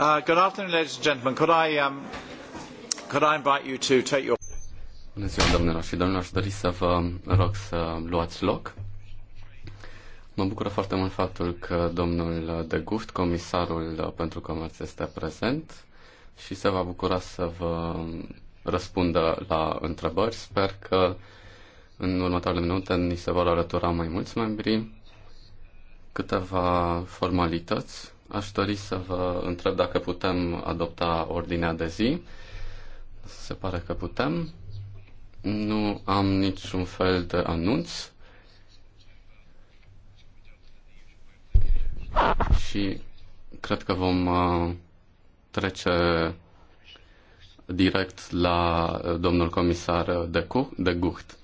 Uh, good afternoon, ladies and gentlemen. Could I, um, could I invite you to take your... Bună ziua, domnilor și domnilor. Aș dori să vă rog să luați loc. Mă bucură foarte mult faptul că domnul de Guft, comisarul pentru comerț, este prezent și se va bucura să vă răspundă la întrebări. Sper că în următoarele minute ni se vor alătura mai mulți membri. Câteva formalități Aș dori să vă întreb dacă putem adopta ordinea de zi. Se pare că putem. Nu am niciun fel de anunț. Și cred că vom uh, trece direct la domnul comisar de Gucht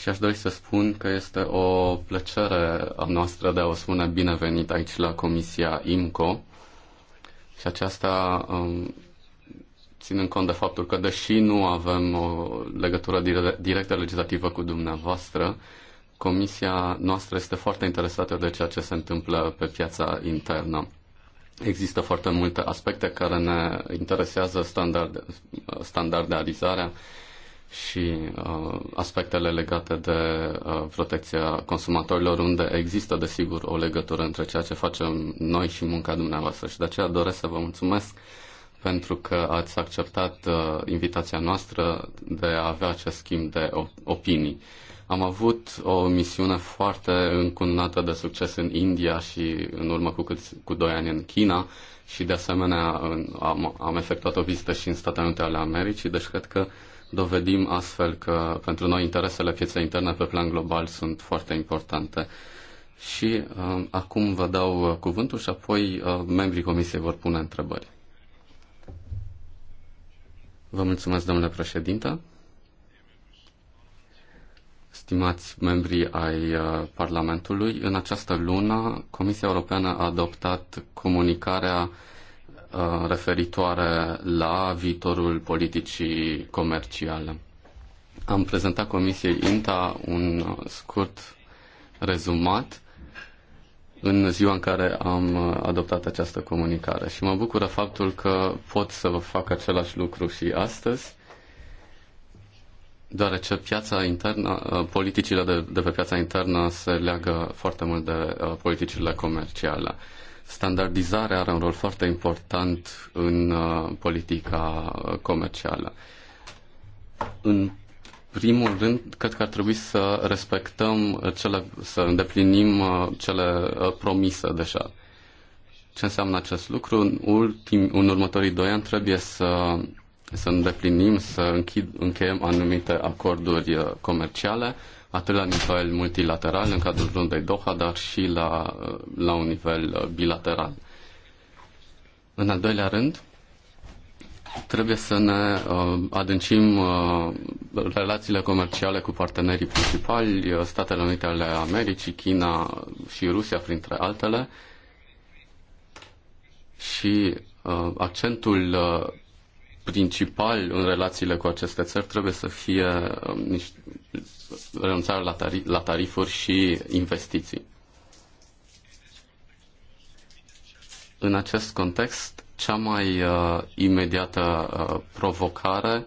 și aș dori să spun că este o plăcere a noastră de a o spune binevenit aici la Comisia IMCO și aceasta um, ținând cont de faptul că deși nu avem o legătură directă legislativă cu dumneavoastră, Comisia noastră este foarte interesată de ceea ce se întâmplă pe piața internă. Există foarte multe aspecte care ne interesează, standard, standardizarea, și uh, aspectele legate de uh, protecția consumatorilor, unde există, desigur, o legătură între ceea ce facem noi și munca dumneavoastră. Și de aceea doresc să vă mulțumesc pentru că ați acceptat uh, invitația noastră de a avea acest schimb de op- opinii. Am avut o misiune foarte încununată de succes în India și în urmă cu, câți, cu doi ani în China și de asemenea în, am, am efectuat o vizită și în Statele Unite ale Americii, deci cred că uh, dovedim astfel că pentru noi interesele pieței interne pe plan global sunt foarte importante. Și uh, acum vă dau uh, cuvântul și apoi uh, membrii comisiei vor pune întrebări. Vă mulțumesc, domnule președinte. Stimați membrii ai uh, Parlamentului, în această lună Comisia Europeană a adoptat comunicarea Uh, referitoare la viitorul politicii comerciale. Am prezentat Comisiei INTA un scurt rezumat în ziua în care am adoptat această comunicare și mă bucură faptul că pot să vă fac același lucru și astăzi, deoarece piața internă, uh, politicile de, de pe piața internă se leagă foarte mult de uh, politicile comerciale. Standardizarea are un rol foarte important în uh, politica comercială. În primul rând, cred că ar trebui să respectăm cele, să îndeplinim uh, cele uh, promise deja. Ce înseamnă acest lucru? În, ultim, în următorii doi ani trebuie să, să îndeplinim, să închid, încheiem anumite acorduri comerciale, atât la nivel multilateral, în cadrul rundei Doha, dar și la, la un nivel bilateral. În al doilea rând, trebuie să ne uh, adâncim uh, relațiile comerciale cu partenerii principali, uh, Statele Unite ale Americii, China și Rusia, printre altele, și uh, accentul uh, principal în relațiile cu aceste țări trebuie să fie um, niște, renunțarea la, tari, la tarifuri și investiții. În acest context, cea mai uh, imediată uh, provocare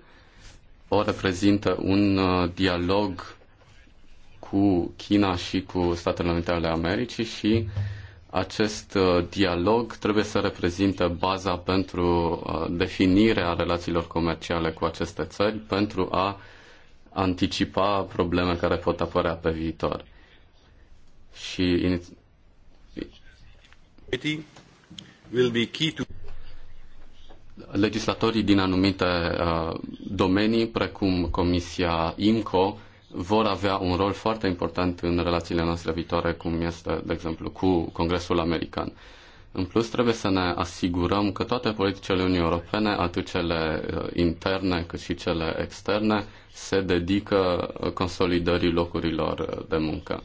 o reprezintă un uh, dialog cu China și cu Statele Unite ale Americii și uh, acest uh, dialog trebuie să reprezinte baza pentru uh, definirea relațiilor comerciale cu aceste țări, pentru a anticipa probleme care pot apărea pe viitor. Și legislatorii din anumite uh, domenii, precum Comisia IMCO, vor avea un rol foarte important în relațiile noastre viitoare, cum este, de exemplu, cu Congresul American. În plus, trebuie să ne asigurăm că toate politicile Uniunii Europene, atât cele uh, interne cât și cele externe, se dedică uh, consolidării locurilor uh, de muncă.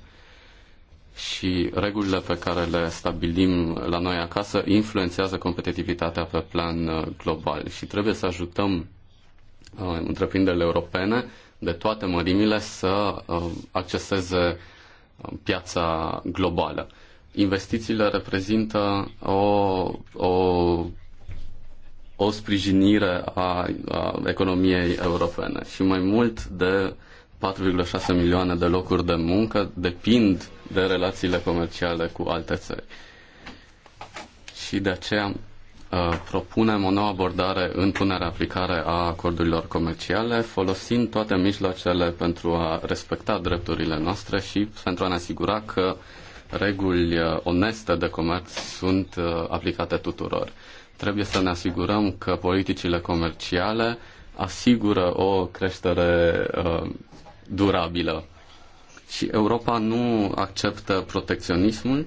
Și regulile pe care le stabilim la noi acasă influențează competitivitatea pe plan global și trebuie să ajutăm întreprinderile europene de toate mărimile să uh, acceseze uh, piața globală. Investițiile reprezintă o, o, o sprijinire a, a economiei europene și mai mult de 4,6 milioane de locuri de muncă depind de relațiile comerciale cu alte țări. Și de aceea Uh, propunem o nouă abordare în punerea aplicare a acordurilor comerciale, folosind toate mijloacele pentru a respecta drepturile noastre și pentru a ne asigura că reguli uh, oneste de comerț sunt uh, aplicate tuturor. Trebuie să ne asigurăm că politicile comerciale asigură o creștere durabilă. Și Europa nu acceptă protecționismul,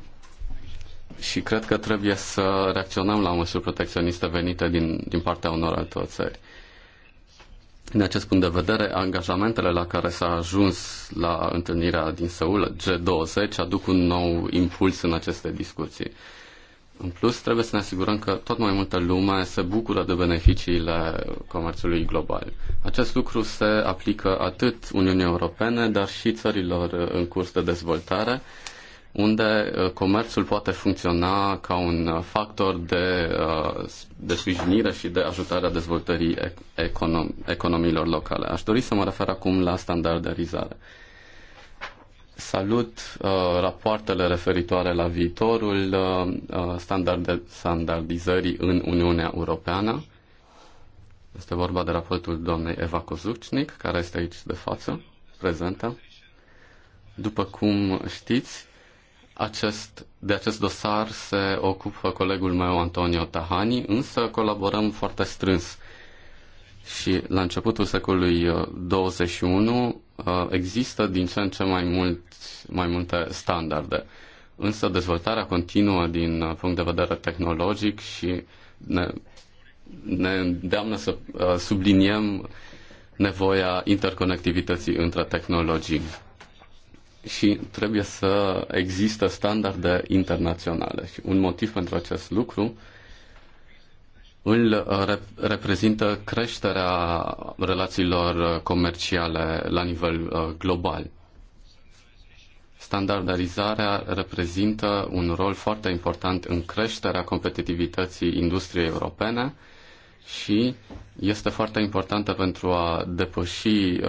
și cred că trebuie să reacționăm la măsuri protecționiste venite din, din partea unor alte țări. În acest punct de vedere, angajamentele la care s-a ajuns la întâlnirea din Seul, G20, aduc un nou impuls în aceste discuții. În plus, trebuie să ne asigurăm că tot mai multă lume se bucură de beneficiile comerțului global. Acest lucru se aplică atât Uniunii Europene, dar și țărilor în curs de dezvoltare, unde uh, comerțul poate funcționa ca un uh, factor de, uh, de sprijinire și de ajutare a dezvoltării econom, economiilor locale. Aș dori să mă refer acum la standardizare. Salut uh, rapoartele referitoare la viitorul uh, standarde, standardizării în Uniunea Europeană. Este vorba de raportul doamnei Eva Kozucnic, care este aici de față, prezentă. După cum știți, acest, de acest dosar se ocupă colegul meu Antonio Tahani, însă colaborăm foarte strâns. Și la începutul secolului 21 uh, uh, există din ce în ce mai, mult, mai multe standarde. Însă dezvoltarea continuă din uh, punct de vedere tehnologic și ne, ne îndeamnă să subliniem nevoia interconectivității între tehnologii și trebuie să există standarde internaționale. Și un motiv pentru acest lucru îl uh, reprezintă creșterea relațiilor comerciale la nivel uh, global. Standardizarea reprezintă un rol foarte important în creșterea competitivității industriei europene și este foarte importantă pentru a depăși uh,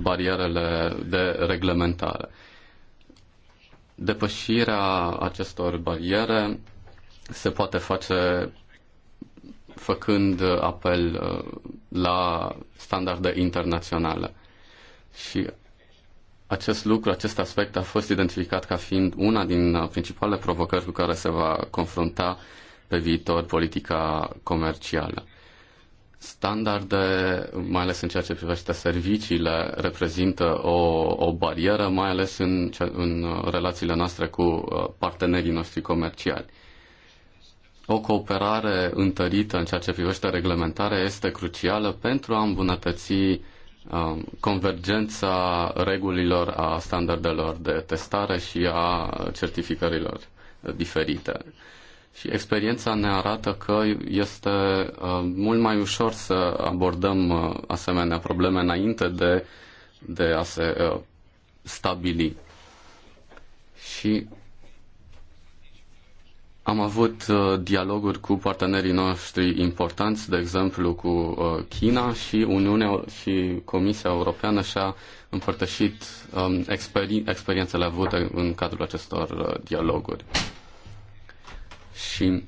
barierele de reglementare. Depășirea acestor bariere se poate face făcând uh, apel uh, la standarde internaționale. Și acest lucru, acest aspect a fost identificat ca fiind una din uh, principalele provocări cu care se va confrunta pe viitor politica comercială standarde, mai ales în ceea ce privește serviciile, reprezintă o, o barieră, mai ales în, în uh, relațiile noastre cu uh, partenerii noștri comerciali. O cooperare întărită în ceea ce privește reglementarea este crucială pentru a îmbunătăți um, convergența regulilor a standardelor de testare și a certificărilor diferite. Și experiența ne arată că este uh, mult mai ușor să abordăm uh, asemenea probleme înainte de, de a se uh, stabili. Și am avut dialoguri cu partenerii noștri importanți, de exemplu cu China și Uniunea și Comisia Europeană și-a împărtășit um, experi- experiențele avute în cadrul acestor dialoguri și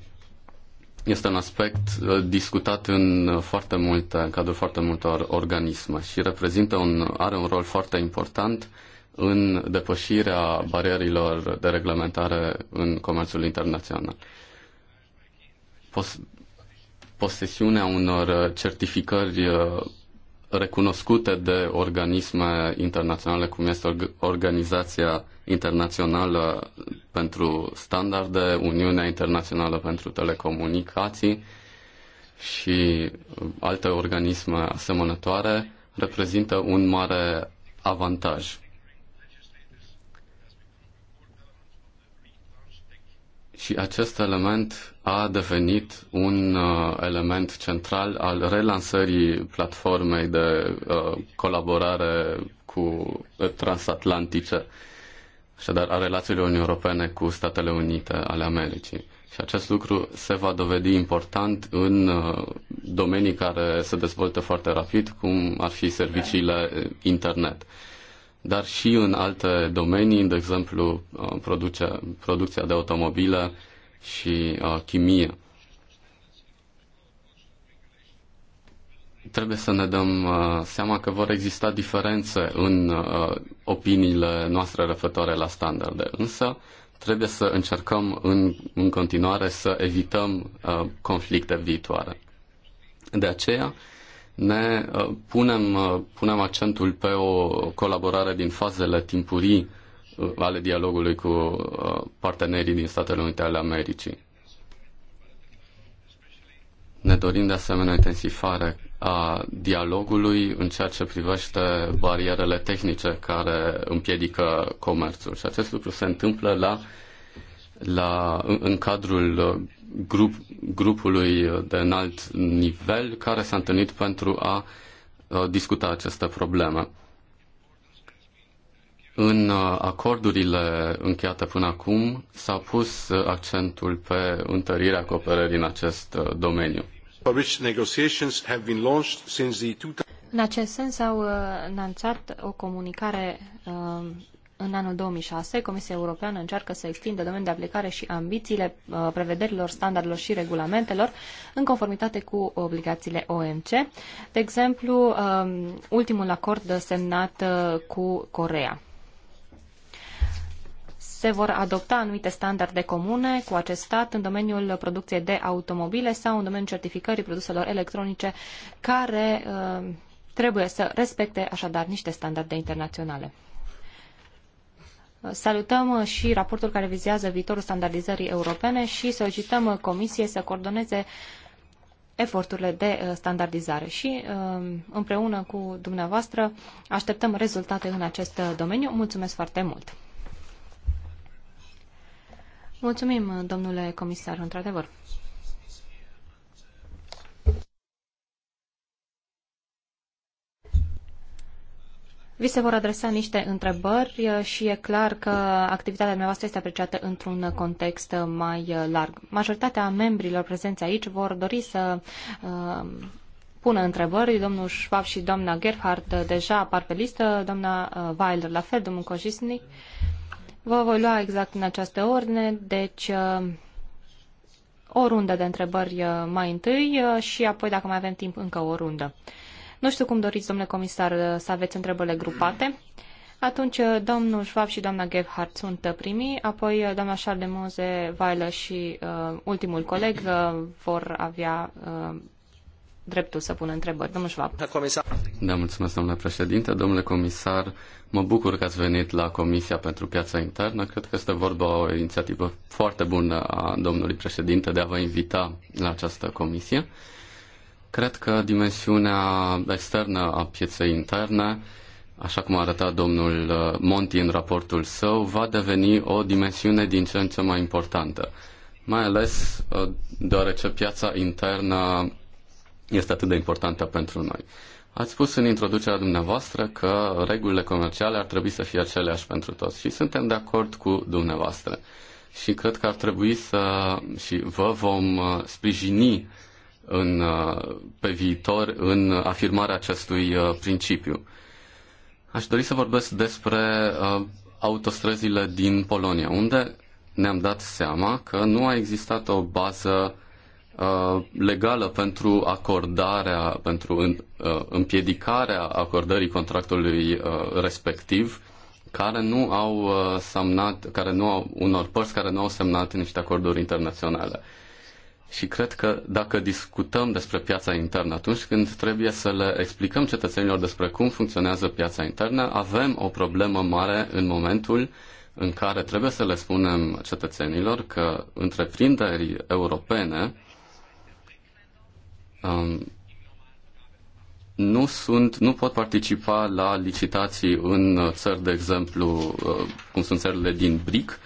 este un aspect uh, discutat în uh, foarte multe, în cadrul foarte multor organisme și reprezintă un, are un rol foarte important în depășirea barierilor de reglementare în comerțul internațional. Pos- posesiunea unor uh, certificări recunoscute de organisme internaționale, cum este Organizația Internațională pentru Standarde, Uniunea Internațională pentru Telecomunicații și alte organisme asemănătoare reprezintă un mare avantaj. Și acest element a devenit un uh, element central al relansării platformei de uh, colaborare cu transatlantice așadar a relațiilor Uniunii Europene cu Statele Unite ale Americii. Și acest lucru se va dovedi important în uh, domenii care se dezvoltă foarte rapid, cum ar fi serviciile uh, internet. Dar și în alte domenii, de exemplu, uh, produce, producția de automobile și chimie. trebuie să ne dăm uh, seama că vor exista diferențe în uh, opiniile noastre referitoare la standarde, însă trebuie să încercăm în, în continuare să evităm uh, conflicte viitoare. De aceea ne punem, punem accentul pe o colaborare din fazele timpurii ale dialogului cu partenerii din Statele Unite ale Americii ne dorim de asemenea intensifare a dialogului în ceea ce privește barierele tehnice care împiedică comerțul. Și acest lucru se întâmplă la, la, în cadrul grup, grupului de înalt nivel care s-a întâlnit pentru a discuta aceste probleme. În acordurile încheiate până acum s-a pus accentul pe întărirea cooperării în acest domeniu în acest sens au uh, lansat o comunicare uh, în anul 2006. Comisia Europeană încearcă să extindă domeniul de aplicare și ambițiile uh, prevederilor, standardelor și regulamentelor în conformitate cu obligațiile OMC. De exemplu, ultimul acord semnat cu Corea se vor adopta anumite standarde comune cu acest stat în domeniul producției de automobile sau în domeniul certificării produselor electronice care uh, trebuie să respecte așadar niște standarde internaționale. Salutăm și raportul care vizează viitorul standardizării europene și solicităm Comisiei să coordoneze eforturile de uh, standardizare și uh, împreună cu dumneavoastră așteptăm rezultate în acest domeniu. Mulțumesc foarte mult! Mulțumim, domnule comisar, într-adevăr. Vi se vor adresa niște întrebări și e clar că activitatea dumneavoastră este apreciată într-un context mai larg. Majoritatea membrilor prezenți aici vor dori să uh, pună întrebări. Domnul Schwab și doamna Gerhard deja apar pe listă, doamna uh, Weiler la fel, domnul Kojisnik. Vă voi lua exact în această ordine, deci uh, o rundă de întrebări uh, mai întâi uh, și apoi, dacă mai avem timp, încă o rundă. Nu știu cum doriți, domnule comisar, să aveți întrebările grupate. Atunci, domnul Schwab și doamna Gebhardt sunt primii, apoi doamna Charles de Moze, Vailă și uh, ultimul coleg uh, vor avea uh, dreptul să pună întrebări. Domnul Schwab. Da, mulțumesc, domnule președinte. Domnule comisar, mă bucur că ați venit la Comisia pentru Piața Internă. Cred că este vorba o inițiativă foarte bună a domnului președinte de a vă invita la această comisie. Cred că dimensiunea externă a pieței interne așa cum a arătat domnul uh, Monti în raportul său, va deveni o dimensiune din ce în ce mai importantă. Mai ales uh, deoarece piața internă este atât de importantă pentru noi. Ați spus în introducerea dumneavoastră că regulile comerciale ar trebui să fie aceleași pentru toți și suntem de acord cu dumneavoastră. Și cred că ar trebui să și vă vom uh, sprijini în, uh, pe viitor în afirmarea acestui uh, principiu. Aș dori să vorbesc despre autostrăzile din Polonia, unde ne-am dat seama că nu a existat o bază Uh, legală pentru acordarea, pentru uh, împiedicarea acordării contractului uh, respectiv care nu au semnat, care nu au, unor părți care nu au semnat niște acorduri internaționale. Și cred că dacă discutăm despre piața internă atunci când trebuie să le explicăm cetățenilor despre cum funcționează piața internă, avem o problemă mare în momentul în care trebuie să le spunem cetățenilor că întreprinderi europene um, nu sunt, nu pot participa la licitații în uh, țări, de exemplu, uh, cum sunt țările din BRIC,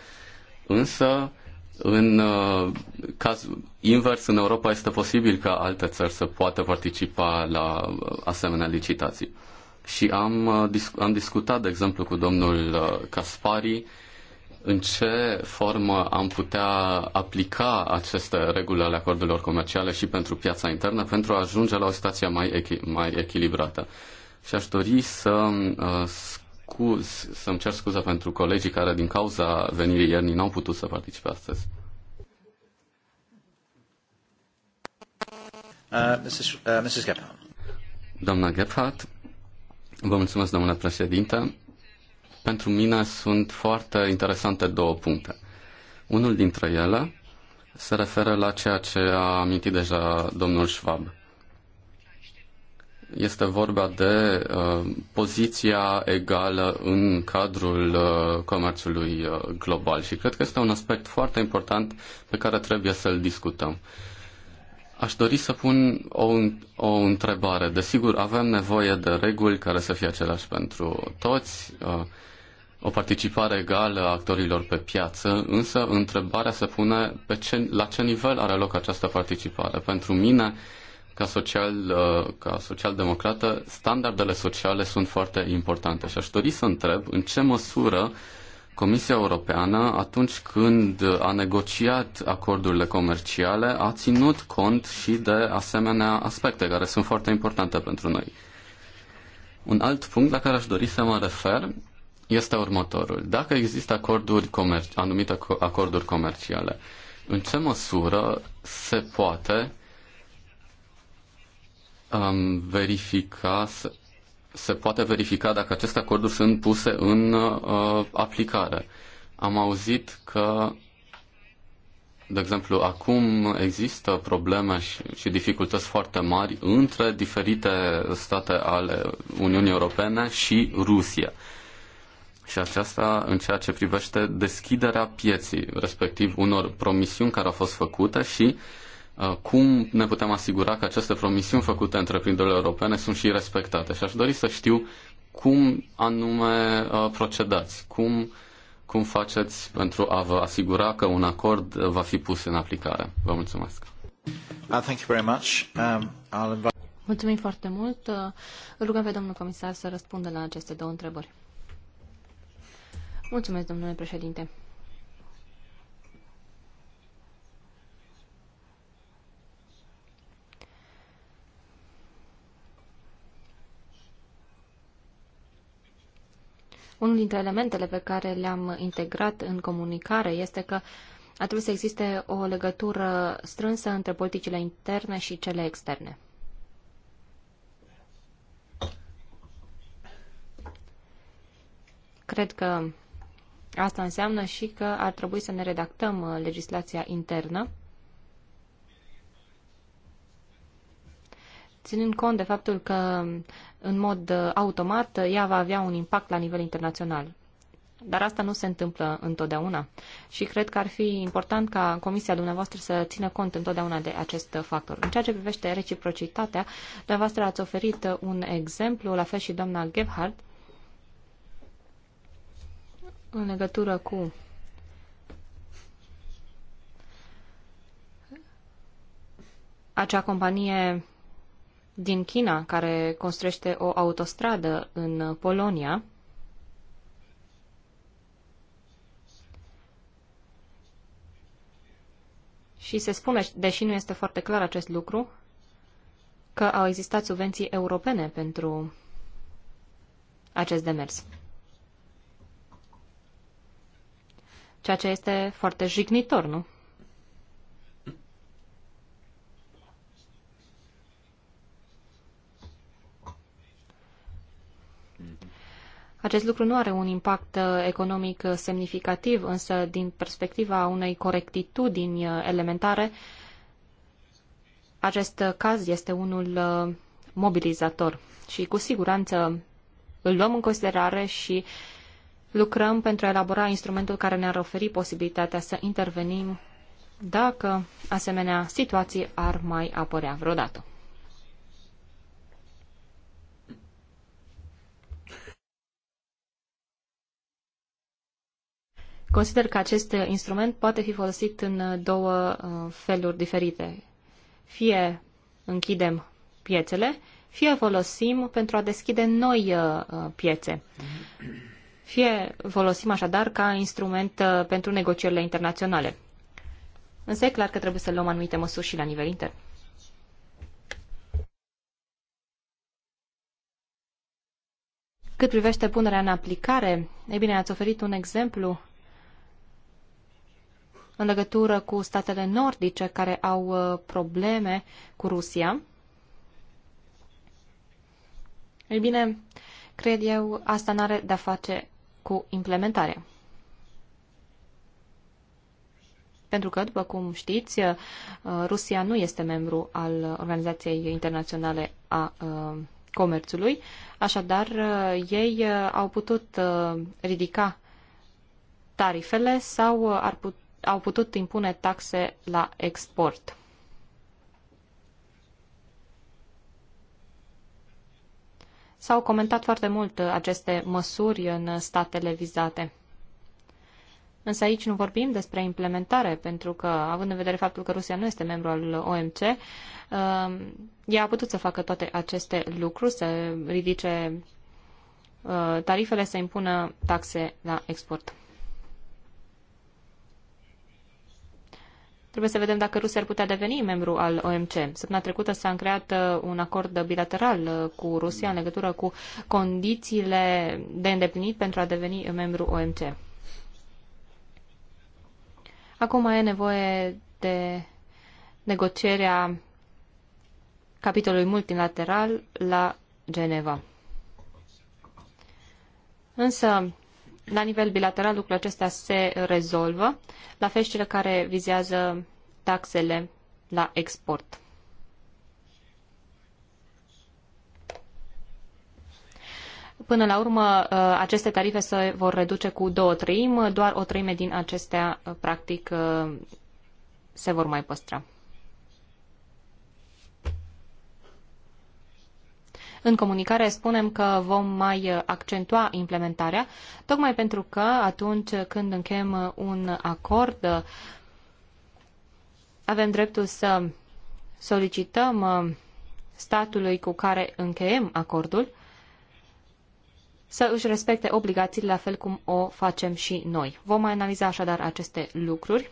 însă în uh, caz invers, în Europa este posibil ca alte țări să poată participa la asemenea licitații. Și am, am discutat, de exemplu, cu domnul Caspari în ce formă am putea aplica aceste reguli ale acordurilor comerciale și pentru piața internă pentru a ajunge la o situație mai, echi- mai echilibrată. Și aș dori să uh, scuz, să-mi cer scuze pentru colegii care din cauza venirii iernii n-au putut să participe astăzi. Uh, Mrs. Uh, Mrs. Gephardt. Doamna Gephardt, vă mulțumesc, domnule președinte. Pentru mine sunt foarte interesante două puncte. Unul dintre ele se referă la ceea ce a amintit deja domnul Schwab. Este vorba de uh, poziția egală în cadrul uh, comerțului uh, global și cred că este un aspect foarte important pe care trebuie să-l discutăm. Aș dori să pun o, o întrebare. Desigur, avem nevoie de reguli care să fie aceleași pentru toți. Uh, o participare egală a actorilor pe piață, însă întrebarea se pune pe ce, la ce nivel are loc această participare. Pentru mine, ca, social, uh, ca social-democrată, standardele sociale sunt foarte importante și aș dori să întreb în ce măsură Comisia Europeană, atunci când a negociat acordurile comerciale, a ținut cont și de asemenea aspecte care sunt foarte importante pentru noi. Un alt punct la care aș dori să mă refer este următorul. Dacă există acorduri comer- anumite acorduri comerciale, în ce măsură se poate um, verifica, se, se poate verifica dacă aceste acorduri sunt puse în uh, aplicare? Am auzit că de exemplu, acum există probleme și, și dificultăți foarte mari între diferite state ale Uniunii Europene și Rusia și aceasta în ceea ce privește deschiderea pieții, respectiv unor promisiuni care au fost făcute și uh, cum ne putem asigura că aceste promisiuni făcute întreprinderilor europene sunt și respectate. Și aș dori să știu cum anume uh, procedați, cum, cum faceți pentru a vă asigura că un acord uh, va fi pus în aplicare. Vă mulțumesc. thank you very much. Um, I'll invite... Mulțumim foarte mult. rugăm pe domnul comisar să răspundă la aceste două întrebări. Mulțumesc, domnule președinte. Unul dintre elementele pe care le-am integrat în comunicare este că a trebuit să existe o legătură strânsă între politicile interne și cele externe. Cred că Asta înseamnă și că ar trebui să ne redactăm uh, legislația internă, ținând cont de faptul că, în mod uh, automat, uh, ea va avea un impact la nivel internațional. Dar asta nu se întâmplă întotdeauna și cred că ar fi important ca comisia dumneavoastră să țină cont întotdeauna de acest factor. În ceea ce privește reciprocitatea, dumneavoastră ați oferit un exemplu, la fel și doamna Gebhardt, în legătură cu acea companie din China care construiește o autostradă în Polonia. Și se spune, deși nu este foarte clar acest lucru, că au existat subvenții europene pentru acest demers. ceea ce este foarte jignitor, nu? Acest lucru nu are un impact uh, economic uh, semnificativ, însă din perspectiva unei corectitudini uh, elementare, acest caz este unul mobilizator și cu siguranță îl luăm în considerare și uh, lucrăm pentru a elabora instrumentul care ne-ar oferi posibilitatea să intervenim dacă asemenea situații ar mai apărea vreodată. Consider că acest instrument poate fi folosit în două uh, feluri diferite. Fie închidem piețele, fie folosim pentru a deschide noi uh, uh, piețe fie folosim așadar ca instrument uh, pentru negocierile internaționale. Însă e clar că trebuie să luăm anumite măsuri și la nivel intern. Cât privește punerea în aplicare, e bine, ați oferit un exemplu în legătură cu statele nordice care au uh, probleme cu Rusia. Ei bine, cred eu, asta n-are de-a face cu implementarea. Pentru că, după cum știți, uh, Rusia nu este membru al Organizației Internaționale a uh, Comerțului, așadar uh, ei au putut ridica tarifele sau ar put, au putut impune taxe la export. S-au comentat foarte mult aceste măsuri în statele vizate. Însă aici nu vorbim despre implementare, pentru că, având în vedere faptul că Rusia nu este membru al OMC, um, ea a putut să facă toate aceste lucruri, să ridice uh, tarifele, să impună taxe la export. Trebuie să vedem dacă Rusia ar putea deveni membru al OMC. Săptămâna trecută s-a creat uh, un acord bilateral uh, cu Rusia în legătură cu condițiile de îndeplinit pentru a deveni membru OMC. Acum mai e nevoie de negocierea capitolului multilateral la Geneva. Însă, la nivel bilateral lucrul acesta se rezolvă, la fel și cele care vizează taxele la export. Până la urmă, uh, aceste tarife se vor reduce cu două treimi, doar o treime din acestea, uh, practic, uh, se vor mai păstra. În comunicare spunem că vom mai accentua implementarea, tocmai pentru că atunci când încheiem un acord, avem dreptul să solicităm statului cu care încheiem acordul să își respecte obligațiile la fel cum o facem și noi. Vom mai analiza așadar aceste lucruri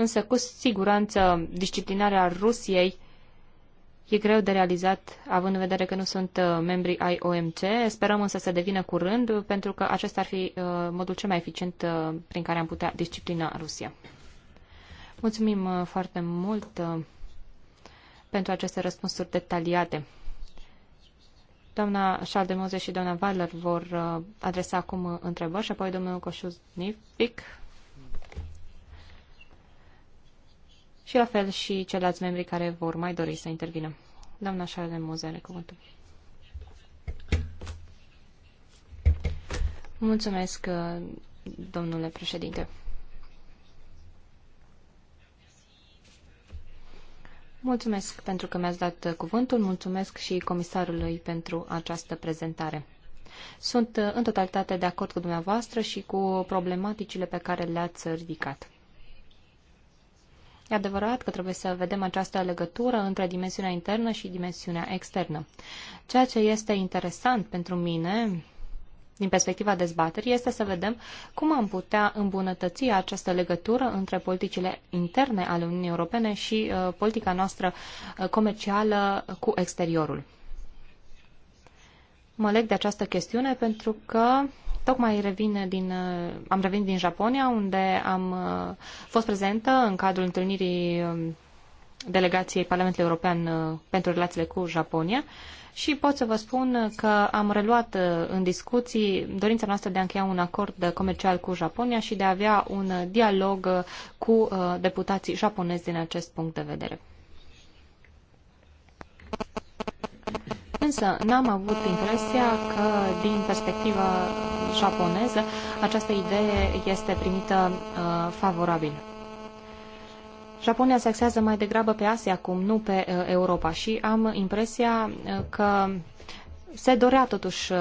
însă cu siguranță disciplinarea Rusiei e greu de realizat, având în vedere că nu sunt uh, membri ai OMC. Sperăm însă să devină curând, pentru că acesta ar fi uh, modul cel mai eficient uh, prin care am putea disciplina Rusia. Mulțumim foarte mult pentru aceste răspunsuri detaliate. Doamna Șaldemoze și doamna Valer vor adresa acum întrebări și apoi domnul Coșuznivic și la fel și ceilalți membri care vor mai dori să intervină. Doamna Șarle Moze are cuvântul. Mulțumesc, domnule președinte. Mulțumesc pentru că mi-ați dat cuvântul, mulțumesc și comisarului pentru această prezentare. Sunt în totalitate de acord cu dumneavoastră și cu problematicile pe care le-ați ridicat. E adevărat că trebuie să vedem această legătură între dimensiunea internă și dimensiunea externă. Ceea ce este interesant pentru mine, din perspectiva dezbaterii, este să vedem cum am putea îmbunătăți această legătură între politicile interne ale Uniunii Europene și uh, politica noastră uh, comercială cu exteriorul mă leg de această chestiune pentru că tocmai revin din, uh, am revenit din Japonia, unde am uh, fost prezentă în cadrul întâlnirii um, delegației Parlamentului European uh, pentru relațiile cu Japonia și pot să vă spun că am reluat în discuții dorința noastră de a încheia un acord comercial cu Japonia și de a avea un dialog cu deputații japonezi din acest punct de vedere. Însă n-am avut impresia că din perspectiva japoneză această idee este primită uh, favorabil. Japonia se axează mai degrabă pe Asia acum, nu pe uh, Europa și am impresia uh, că se dorea totuși uh,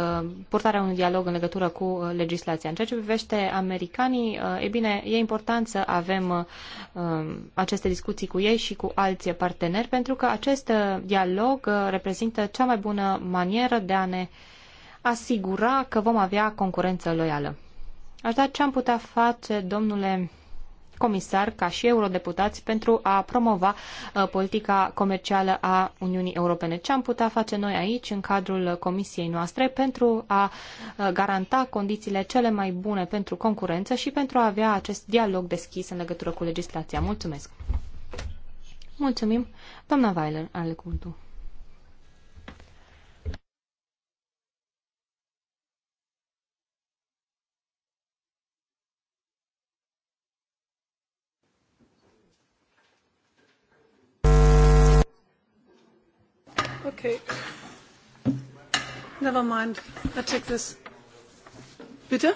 purtarea unui dialog în legătură cu uh, legislația. În ceea ce privește americanii, uh, e bine, e important să avem um, aceste discuții cu ei și cu alți parteneri, pentru că acest dialog reprezintă cea mai bună manieră de a ne asigura că vom avea concurență loială. Aș da ce am putea face, domnule comisar ca și eurodeputați pentru a promova uh, politica comercială a Uniunii Europene. Ce am putea face noi aici în cadrul comisiei noastre pentru a uh, garanta condițiile cele mai bune pentru concurență și pentru a avea acest dialog deschis în legătură cu legislația. Mulțumesc! Mulțumim! Doamna Weiler, ale cuvântul. Okay. Never mind. I take this. Bitte?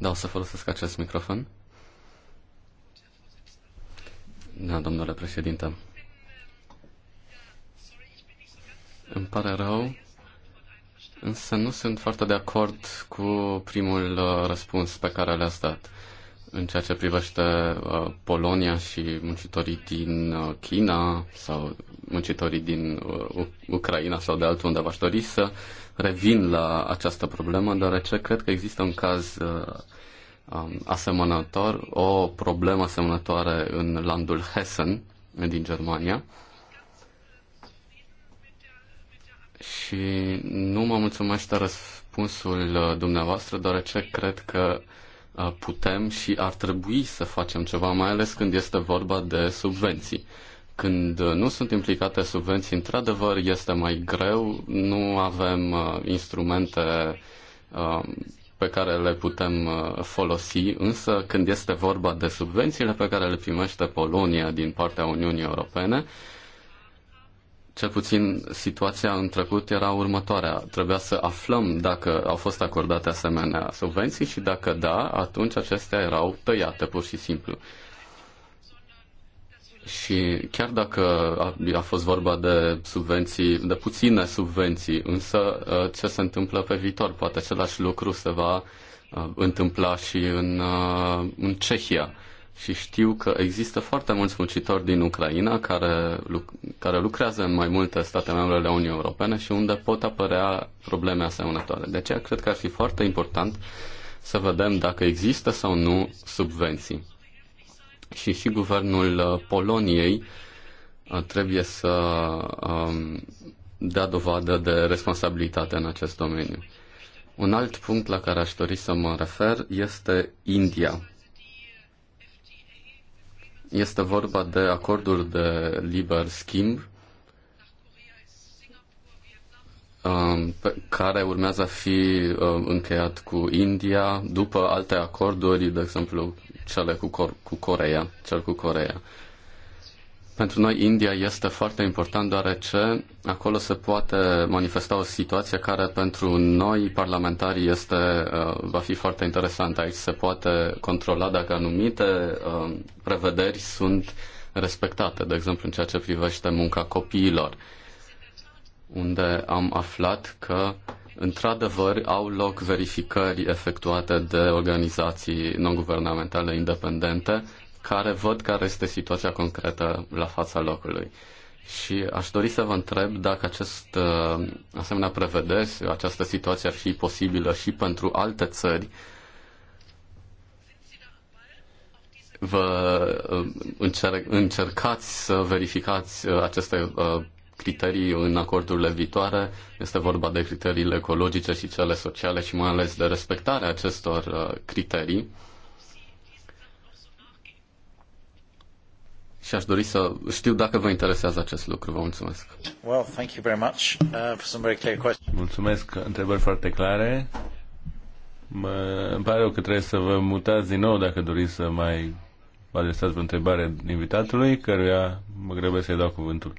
Da, o să folosesc acest microfon. Da, domnule președinte. Îmi pare rău, însă nu sunt foarte de acord cu primul uh, răspuns pe care l-ați dat în ceea ce privește uh, Polonia și muncitorii din uh, China sau muncitorii din uh, Ucraina sau de altundeva. Aș dori să revin la această problemă, deoarece cred că există un caz um, asemănător, o problemă asemănătoare în landul Hessen din Germania. Și nu mă mulțumește răspunsul dumneavoastră, deoarece cred că putem și ar trebui să facem ceva, mai ales când este vorba de subvenții. Când uh, nu sunt implicate subvenții, într-adevăr este mai greu, nu avem uh, instrumente uh, pe care le putem folosi, însă când este vorba de subvențiile pe care le primește Polonia din partea Uniunii Europene, cel puțin situația în trecut era următoarea. Trebuia să aflăm dacă au fost acordate asemenea subvenții și dacă da, atunci acestea erau tăiate pur și simplu. Și chiar dacă a, a fost vorba de subvenții, de puține subvenții, însă ă, ce se întâmplă pe viitor? Poate același lucru se va ă, întâmpla și în, ă, în Cehia și știu că există foarte mulți muncitori din Ucraina care, care lucrează în mai multe state membre ale Uniunii Europene și unde pot apărea probleme asemănătoare. De aceea cred că ar fi foarte important să vedem dacă există sau nu subvenții. Și și guvernul uh, Poloniei uh, trebuie să um, dea dovadă de responsabilitate în acest domeniu. Un alt punct la care aș dori să mă refer este India este vorba de acorduri de liber schimb um, care urmează a fi um, încheiat cu India după alte acorduri, de exemplu cele cu, Cor- cu Corea, cel cu Corea. Pentru noi India este foarte important deoarece acolo se poate manifesta o situație care pentru noi parlamentarii este, uh, va fi foarte interesantă. Aici se poate controla dacă anumite uh, prevederi sunt respectate, de exemplu în ceea ce privește munca copiilor, unde am aflat că Într-adevăr, au loc verificări efectuate de organizații non-guvernamentale independente care văd care este situația concretă la fața locului. Și aș dori să vă întreb dacă acest uh, asemenea prevedere, această situație ar fi posibilă și pentru alte țări. Vă uh, încer- încercați să verificați uh, aceste criterii în acordurile viitoare. Este vorba de criteriile ecologice și cele sociale și mai ales de respectarea acestor criterii și aș dori să știu dacă vă interesează acest lucru. Vă mulțumesc. Well, thank you very much uh, for some very clear questions. Mulțumesc, întrebări foarte clare. Mă, îmi pare rău că trebuie să vă mutați din nou dacă doriți să mai adresați o întrebare invitatului, căruia mă grăbesc să-i dau cuvântul.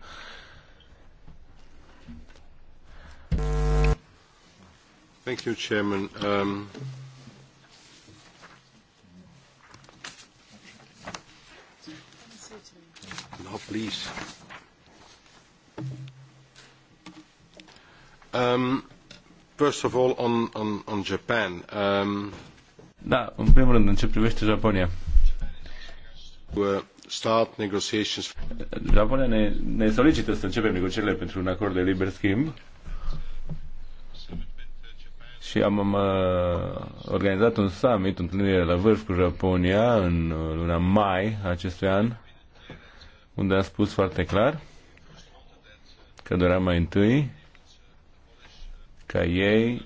Thank you, Chairman. Um... Oh, please. Um, first of all, on, on, on Japan. Um, da, în primul rând, în ce privește Japonia. Uh, start negotiations. Japonia ne, ne solicită să începem negocierile pentru un acord de liber schimb și am uh, organizat un summit, întâlnire la vârf cu Japonia în uh, luna mai acestui an unde a spus foarte clar că dorea mai întâi ca ei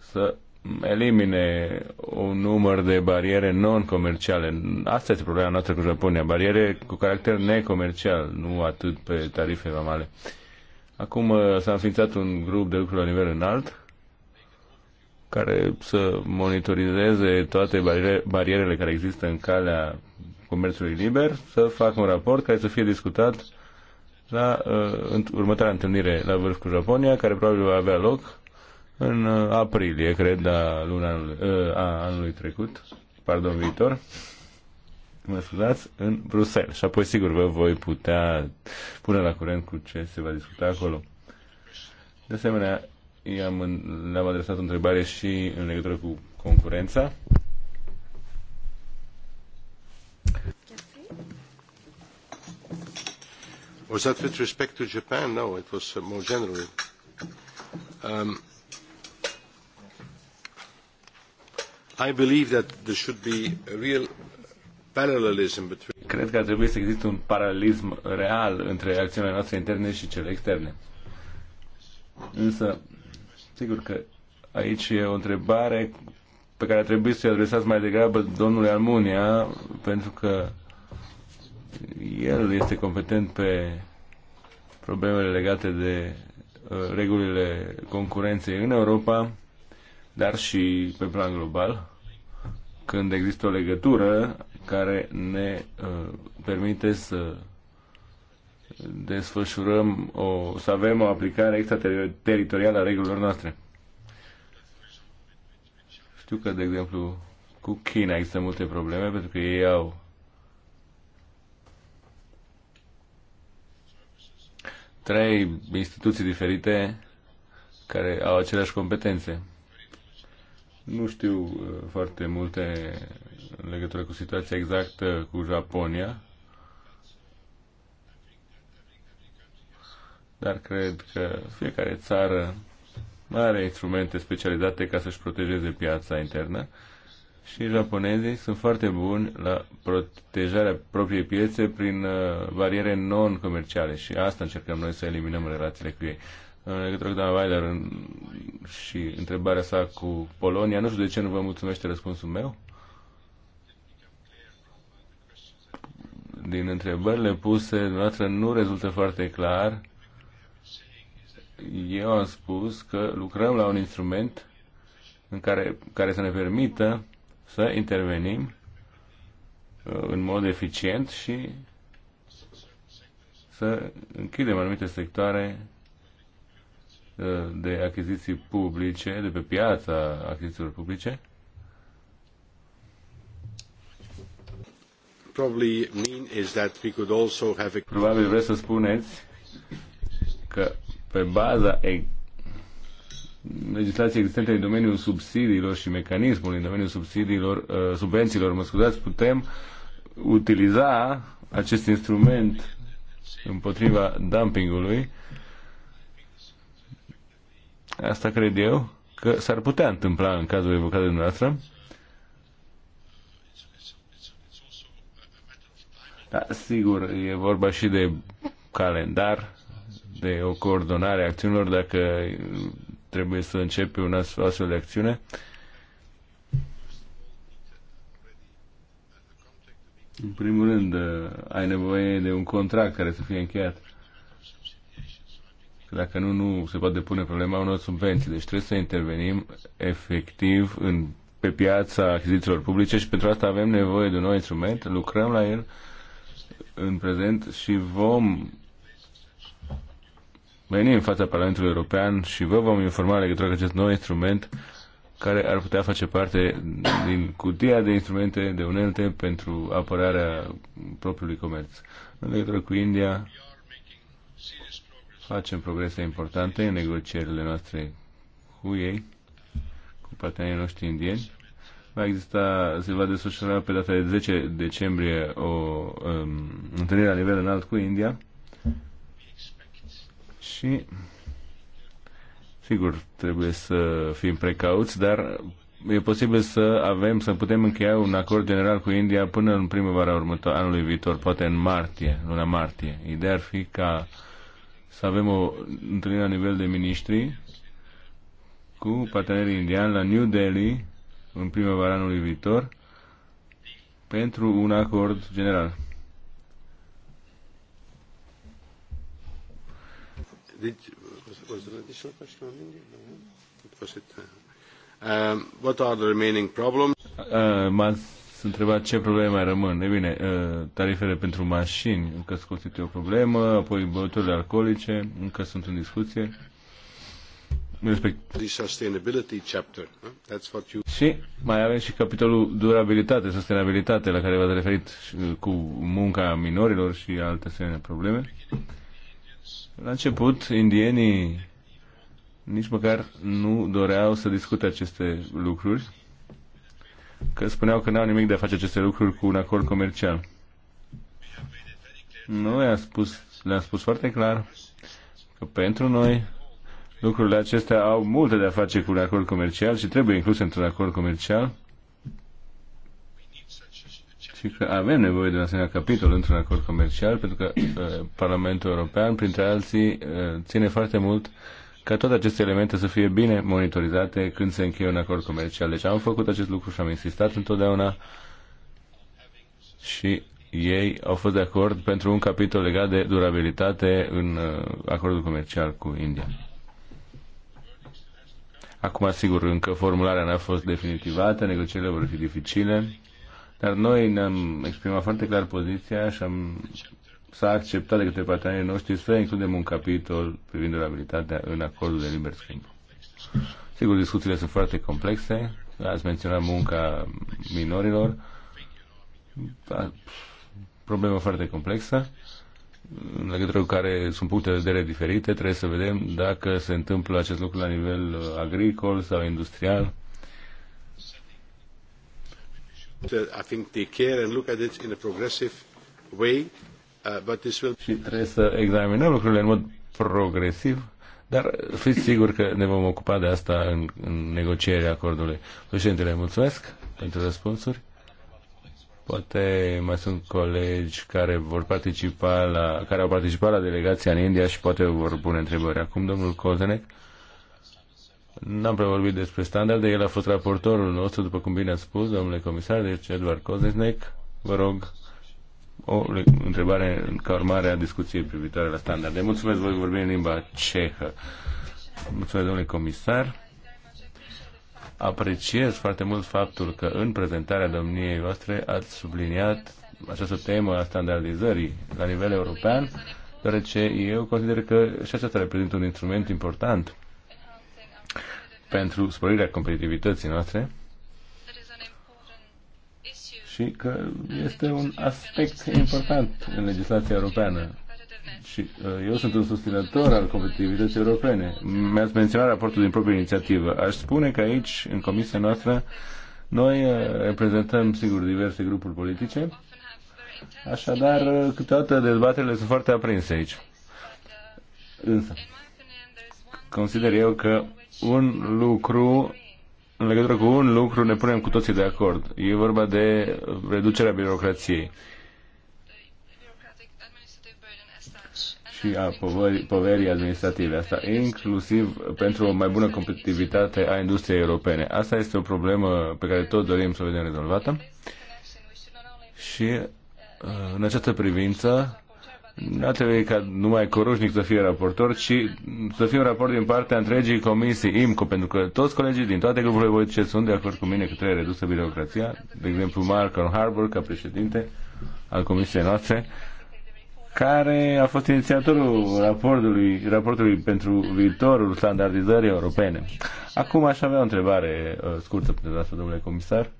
să elimine un număr de bariere non-comerciale. Asta este problema noastră cu Japonia, bariere cu caracter necomercial, nu atât pe tarife vamale. Acum uh, s-a înființat un grup de lucru la nivel înalt care să monitorizeze toate bariere, barierele care există în calea Comerțului Liber să facă un raport care să fie discutat la uh, următoarea întâlnire la vârf cu Japonia, care probabil va avea loc în uh, aprilie, cred, la luna anului, uh, a anului trecut, pardon, viitor, mă scuzați, în Bruxelles. Și apoi, sigur, vă voi putea pune la curent cu ce se va discuta acolo. De asemenea, i-am, le-am adresat o întrebare și în legătură cu concurența. Was that with respect to Japan? No, it was uh, more generally. Um, I believe that there should be a real parallelism between Cred că ar trebui să existe un paralelism real între acțiunile noastre interne și cele externe. Însă, sigur că aici e o întrebare pe care trebuie să-i adresați mai degrabă domnului Almunia, pentru că el este competent pe problemele legate de uh, regulile concurenței în Europa, dar și pe plan global, când există o legătură care ne uh, permite să desfășurăm o, să avem o aplicare extrateritorială a regulilor noastre. Știu că, de exemplu, cu China există multe probleme pentru că ei au trei instituții diferite care au aceleași competențe. Nu știu uh, foarte multe în legătură cu situația exactă cu Japonia, dar cred că fiecare țară are instrumente specializate ca să-și protejeze piața internă și japonezii sunt foarte buni la protejarea propriei piețe prin uh, bariere non-comerciale și asta încercăm noi să eliminăm relațiile cu ei. În legătură cu doamna Weiler și întrebarea sa cu Polonia, nu știu de ce nu vă mulțumește răspunsul meu. Din întrebările puse, dumneavoastră nu rezultă foarte clar. Eu am spus că lucrăm la un instrument în care, care să ne permită să intervenim uh, în mod eficient și să închidem anumite sectoare uh, de achiziții publice, de pe piața achizițiilor publice. Probabil vreți să spuneți că pe baza legislație existentă în domeniul subsidiilor și mecanismul în domeniul subsidiilor, uh, subvențiilor, mă scuzați, putem utiliza acest instrument împotriva dumpingului. Asta cred eu că s-ar putea întâmpla în cazul evocat de dumneavoastră. Da, sigur, e vorba și de calendar, de o coordonare a acțiunilor, dacă trebuie să începe un astfel de acțiune? În primul rând, uh, ai nevoie de un contract care să fie încheiat. Dacă nu, nu se poate pune problema unor subvenții. Deci trebuie să intervenim efectiv în, pe piața achizițiilor publice și pentru asta avem nevoie de un nou instrument. Lucrăm la el în prezent și vom veni în fața Parlamentului European și vă vom informa legătură cu acest nou instrument care ar putea face parte din cutia de instrumente de unelte pentru apărarea propriului comerț. În legătură cu India, facem progrese importante în negocierile noastre cu ei, cu partenerii noștri indieni. Va exista, se va desfășura pe data de 10 decembrie o um, întâlnire la nivel înalt cu India și, sigur, trebuie să fim precauți, dar e posibil să avem, să putem încheia un acord general cu India până în primăvara următoare, anului viitor, poate în martie, luna martie. Ideea ar fi ca să avem o întâlnire la nivel de miniștri cu partenerii indiani la New Delhi în primăvara anului viitor pentru un acord general. Did, deci, was, was there an additional question on India? No. Was it, uh, um, what are the remaining problems? Uh, m-ați întrebat ce probleme mai rămân. E bine, uh, tarifele pentru mașini încă se constituie o problemă, apoi băuturile alcoolice încă sunt în discuție. Respect. sustainability chapter. Huh? That's what you... Și mai avem și capitolul durabilitate, sustenabilitate, la care v-ați referit uh, cu munca minorilor și alte asemenea probleme. La început, indienii nici măcar nu doreau să discute aceste lucruri, că spuneau că n-au nimic de a face aceste lucruri cu un acord comercial. Noi am spus, le-am spus foarte clar că pentru noi lucrurile acestea au multe de a face cu un acord comercial și trebuie incluse într-un acord comercial și că avem nevoie de un asemenea capitol într-un acord comercial, pentru că uh, Parlamentul European, printre alții, uh, ține foarte mult ca toate aceste elemente să fie bine monitorizate când se încheie un acord comercial. Deci am făcut acest lucru și am insistat întotdeauna și ei au fost de acord pentru un capitol legat de durabilitate în uh, acordul comercial cu India. Acum, sigur, încă formularea n-a fost definitivată, negocierile vor fi dificile dar noi ne-am exprimat foarte clar poziția și am s-a acceptat de către partenerii noștri să includem un capitol privind durabilitatea în acordul de liber schimb. Sigur, discuțiile sunt foarte complexe. Ați menționat munca minorilor. Da, problemă foarte complexă în legătură cu care sunt puncte de vedere diferite. Trebuie să vedem dacă se întâmplă acest lucru la nivel uh, agricol sau industrial I think care and look at it in a progressive way, uh, but this will... Și trebuie să examinăm lucrurile în mod progresiv, dar fiți siguri că ne vom ocupa de asta în, în negocierea acordului. Președintele, mulțumesc pentru răspunsuri. Poate mai sunt colegi care vor participa la, care au participat la delegația în India și poate vor pune întrebări. Acum domnul Kozenek. N-am prea vorbit despre standarde, el a fost raportorul nostru, după cum bine a spus, domnule comisar, deci Eduard Kozesnek, vă rog, o întrebare ca urmare a discuției privitoare la standarde. Mulțumesc, voi vorbi în limba cehă. Mulțumesc, domnule comisar. Apreciez foarte mult faptul că în prezentarea domniei voastre ați subliniat această temă a standardizării la nivel european, deoarece eu consider că și aceasta reprezintă un instrument important pentru sporirea competitivității noastre și că este un aspect important în legislația europeană. Și uh, eu sunt un susținător al competitivității europene. Mi-ați menționat raportul din proprie inițiativă. Aș spune că aici, în comisia noastră, noi uh, reprezentăm, sigur, diverse grupuri politice, așadar, uh, câteodată dezbaterile sunt foarte aprinse aici. Însă, consider eu că un lucru, în legătură cu un lucru ne punem cu toții de acord. E vorba de reducerea birocrației. și a poverii, poverii administrative. Asta inclusiv pentru o mai bună competitivitate a industriei europene. Asta este o problemă pe care tot dorim să o vedem rezolvată. Și uh, în această privință nu ar ca numai Corușnic să fie raportor, ci să fie un raport din partea întregii comisii IMCO, pentru că toți colegii din toate grupurile ce sunt de acord cu mine că trebuie redusă birocrația, de exemplu Mark Harbour ca președinte al comisiei noastre, care a fost inițiatorul raportului, raportului pentru viitorul standardizării europene. Acum aș avea o întrebare uh, scurtă pentru asta, domnule comisar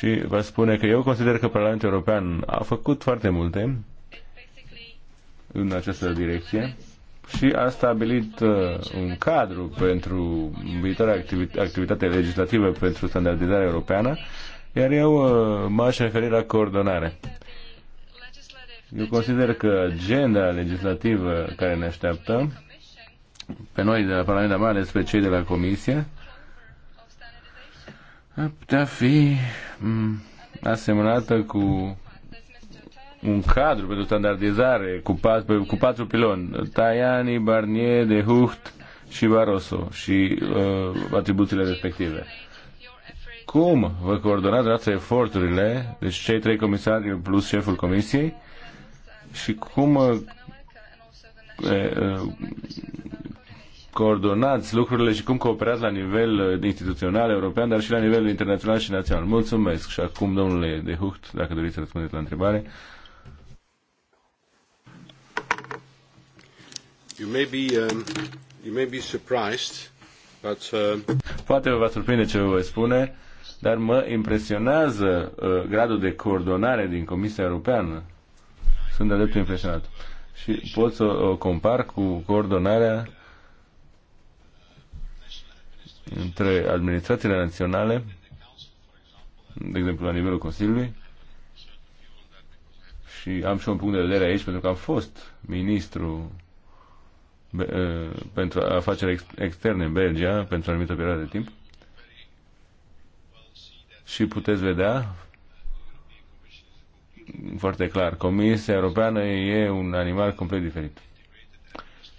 și vă spune că eu consider că Parlamentul European a făcut foarte multe în această direcție și a stabilit uh, un cadru pentru viitoarea activit- activitate legislativă pentru standardizarea europeană, iar eu uh, m-aș referi la coordonare. Eu consider că agenda legislativă care ne așteaptă, pe noi de la Parlament, mai ales pe cei de la Comisie, ar putea fi mm, asemănată cu un cadru pentru standardizare cu, pat, cu patru piloni, Tajani, Barnier, De Hucht și Barroso și uh, atribuțiile respective. Cum vă coordonați dumneavoastră eforturile, deci cei trei comisari plus șeful comisiei, și cum uh, uh coordonați lucrurile și cum cooperați la nivel uh, instituțional european, dar și la nivel internațional și național. Mulțumesc și acum, domnule de Hucht, dacă doriți să răspundeți la întrebare. You may be, um, you may be surprised, but, uh... Poate vă va surprinde ce vă voi spune, dar mă impresionează uh, gradul de coordonare din Comisia Europeană. Sunt de dreptul impresionat. Și pot să o compar cu coordonarea între administrațiile naționale, de exemplu la nivelul Consiliului, și am și un punct de vedere aici pentru că am fost ministru uh, pentru afaceri externe în Belgia pentru o anumită perioadă de timp și puteți vedea foarte clar, Comisia Europeană e un animal complet diferit.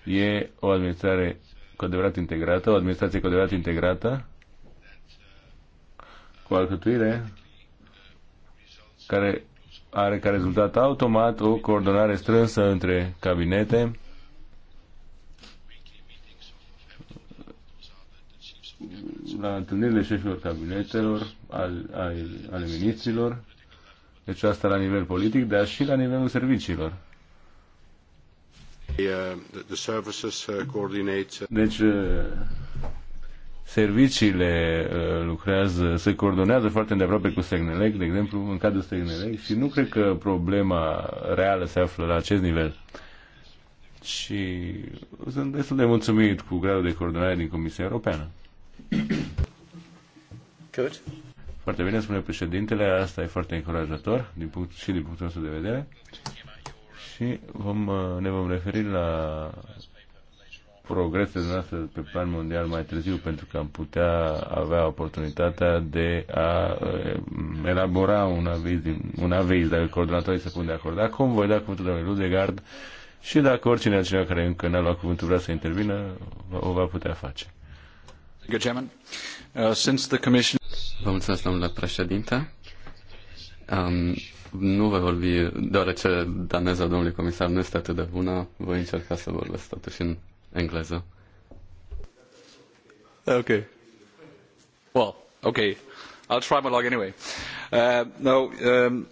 E o administrare cu adevărat integrată, o administrație cu adevărat integrată, cu alcătuire care are ca rezultat automat o coordonare strânsă între cabinete, la întâlnirile șefilor cabinetelor, al, al, ale ministrilor, deci asta la nivel politic, dar și la nivelul serviciilor. Deci, serviciile lucrează, se coordonează foarte îndeaproape cu Segnelec, de exemplu, în cadrul Segnelec și nu cred că problema reală se află la acest nivel. Și sunt destul de mulțumit cu gradul de coordonare din Comisia Europeană. Good. Foarte bine, spune președintele, asta e foarte încurajator din punct, și din punctul nostru de vedere și vom, uh, ne vom referi la progresele noastre pe plan mondial mai târziu, pentru că am putea avea oportunitatea de a uh, elabora un aviz, un aviz dacă coordonatorii se pun de acord. Acum voi da cuvântul domnului Ludegard și dacă oricine altcineva care încă n-a luat cuvântul vrea să intervină, o va putea face. Uh, Vă mulțumesc, domnule președinte. Um, nu voi vorbi, deoarece daneza domnului comisar nu este atât de bună, voi încerca să vorbesc totuși în engleză. Ok. Well, ok. I'll try my luck anyway. Uh, no, um...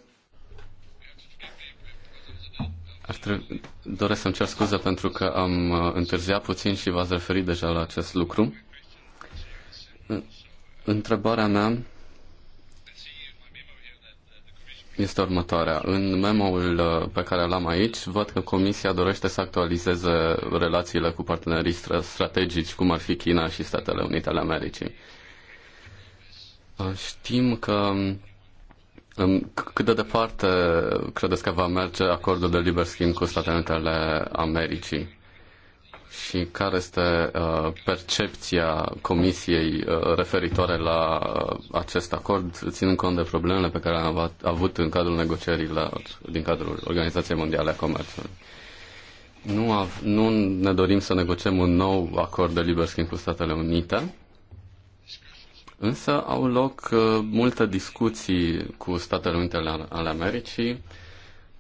Ar trebui... Doresc să-mi cer scuze pentru că am uh, întârziat puțin și v-ați referit deja la acest lucru. Întrebarea mea este următoarea. În ul uh, pe care l-am aici, văd că Comisia dorește să actualizeze relațiile cu partenerii strategici, cum ar fi China și Statele Unite ale Americii. Uh, știm că um, cât de departe credeți că va merge acordul de liber schimb cu Statele Unite ale Americii? și care este uh, percepția Comisiei uh, referitoare la uh, acest acord, ținând cont de problemele pe care am avut în cadrul negocierilor din cadrul Organizației Mondiale a Comerțului. Nu, nu ne dorim să negociem un nou acord de liber schimb cu Statele Unite, însă au loc multe discuții cu Statele Unite ale Americii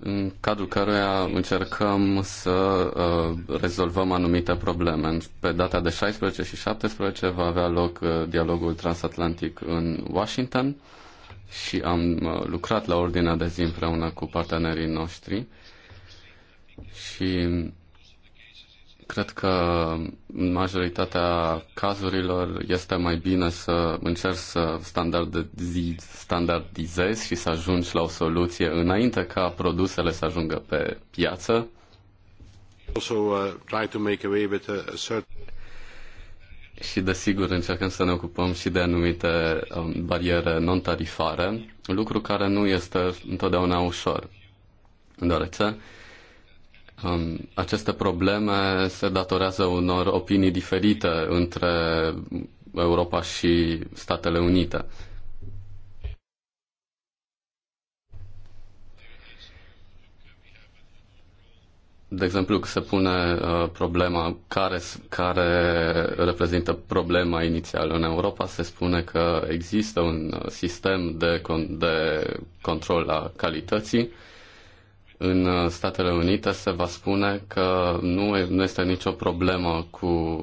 în cadrul căruia încercăm să uh, rezolvăm anumite probleme. Pe data de 16 și 17 va avea loc uh, dialogul transatlantic în Washington și am uh, lucrat la ordinea de zi împreună cu partenerii noștri și Cred că în majoritatea cazurilor este mai bine să încerci să standardizezi, standardizezi și să ajungi la o soluție înainte ca produsele să ajungă pe piață. Also, uh, try to make away with a certain... Și desigur încercăm să ne ocupăm și de anumite um, bariere non-tarifare, lucru care nu este întotdeauna ușor, deoarece Um, aceste probleme se datorează unor opinii diferite între Europa și Statele Unite. De exemplu, se pune uh, problema care, care reprezintă problema inițială. În Europa se spune că există un sistem de, con- de control a calității uh, în uh, Statele Unite se va spune că nu, nu este nicio problemă cu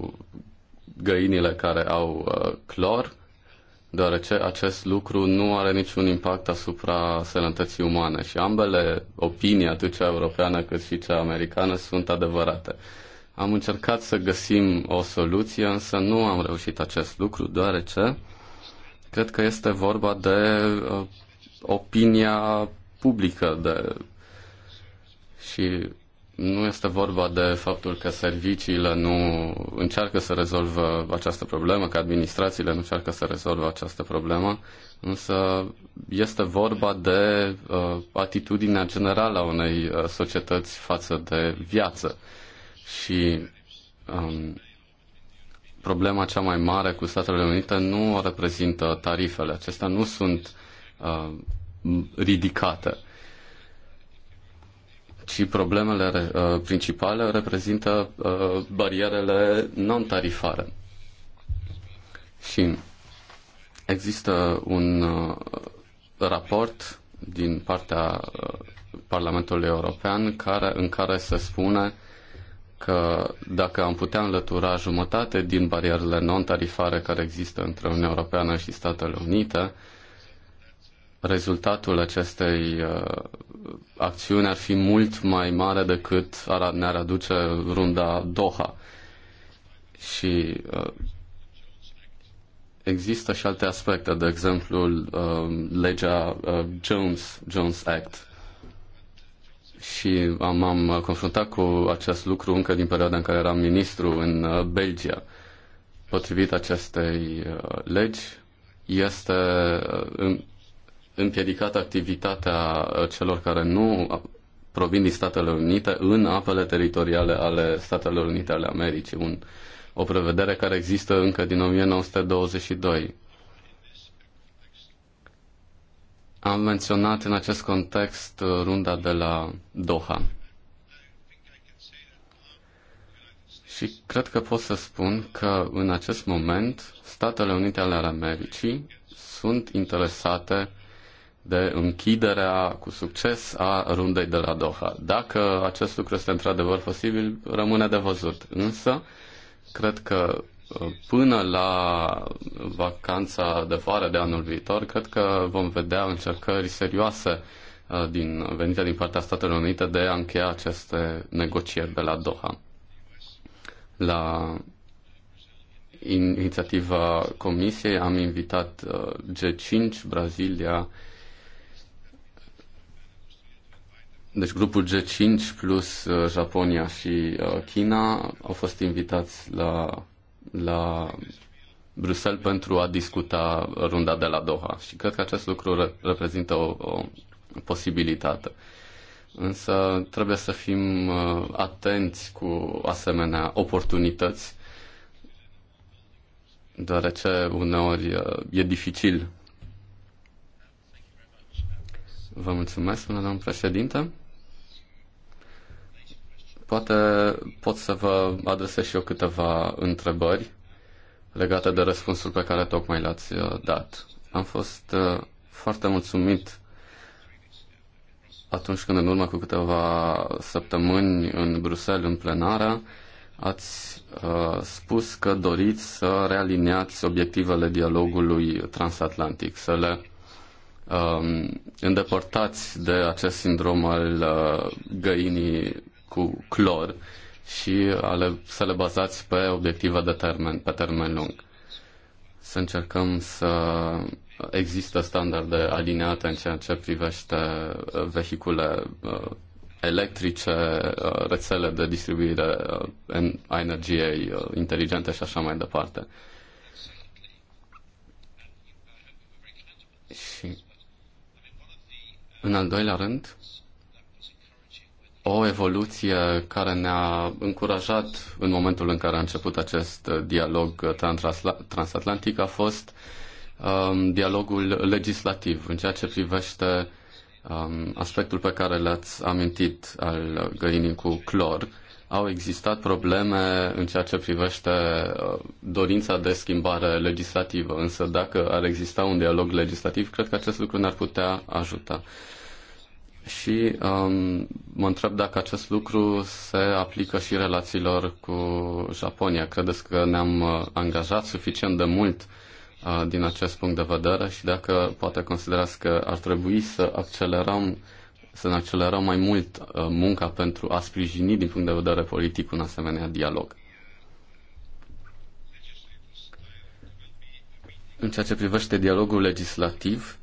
găinile care au uh, clor, deoarece acest lucru nu are niciun impact asupra sănătății umane și ambele opinii, atât cea europeană cât și cea americană, sunt adevărate. Am încercat să găsim o soluție, însă nu am reușit acest lucru, deoarece cred că este vorba de uh, opinia publică, de și nu este vorba de faptul că serviciile nu încearcă să rezolvă această problemă, că administrațiile nu încearcă să rezolvă această problemă, însă este vorba de uh, atitudinea generală a unei uh, societăți față de viață. Și um, problema cea mai mare cu Statele Unite nu o reprezintă tarifele. Acestea nu sunt uh, ridicate și problemele uh, principale reprezintă uh, barierele non-tarifare. Și există un uh, raport din partea Parlamentului European care, în care se spune că dacă am putea înlătura jumătate din barierele non-tarifare care există între Uniunea Europeană și Statele Unite, rezultatul acestei uh, acțiuni ar fi mult mai mare decât ar, ne-ar aduce runda Doha. Și uh, există și alte aspecte, de exemplu uh, legea uh, Jones, Jones Act. Și am, am confruntat cu acest lucru încă din perioada în care eram ministru în uh, Belgia. Potrivit acestei uh, legi, este uh, împiedicat activitatea uh, celor care nu uh, provin din Statele Unite în apele teritoriale ale Statelor Unite ale Americii, un, o prevedere care există încă din 1922. Am menționat în acest context uh, runda de la Doha. Și cred că pot să spun că în acest moment Statele Unite ale Americii sunt interesate de închiderea cu succes a rundei de la Doha. Dacă acest lucru este într-adevăr posibil, rămâne de văzut. Însă, cred că uh, până la vacanța de vară de anul viitor, cred că vom vedea încercări serioase uh, din, venite din partea Statelor Unite de a încheia aceste negocieri de la Doha. La inițiativa Comisiei am invitat uh, G5, Brazilia, Deci grupul G5 plus uh, Japonia și uh, China au fost invitați la, la Bruxelles pentru a discuta runda de la Doha și cred că acest lucru reprezintă o, o posibilitate. Însă trebuie să fim uh, atenți cu asemenea oportunități, deoarece uneori e dificil. Vă mulțumesc, până domnul președinte. Poate pot să vă adresez și eu câteva întrebări legate de răspunsul pe care tocmai l-ați uh, dat. Am fost uh, foarte mulțumit atunci când în urmă cu câteva săptămâni în Bruxelles, în plenară, ați uh, spus că doriți să realiniați obiectivele dialogului transatlantic, să le uh, îndepărtați de acest sindrom al uh, găinii cu clor și ale, să le bazați pe obiective de termen, pe termen lung. Să încercăm să există standarde alineate în ceea ce privește uh, vehicule uh, electrice, uh, rețele de distribuire a energiei inteligente și așa mai departe. Și în al doilea rând, o evoluție care ne-a încurajat în momentul în care a început acest dialog transatlantic a fost um, dialogul legislativ în ceea ce privește um, aspectul pe care l-ați amintit al găinii cu clor. Au existat probleme în ceea ce privește uh, dorința de schimbare legislativă, însă dacă ar exista un dialog legislativ, cred că acest lucru ne-ar putea ajuta și um, mă întreb dacă acest lucru se aplică și relațiilor cu Japonia. Credeți că ne-am uh, angajat suficient de mult uh, din acest punct de vedere și dacă poate considerați că ar trebui să accelerăm să ne accelerăm mai mult uh, munca pentru a sprijini din punct de vedere politic un asemenea dialog. În ceea ce privește dialogul legislativ,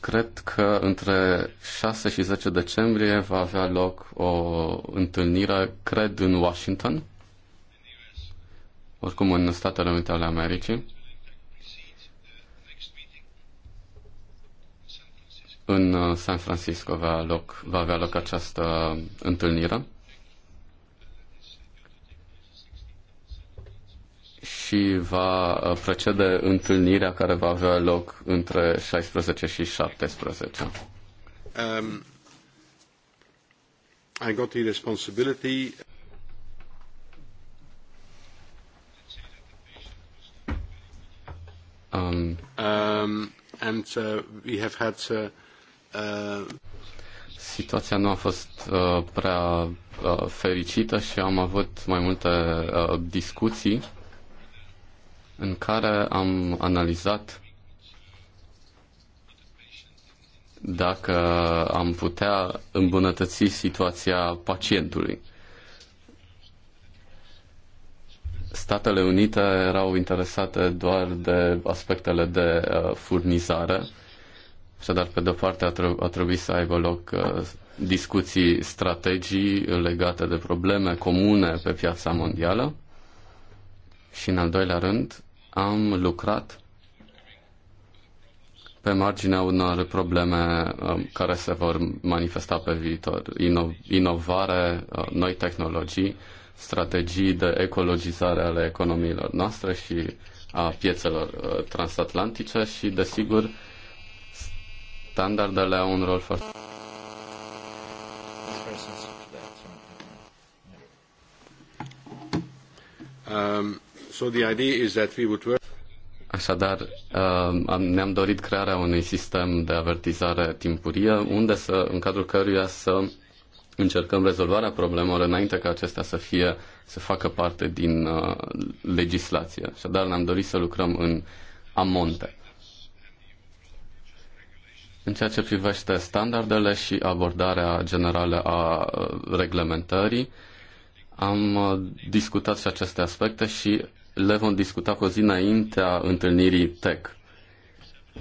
cred că între 6 și 10 decembrie va avea loc o întâlnire, cred, în Washington, oricum în Statele Unite ale Americii. În uh, San Francisco va, loc, va avea loc această uh, întâlnire. și va uh, precede întâlnirea care va avea loc între 16 și 17. Um, I got the responsibility. Um, um, and uh, we have had uh, uh, situația nu a fost uh, prea uh, fericită și am avut mai multe uh, discuții în care am analizat dacă am putea îmbunătăți situația pacientului. Statele Unite erau interesate doar de aspectele de uh, furnizare, dar pe de-o parte, a, treb- a trebuit să aibă loc uh, discuții strategii legate de probleme comune pe piața mondială și, în al doilea rând, am lucrat pe marginea unor probleme um, care se vor manifesta pe viitor. Ino- inovare, uh, noi tehnologii, strategii de ecologizare ale economiilor noastre și a piețelor uh, transatlantice și, desigur, standardele au un rol foarte. Um, Așadar, ne-am dorit crearea unui sistem de avertizare timpurie, unde să, în cadrul căruia să încercăm rezolvarea problemelor înainte ca acestea să fie să facă parte din uh, legislație. Așadar, ne-am dorit să lucrăm în amonte. În ceea ce privește standardele și abordarea generală a uh, reglementării, am uh, discutat și aceste aspecte și le vom discuta cu o zi înaintea întâlnirii TEC,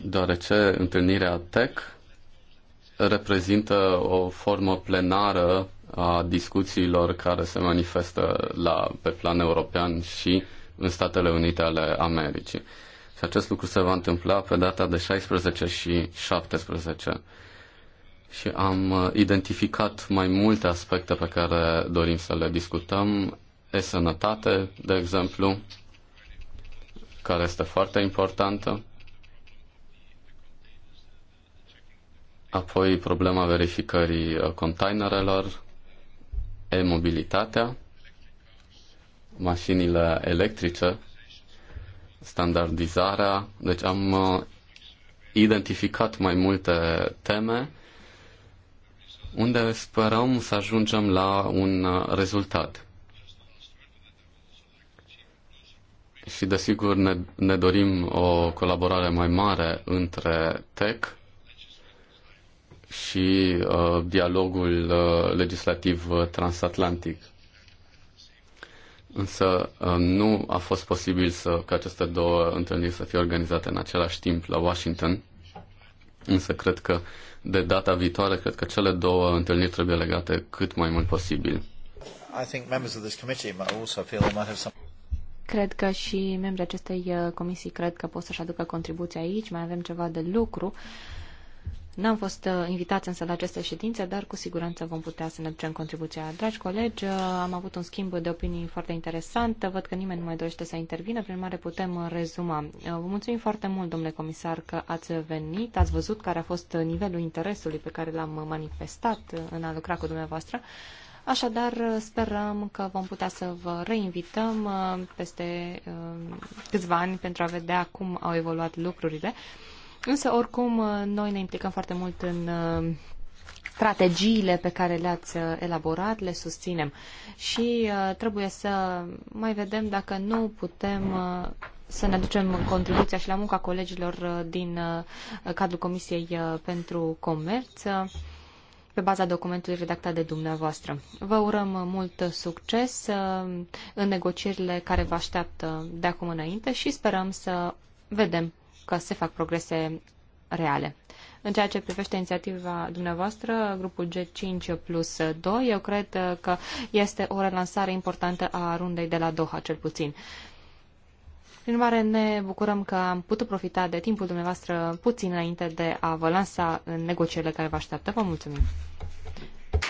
deoarece întâlnirea TEC reprezintă o formă plenară a discuțiilor care se manifestă la, pe plan european și în Statele Unite ale Americii. Și acest lucru se va întâmpla pe data de 16 și 17. Și am uh, identificat mai multe aspecte pe care dorim să le discutăm, e-sănătate, de exemplu, care este foarte importantă. Apoi problema verificării uh, containerelor, e-mobilitatea, mașinile electrice, standardizarea. Deci am uh, identificat mai multe teme unde sperăm să ajungem la un uh, rezultat. și desigur ne, ne dorim o colaborare mai mare între TEC și uh, dialogul uh, legislativ uh, transatlantic. Însă uh, nu a fost posibil să, ca aceste două întâlniri să fie organizate în același timp la Washington, însă cred că de data viitoare, cred că cele două întâlniri trebuie legate cât mai mult posibil. I think members of this committee might also feel they might have some Cred că și membrii acestei uh, comisii cred că pot să-și aducă contribuția aici, mai avem ceva de lucru. N-am fost uh, invitați însă la aceste ședințe, dar cu siguranță vom putea să ne ducem contribuția. Dragi colegi, uh, am avut un schimb de opinii foarte interesant. Văd că nimeni nu mai dorește să intervină, prin mare putem rezuma. Vă mulțumim foarte mult, domnule comisar, că ați venit, ați văzut care a fost nivelul interesului pe care l-am manifestat în a lucra cu dumneavoastră. Așadar, sperăm că vom putea să vă reinvităm uh, peste uh, câțiva ani pentru a vedea cum au evoluat lucrurile. Însă, oricum, uh, noi ne implicăm foarte mult în strategiile pe care le-ați elaborat, le susținem și trebuie să mai vedem dacă nu putem să ne aducem contribuția și la munca colegilor din cadrul Comisiei pentru Comerț pe baza documentului redactat de dumneavoastră. Vă urăm mult succes uh, în negocierile care vă așteaptă de acum înainte și sperăm să vedem că se fac progrese reale. În ceea ce privește inițiativa dumneavoastră, grupul G5 plus 2, eu cred că este o relansare importantă a rundei de la Doha, cel puțin. Prin urmare, ne bucurăm că am putut profita de timpul dumneavoastră puțin înainte de a vă lansa în negocierile care vă așteaptă. Vă mulțumim!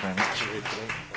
Mulțumim.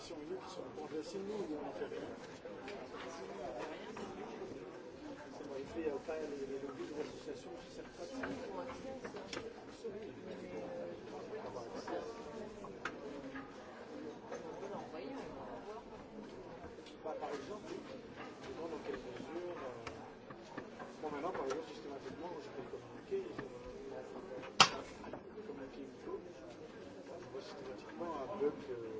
commission unique sur le congé, c'est nous qui avons fait rien. Ça m'a fait euh, pas les, les lobbies des associations qui servent pas. Bah, par exemple, je demande dans quelle mesure. Euh... Bon, maintenant, par exemple, systématiquement, je peux communiquer. Je... Comme la fille, je vois systématiquement un peu que.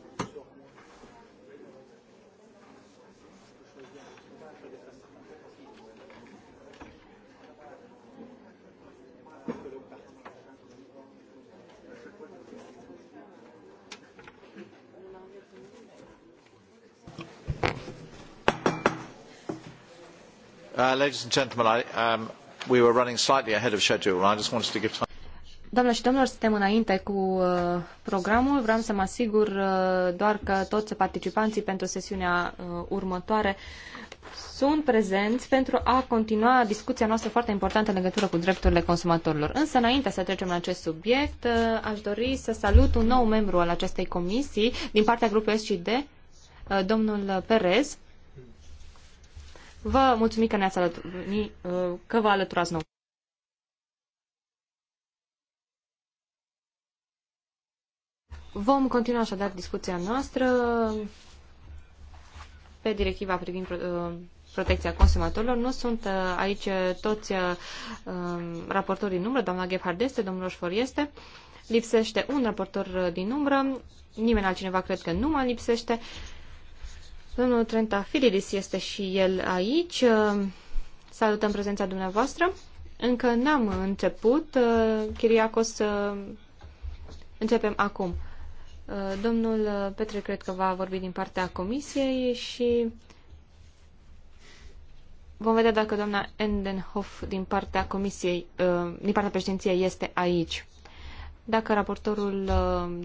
Uh, ladies and gentlemen, I, um, we were running slightly ahead of schedule I just wanted to give time. Doamnelor și domnilor, suntem înainte cu uh, programul. Vreau să mă asigur uh, doar că toți participanții pentru sesiunea următoare sunt prezenți pentru a continua discuția noastră foarte importantă în legătură cu drepturile consumatorilor. Însă, înainte să trecem la acest subiect, aș dori să salut un nou membru al acestei comisii din partea grupului SCD, domnul Perez Vă mulțumim că ne-ați alături, uh, că vă alăturați nou. Vom continua așadar discuția noastră pe directiva privind uh, protecția consumatorilor. Nu sunt uh, aici toți raportorii din umbră, doamna Gebhard este, domnul Roșfor este. Lipsește un raportor din umbră, nimeni altcineva cred că nu mai lipsește. Domnul Trentafilidis este și el aici. Uh, salutăm prezența dumneavoastră. Încă n-am început. Uh, Chiriacos, uh, începem acum. Domnul Petre cred că va vorbi din partea comisiei și vom vedea dacă doamna Endenhoff din partea comisiei, din partea președinției este aici. Dacă raportorul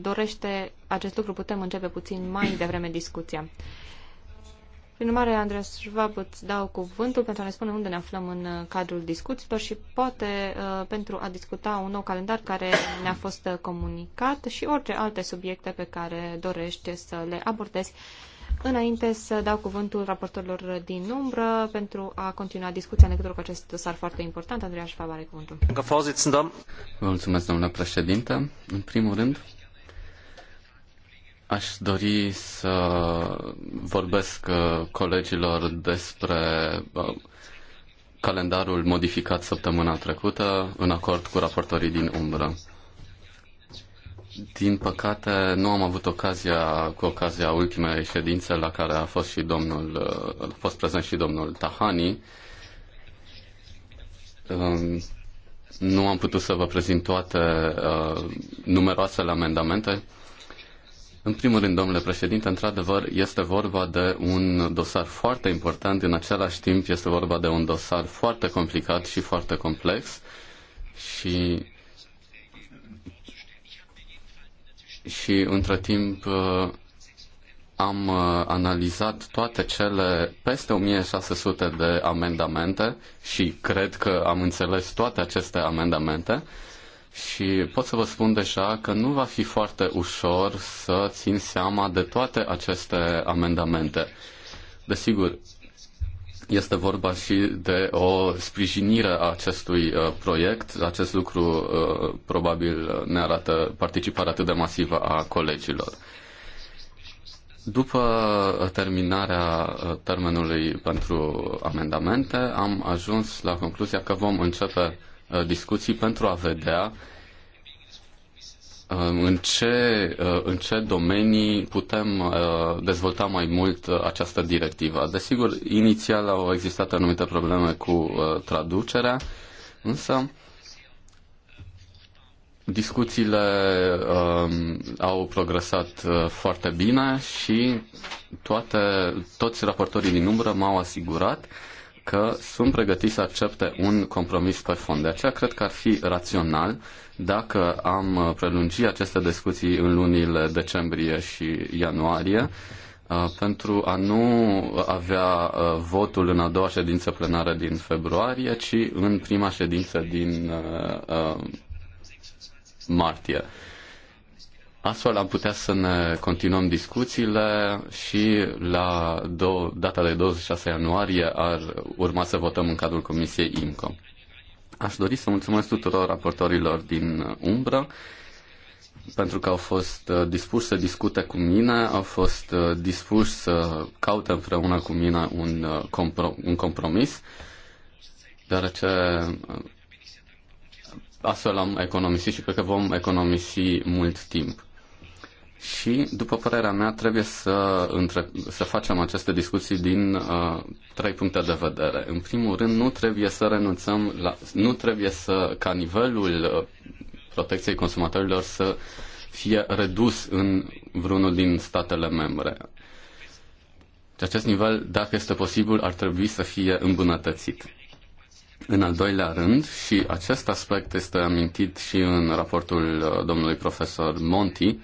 dorește acest lucru, putem începe puțin mai devreme discuția. Prin urmare, Andreea Schwab îți dau cuvântul pentru a ne spune unde ne aflăm în uh, cadrul discuțiilor și poate uh, pentru a discuta un nou calendar care ne-a fost uh, comunicat și orice alte subiecte pe care dorești să le abordezi. Înainte să dau cuvântul raportorilor din umbră pentru a continua discuția în legătură cu acest dosar foarte important, Andreea Schwab are cuvântul. Vă mulțumesc, domnule președinte. În primul rând, Aș dori să vorbesc uh, colegilor despre uh, calendarul modificat săptămâna trecută în acord cu raportorii din umbră. Din păcate, nu am avut ocazia, cu ocazia ultimei ședințe la care a fost și domnul, uh, a fost prezent și domnul Tahani. Um, nu am putut să vă prezint toate numeroasele amendamente în primul rând, domnule președinte, într-adevăr este vorba de un dosar foarte important, în același timp este vorba de un dosar foarte complicat și foarte complex și și între timp uh, am uh, analizat toate cele peste 1600 de amendamente și cred că am înțeles toate aceste amendamente și pot să vă spun deja că nu va fi foarte ușor să țin seama de toate aceste amendamente. Desigur, este vorba și de o sprijinire a acestui uh, proiect. Acest lucru uh, probabil ne arată participarea atât de masivă a colegilor. După uh, terminarea uh, termenului pentru amendamente, am ajuns la concluzia că vom începe Uh, discuții pentru a vedea uh, în ce, uh, în ce domenii putem dezvolta mai mult această directivă. Desigur, inițial au existat anumite probleme cu traducerea, însă discuțiile um, au progresat foarte bine și toate, toți raportorii din umbră m-au asigurat că sunt pregătiți să accepte un compromis pe fond. De aceea cred că ar fi rațional dacă am prelungi aceste discuții în lunile decembrie și ianuarie uh, pentru a nu avea uh, votul în a doua ședință plenară din februarie, ci în prima ședință din uh, martie. Astfel am putea să ne continuăm discuțiile și la do- data de 26 ianuarie ar urma să votăm în cadrul Comisiei INCO. Aș dori să mulțumesc tuturor raportorilor din umbră pentru că au fost uh, dispuși să discute cu mine, au fost uh, dispuși să caute împreună cu mine un, uh, compro- un compromis, deoarece astfel am economisit și cred că vom economisi mult timp. Și, după părerea mea, trebuie să, între... să facem aceste discuții din uh, trei puncte de vedere. În primul rând, nu trebuie să renunțăm la. nu trebuie să. ca nivelul uh, protecției consumatorilor să fie redus în vreunul din statele membre. Și deci acest nivel, dacă este posibil, ar trebui să fie îmbunătățit. În al doilea rând, și acest aspect este amintit și în raportul uh, domnului profesor Monti,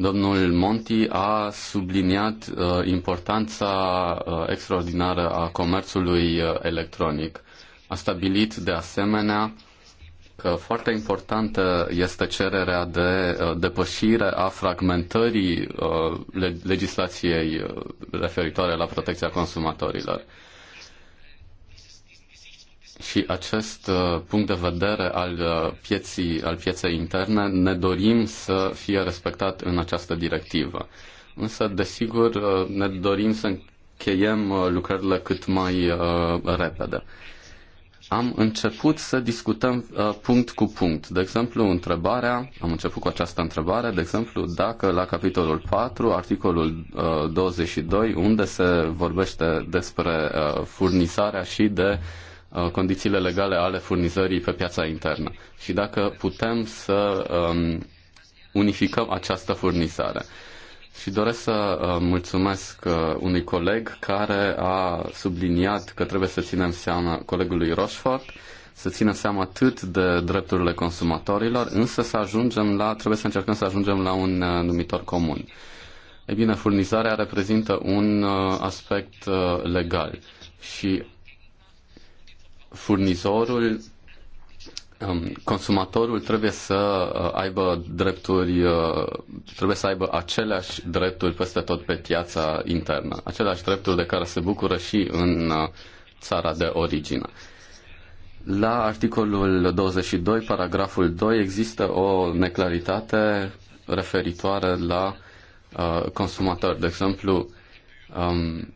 Domnul Monti a subliniat uh, importanța uh, extraordinară a comerțului uh, electronic. A stabilit de asemenea că foarte importantă este cererea de uh, depășire a fragmentării uh, legislației uh, referitoare la protecția consumatorilor. Uh, și acest uh, punct de vedere al uh, pieții, al pieței interne ne dorim să fie respectat în această directivă. Însă, desigur, uh, ne dorim să încheiem lucrările cât mai repede. Am început să discutăm punct cu punct. De exemplu, întrebarea, am început cu această întrebare, de exemplu, dacă la capitolul 4, articolul 22, unde se vorbește despre furnizarea și de Uh, condițiile legale ale furnizării pe piața internă și dacă putem să um, unificăm această furnizare. Și doresc să uh, mulțumesc uh, unui coleg care a subliniat că trebuie să ținem seama colegului Rochefort, să ținem seama atât de drepturile consumatorilor, însă să ajungem la, trebuie să încercăm să ajungem la un numitor comun. Ei bine, furnizarea reprezintă un aspect legal și furnizorul um, consumatorul trebuie să uh, aibă drepturi, uh, trebuie să aibă aceleași drepturi peste tot pe piața internă, aceleași drepturi de care se bucură și în uh, țara de origine. La articolul 22, paragraful 2, există o neclaritate referitoare la uh, consumatori. De exemplu, um,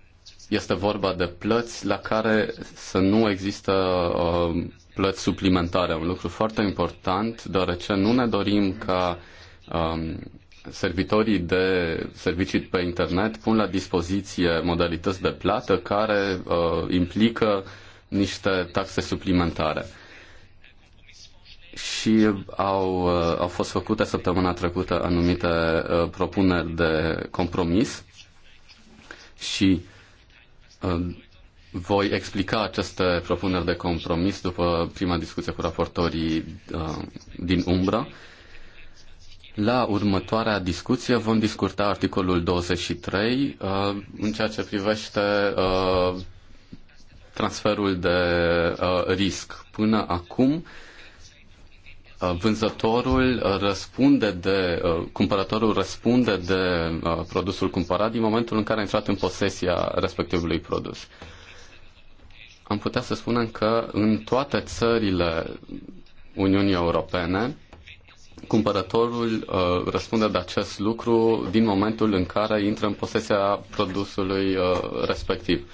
este vorba de plăți la care să nu există uh, plăți suplimentare. Un lucru foarte important, deoarece nu ne dorim ca um, servitorii de servicii pe internet pun la dispoziție modalități de plată care uh, implică niște taxe suplimentare. Și au, uh, au fost făcute săptămâna trecută anumite uh, propuneri de compromis și voi explica aceste propuneri de compromis după prima discuție cu raportorii uh, din Umbra. La următoarea discuție vom discuta articolul 23 uh, în ceea ce privește uh, transferul de risc. Până acum, Uh, vânzătorul răspunde de, uh, cumpărătorul răspunde de uh, produsul cumpărat din momentul în care a intrat în posesia respectivului produs. Am putea să spunem că în toate țările Uniunii Europene, cumpărătorul răspunde de acest lucru din momentul în care intră în posesia produsului respectiv.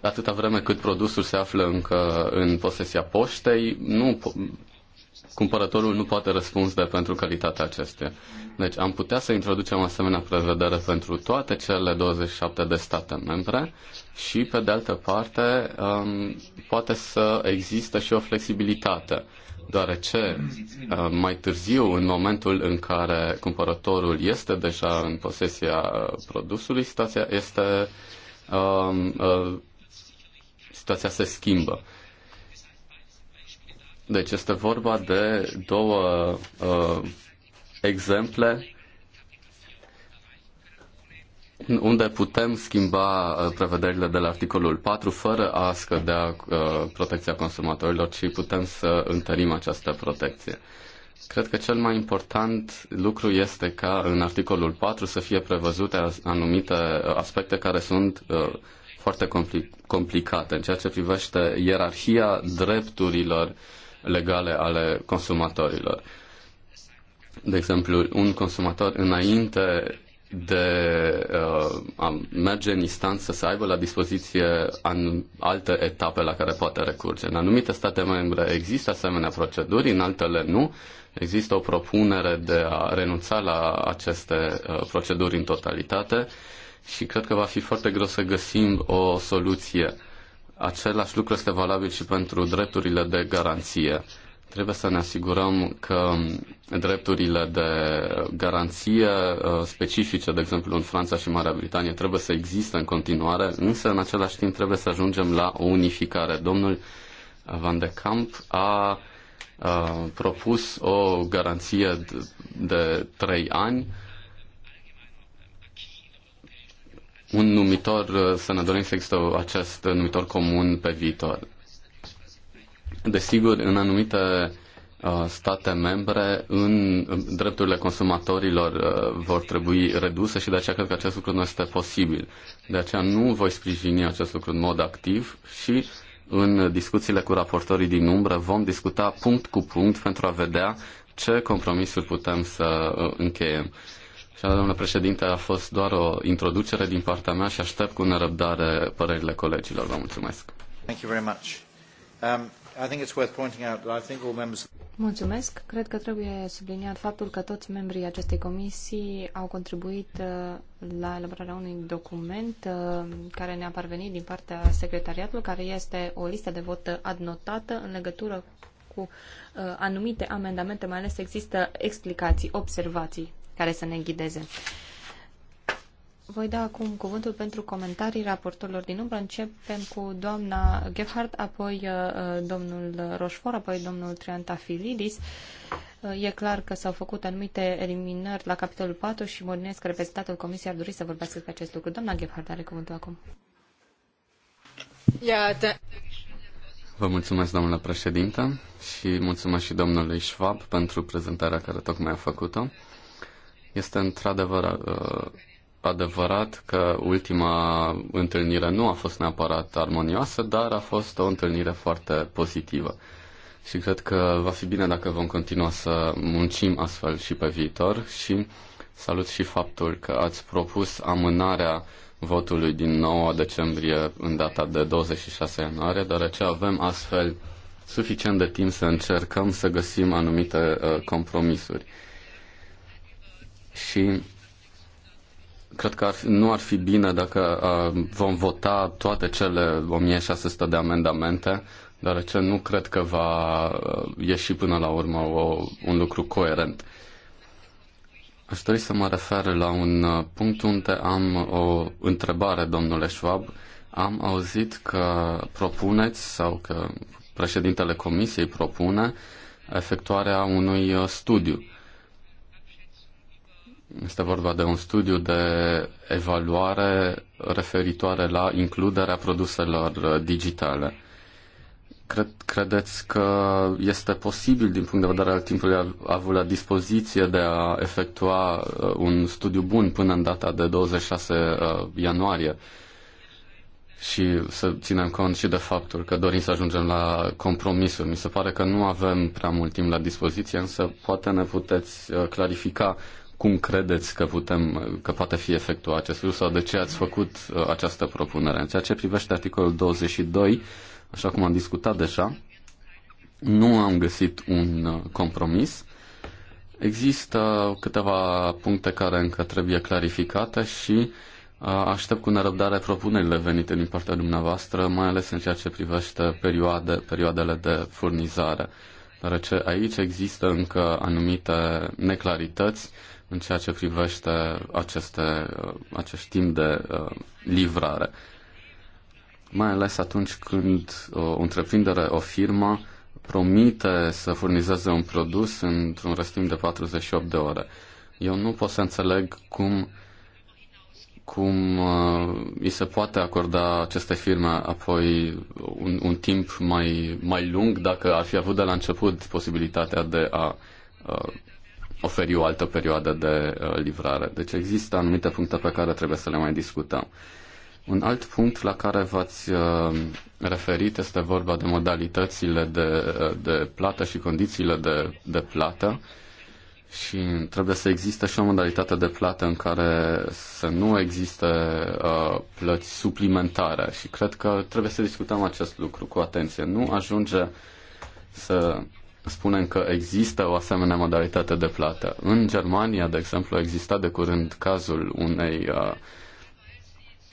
Atâta vreme cât produsul se află încă în posesia poștei, nu cumpărătorul nu poate răspunde pentru calitatea acesteia. Deci am putea să introducem asemenea prevedere pentru toate cele 27 de state membre și, pe de altă parte, um, poate să există și o flexibilitate, deoarece um, mai târziu, în momentul în care cumpărătorul este deja în posesia produsului, situația, este, um, uh, situația se schimbă. Deci este vorba de două uh, exemple unde putem schimba uh, prevederile de la articolul 4 fără a scădea uh, protecția consumatorilor, ci putem să întărim această protecție. Cred că cel mai important lucru este ca în articolul 4 să fie prevăzute anumite uh, aspecte care sunt foarte complicate în ceea ce privește ierarhia drepturilor legale ale consumatorilor. De exemplu, un consumator înainte de uh, a merge în instanță să aibă la dispoziție an, alte etape la care poate recurge. În anumite state membre există asemenea proceduri, în altele nu. Există o propunere de a renunța la aceste uh, proceduri în totalitate și cred că va fi foarte greu să găsim o soluție Același lucru este valabil și pentru drepturile de garanție. Trebuie să ne asigurăm că drepturile de garanție uh, specifice, de exemplu în Franța și Marea Britanie, trebuie să existe în continuare, însă în același timp trebuie să ajungem la o unificare. Domnul Van de Camp a, a uh, propus o garanție de trei ani un numitor, uh, să ne dorim să există acest numitor comun pe viitor. Desigur, în anumite uh, state membre, în drepturile consumatorilor uh, vor trebui reduse și de aceea cred că acest lucru nu este posibil. De aceea nu voi sprijini acest lucru în mod activ și în discuțiile cu raportorii din umbră vom discuta punct cu punct pentru a vedea ce compromisuri putem să încheiem. Așa, doamnă președinte, a fost doar o introducere din partea mea și aștept cu nerăbdare părerile colegilor. Vă mulțumesc. Thank you very much. Um, I think it's worth pointing out that I think all members... Mulțumesc. Cred că trebuie subliniat faptul că toți membrii acestei comisii au contribuit uh, la elaborarea unui document uh, care ne-a parvenit din partea secretariatului, care este o listă de vot adnotată în legătură cu uh, anumite amendamente, mai ales există explicații, observații care să ne ghideze. Voi da acum cuvântul pentru comentarii raportorilor din umbră. Începem cu doamna Gebhardt, apoi uh, uh, domnul Roșfor, apoi domnul Triantafilidis. Uh, e clar că s-au făcut anumite eliminări la capitolul 4 și mă că reprezentantul Comisiei ar dori să vorbească despre acest lucru. Doamna Gebhardt are cuvântul acum. Iată. Vă mulțumesc, domnule președinte, și mulțumesc și domnului Schwab pentru prezentarea care tocmai a făcut-o. Este într-adevăr uh, adevărat că ultima întâlnire nu a fost neapărat armonioasă, dar a fost o întâlnire foarte pozitivă. Și cred că va fi bine dacă vom continua să muncim astfel și pe viitor și salut și faptul că ați propus amânarea votului din 9 decembrie în data de 26 ianuarie, deoarece avem astfel suficient de timp să încercăm să găsim anumite uh, compromisuri și cred că ar, nu ar fi bine dacă uh, vom vota toate cele 1600 de amendamente, deoarece nu cred că va uh, ieși până la urmă o, un lucru coerent. Aș dori să mă refer la un uh, punct unde am o întrebare, domnule Schwab. Am auzit că propuneți sau că președintele Comisiei propune efectuarea unui uh, studiu. Este vorba de un studiu de evaluare referitoare la includerea produselor uh, digitale. Cred, credeți că este posibil, din punct de vedere al timpului avut la dispoziție, de a efectua uh, un studiu bun până în data de 26 uh, ianuarie? și să ținem cont și de faptul că dorim să ajungem la compromisuri. Mi se pare că nu avem prea mult timp la dispoziție, însă poate ne puteți clarifica cum credeți că putem, că poate fi efectuat acest lucru sau de ce ați făcut uh, această propunere. În ceea ce privește articolul 22, așa cum am discutat deja, nu am găsit un uh, compromis. Există câteva puncte care încă trebuie clarificate și uh, aștept cu nerăbdare propunerile venite din partea dumneavoastră, mai ales în ceea ce privește perioade, perioadele de furnizare. Deoarece aici există încă anumite neclarități în ceea ce privește aceste, uh, acest timp de uh, livrare. Mai ales atunci când uh, o întreprindere, o firmă, promite să furnizeze un produs într-un răstim de 48 de ore. Eu nu pot să înțeleg cum, cum uh, îi se poate acorda aceste firme apoi un, un timp mai, mai lung dacă ar fi avut de la început posibilitatea de a uh, oferi o altă perioadă de uh, livrare. Deci există anumite puncte pe care trebuie să le mai discutăm. Un alt punct la care v-ați uh, referit este vorba de modalitățile de, uh, de plată și condițiile de, de plată și trebuie să existe și o modalitate de plată în care să nu existe uh, plăți suplimentare și cred că trebuie să discutăm acest lucru cu atenție. Nu ajunge să spunem că există o asemenea modalitate de plată. În Germania, de exemplu, exista de curând cazul unei, uh,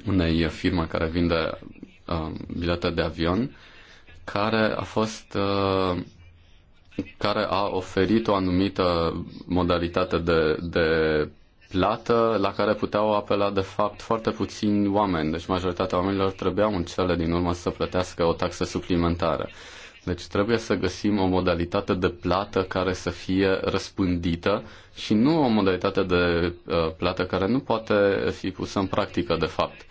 unei firme care vinde uh, bilete de avion care a fost uh, care a oferit o anumită modalitate de, de plată la care puteau apela de fapt foarte puțini oameni, deci majoritatea oamenilor trebuiau în cele din urmă să plătească o taxă suplimentară. Deci trebuie să găsim o modalitate de plată care să fie răspândită și nu o modalitate de uh, plată care nu poate fi pusă în practică, de fapt.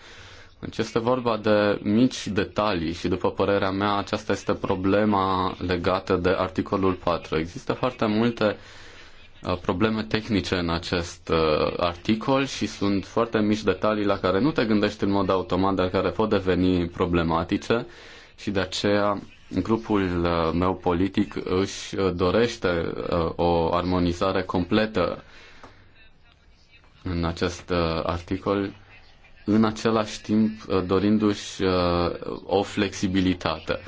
Deci este vorba de mici detalii și, după părerea mea, aceasta este problema legată de articolul 4. Există foarte multe uh, probleme tehnice în acest uh, articol și sunt foarte mici detalii la care nu te gândești în mod automat, dar care pot deveni problematice și de aceea Grupul uh, meu politic își uh, dorește uh, o armonizare completă în acest articol, în același timp dorindu-și o flexibilitate.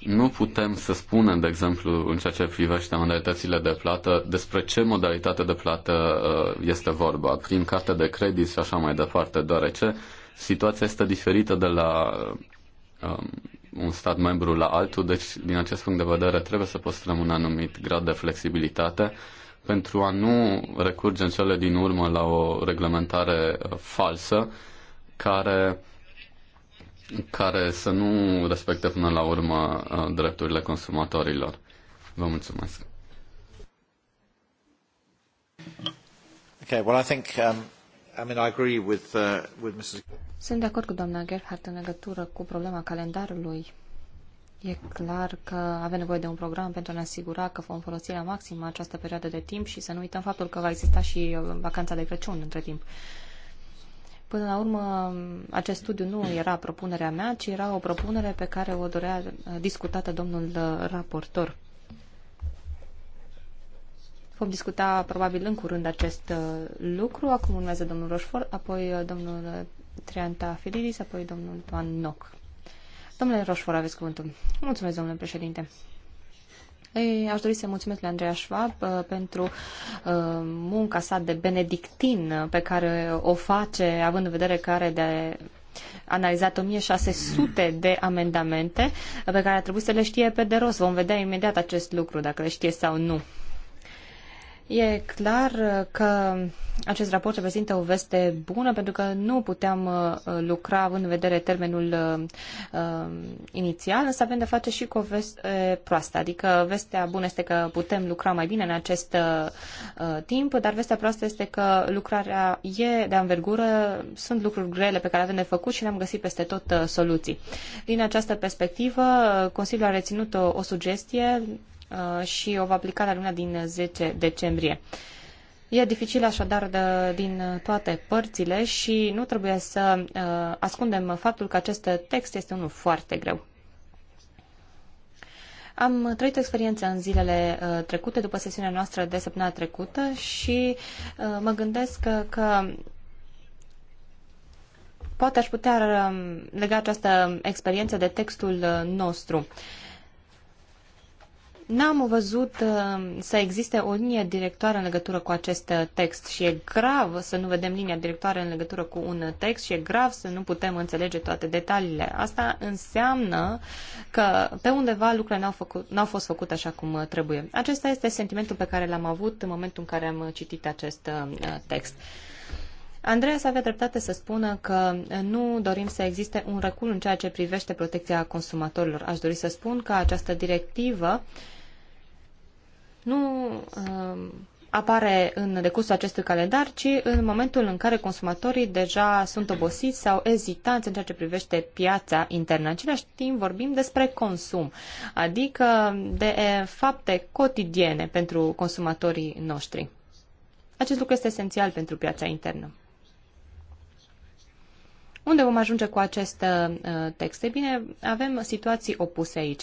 Nu putem să spunem, de exemplu, în ceea ce privește modalitățile de plată, despre ce modalitate de plată este vorba, prin carte de credit și așa mai departe, deoarece situația este diferită de la um, un stat membru la altul, deci din acest punct de vedere trebuie să păstrăm un anumit grad de flexibilitate pentru a nu recurge în cele din urmă la o reglementare uh, falsă care, care să nu respecte până la urmă uh, drepturile consumatorilor. Vă mulțumesc. Okay, well, I think, um... I mean, I agree with, uh, with Mrs. Sunt de acord cu doamna Gerhardt în legătură cu problema calendarului. E clar că avem nevoie de un program pentru a ne asigura că vom folosi la maxim această perioadă de timp și să nu uităm faptul că va exista și uh, vacanța de Crăciun între timp. Până la urmă, acest studiu nu era propunerea mea, ci era o propunere pe care o dorea uh, discutată domnul uh, raportor. Vom discuta probabil în curând acest uh, lucru. Acum urmează domnul Roșfor, apoi uh, domnul uh, Trianta Filidis, apoi domnul Toan Noc. Domnule Roșfor, aveți cuvântul. Mulțumesc, domnule președinte. Ei, aș dori să mulțumesc lui Andreea Schwab pentru munca sa de benedictin pe care o face, având în vedere care de analizat 1600 de amendamente pe care a trebuit să le știe pe de rost. Vom vedea imediat acest lucru, dacă le știe sau nu. E clar că acest raport reprezintă o veste bună pentru că nu puteam uh, lucra având în vedere termenul uh, uh, inițial, însă avem de face și cu o veste proastă. Adică vestea bună este că putem lucra mai bine în acest uh, uh timp, dar vestea proastă este că lucrarea e de anvergură, sunt lucruri grele pe care avem de făcut și ne-am găsit peste tot uh, soluții. Din această perspectivă, Consiliul a reținut o, o sugestie Uh, și o va aplica la luna din 10 decembrie. E dificil așadar de, din toate părțile și nu trebuie să uh, ascundem faptul că acest text este unul foarte greu. Am trăit o experiență în zilele uh, trecute, după sesiunea noastră de săptămâna trecută și uh, mă gândesc că, că poate aș putea uh, lega această experiență de textul uh, nostru. Uh, N-am văzut uh, să existe o linie directoare în legătură cu acest uh, text și e grav să nu vedem linia directoare în legătură cu un text și e grav să nu putem înțelege toate detaliile. Asta înseamnă că pe undeva lucrurile n-au, făcut, n-au fost făcute așa cum uh, trebuie. Acesta este sentimentul pe care l-am avut în momentul în care am citit acest text. Andreas avea dreptate să spună că nu dorim să existe un recul în ceea ce privește protecția consumatorilor. Aș dori să spun că această directivă nu uh, apare în decursul acestui calendar, ci în momentul în care consumatorii deja sunt obosiți sau ezitanți în ceea ce privește piața internă. În același timp vorbim despre consum, adică de fapte cotidiene pentru consumatorii noștri. Acest lucru este esențial pentru piața internă. Unde vom ajunge cu acest uh, text? E bine, avem situații opuse aici.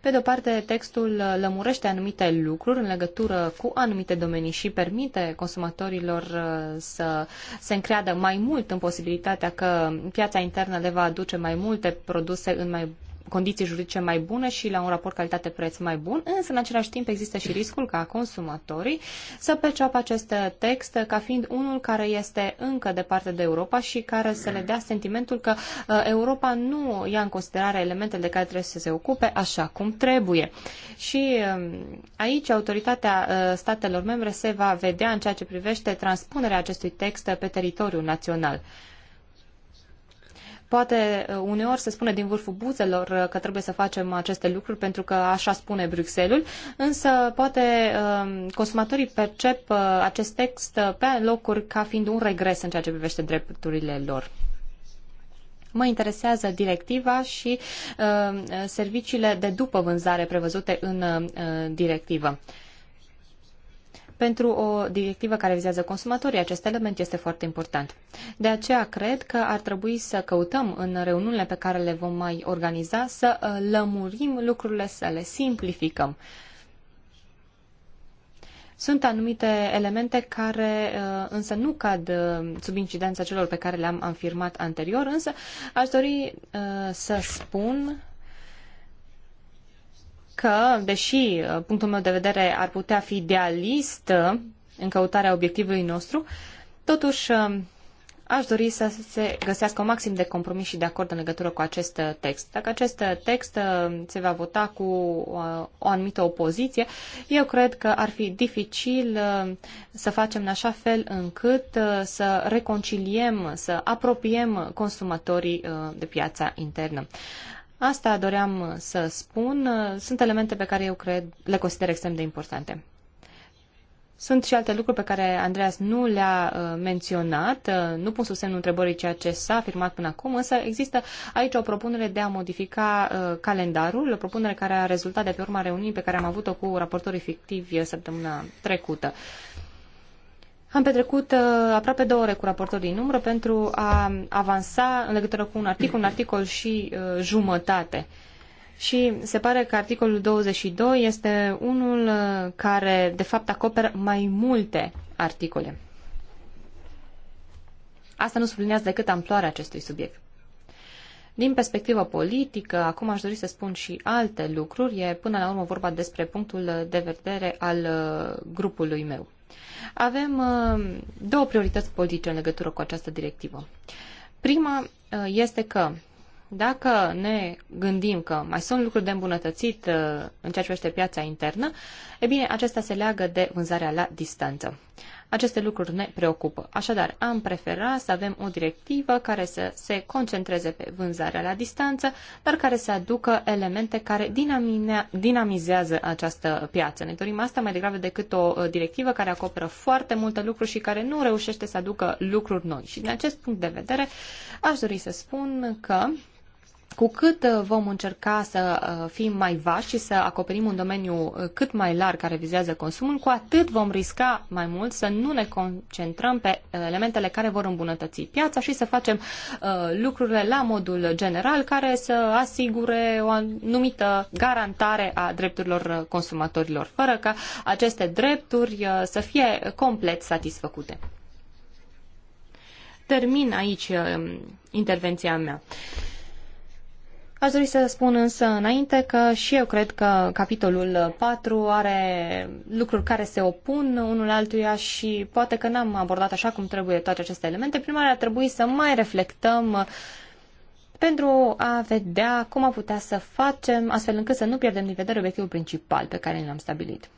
Pe de o parte, textul uh, lămurește anumite lucruri în legătură cu anumite domenii și permite consumatorilor uh, să se încreadă mai mult în posibilitatea că piața internă le va aduce mai multe produse în mai condiții juridice mai bune și la un raport calitate-preț mai bun, însă în același timp există și riscul ca consumatorii să perceapă acest text ca fiind unul care este încă departe de Europa și care să le dea sentimentul că uh, Europa nu ia în considerare elementele de care trebuie să se ocupe așa cum trebuie. Și um, aici autoritatea uh, statelor membre se va vedea în ceea ce privește transpunerea acestui text pe teritoriul național. Poate uh, uneori se spune din vârful buzelor uh, că trebuie să facem aceste lucruri pentru că așa spune Bruxelles, însă poate um, consumatorii percep uh, acest text pe locuri ca fiind un regres în ceea ce privește drepturile lor mă interesează directiva și uh, serviciile de după vânzare prevăzute în uh, directivă pentru o directivă care vizează consumatorii. Acest element este foarte important. De aceea cred că ar trebui să căutăm în reuniunile pe care le vom mai organiza să uh, lămurim lucrurile, să le simplificăm. Sunt anumite elemente care uh, însă nu cad uh, sub incidența celor pe care le-am afirmat anterior, însă aș dori să spun că, deși uh, punctul meu de vedere ar putea fi idealist uh, în căutarea obiectivului nostru, totuși uh, aș dori să se găsească un maxim de compromis și de acord în legătură cu acest text. Dacă acest text se va vota cu o anumită opoziție, eu cred că ar fi dificil să facem în așa fel încât să reconciliem, să apropiem consumatorii de piața internă. Asta doream uh, să spun. Uh, sunt elemente pe care eu cred, le consider extrem de importante. Sunt și alte lucruri pe care Andreas nu le-a uh, menționat, nu pun sub semnul întrebării ceea ce s-a afirmat până acum, însă există aici o propunere de a modifica calendarul, o propunere care a rezultat de pe urma reuniunii pe care am avut-o cu raportorii fictivi săptămâna trecută. Am petrecut uh, aproape două ore cu raportorii din umbră pentru a avansa în legătură cu un articol, un articol și uh, jumătate. Și se pare că articolul 22 este unul uh, care, de fapt, acoperă mai multe articole. Asta nu sublinează decât amploarea acestui subiect. Din perspectivă politică, acum aș dori să spun și alte lucruri. E până la urmă vorba despre punctul de vedere al uh, grupului meu. Avem uh, două priorități politice în legătură cu această directivă. Prima uh, este că dacă ne gândim că mai sunt lucruri de îmbunătățit uh, în ceea ce privește piața internă, e bine, acesta se leagă de vânzarea la distanță. Aceste lucruri ne preocupă. Așadar, am preferat să avem o directivă care să se concentreze pe vânzarea la distanță, dar care să aducă elemente care dinamizează această piață. Ne dorim asta mai degrabă decât o uh, directivă care acoperă foarte multe lucruri și care nu reușește să aducă lucruri noi. Și din acest punct de vedere, aș dori să spun că cu cât uh, vom încerca să uh, fim mai vași și să acoperim un domeniu uh, cât mai larg care vizează consumul, cu atât vom risca mai mult să nu ne concentrăm pe elementele care vor îmbunătăți piața și să facem lucrurile la modul general care să asigure o anumită garantare a drepturilor consumatorilor, fără ca aceste drepturi să fie complet satisfăcute. Termin aici intervenția mea. Aș dori să spun însă înainte că și eu cred că capitolul 4 are lucruri care se opun unul altuia și poate că n-am abordat așa cum trebuie toate aceste elemente. Prima ar trebui să mai reflectăm pentru a vedea cum am putea să facem astfel încât să nu pierdem din vedere obiectivul principal pe care l-am stabilit.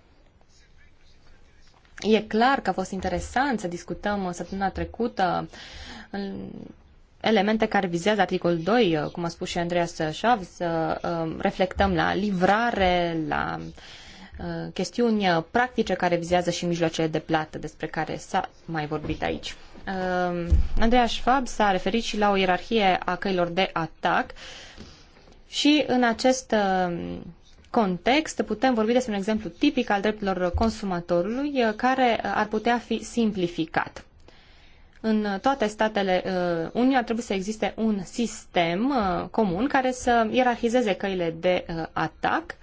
E clar că a fost interesant să discutăm săptămâna trecută în elemente care vizează articolul 2, uh, cum a spus și Andreea Sășav, să um, reflectăm la livrare, la uh, chestiuni uh, practice care vizează și mijloacele de plată despre care s-a mai vorbit aici. Um, Andreea Schwab s-a referit și la o ierarhie a căilor de atac și în acest um, context putem vorbi despre un exemplu tipic al drepturilor consumatorului care ar putea fi simplificat în toate statele uh, Uniunii ar trebui să existe un sistem uh, comun care să ierarhizeze căile de uh, atac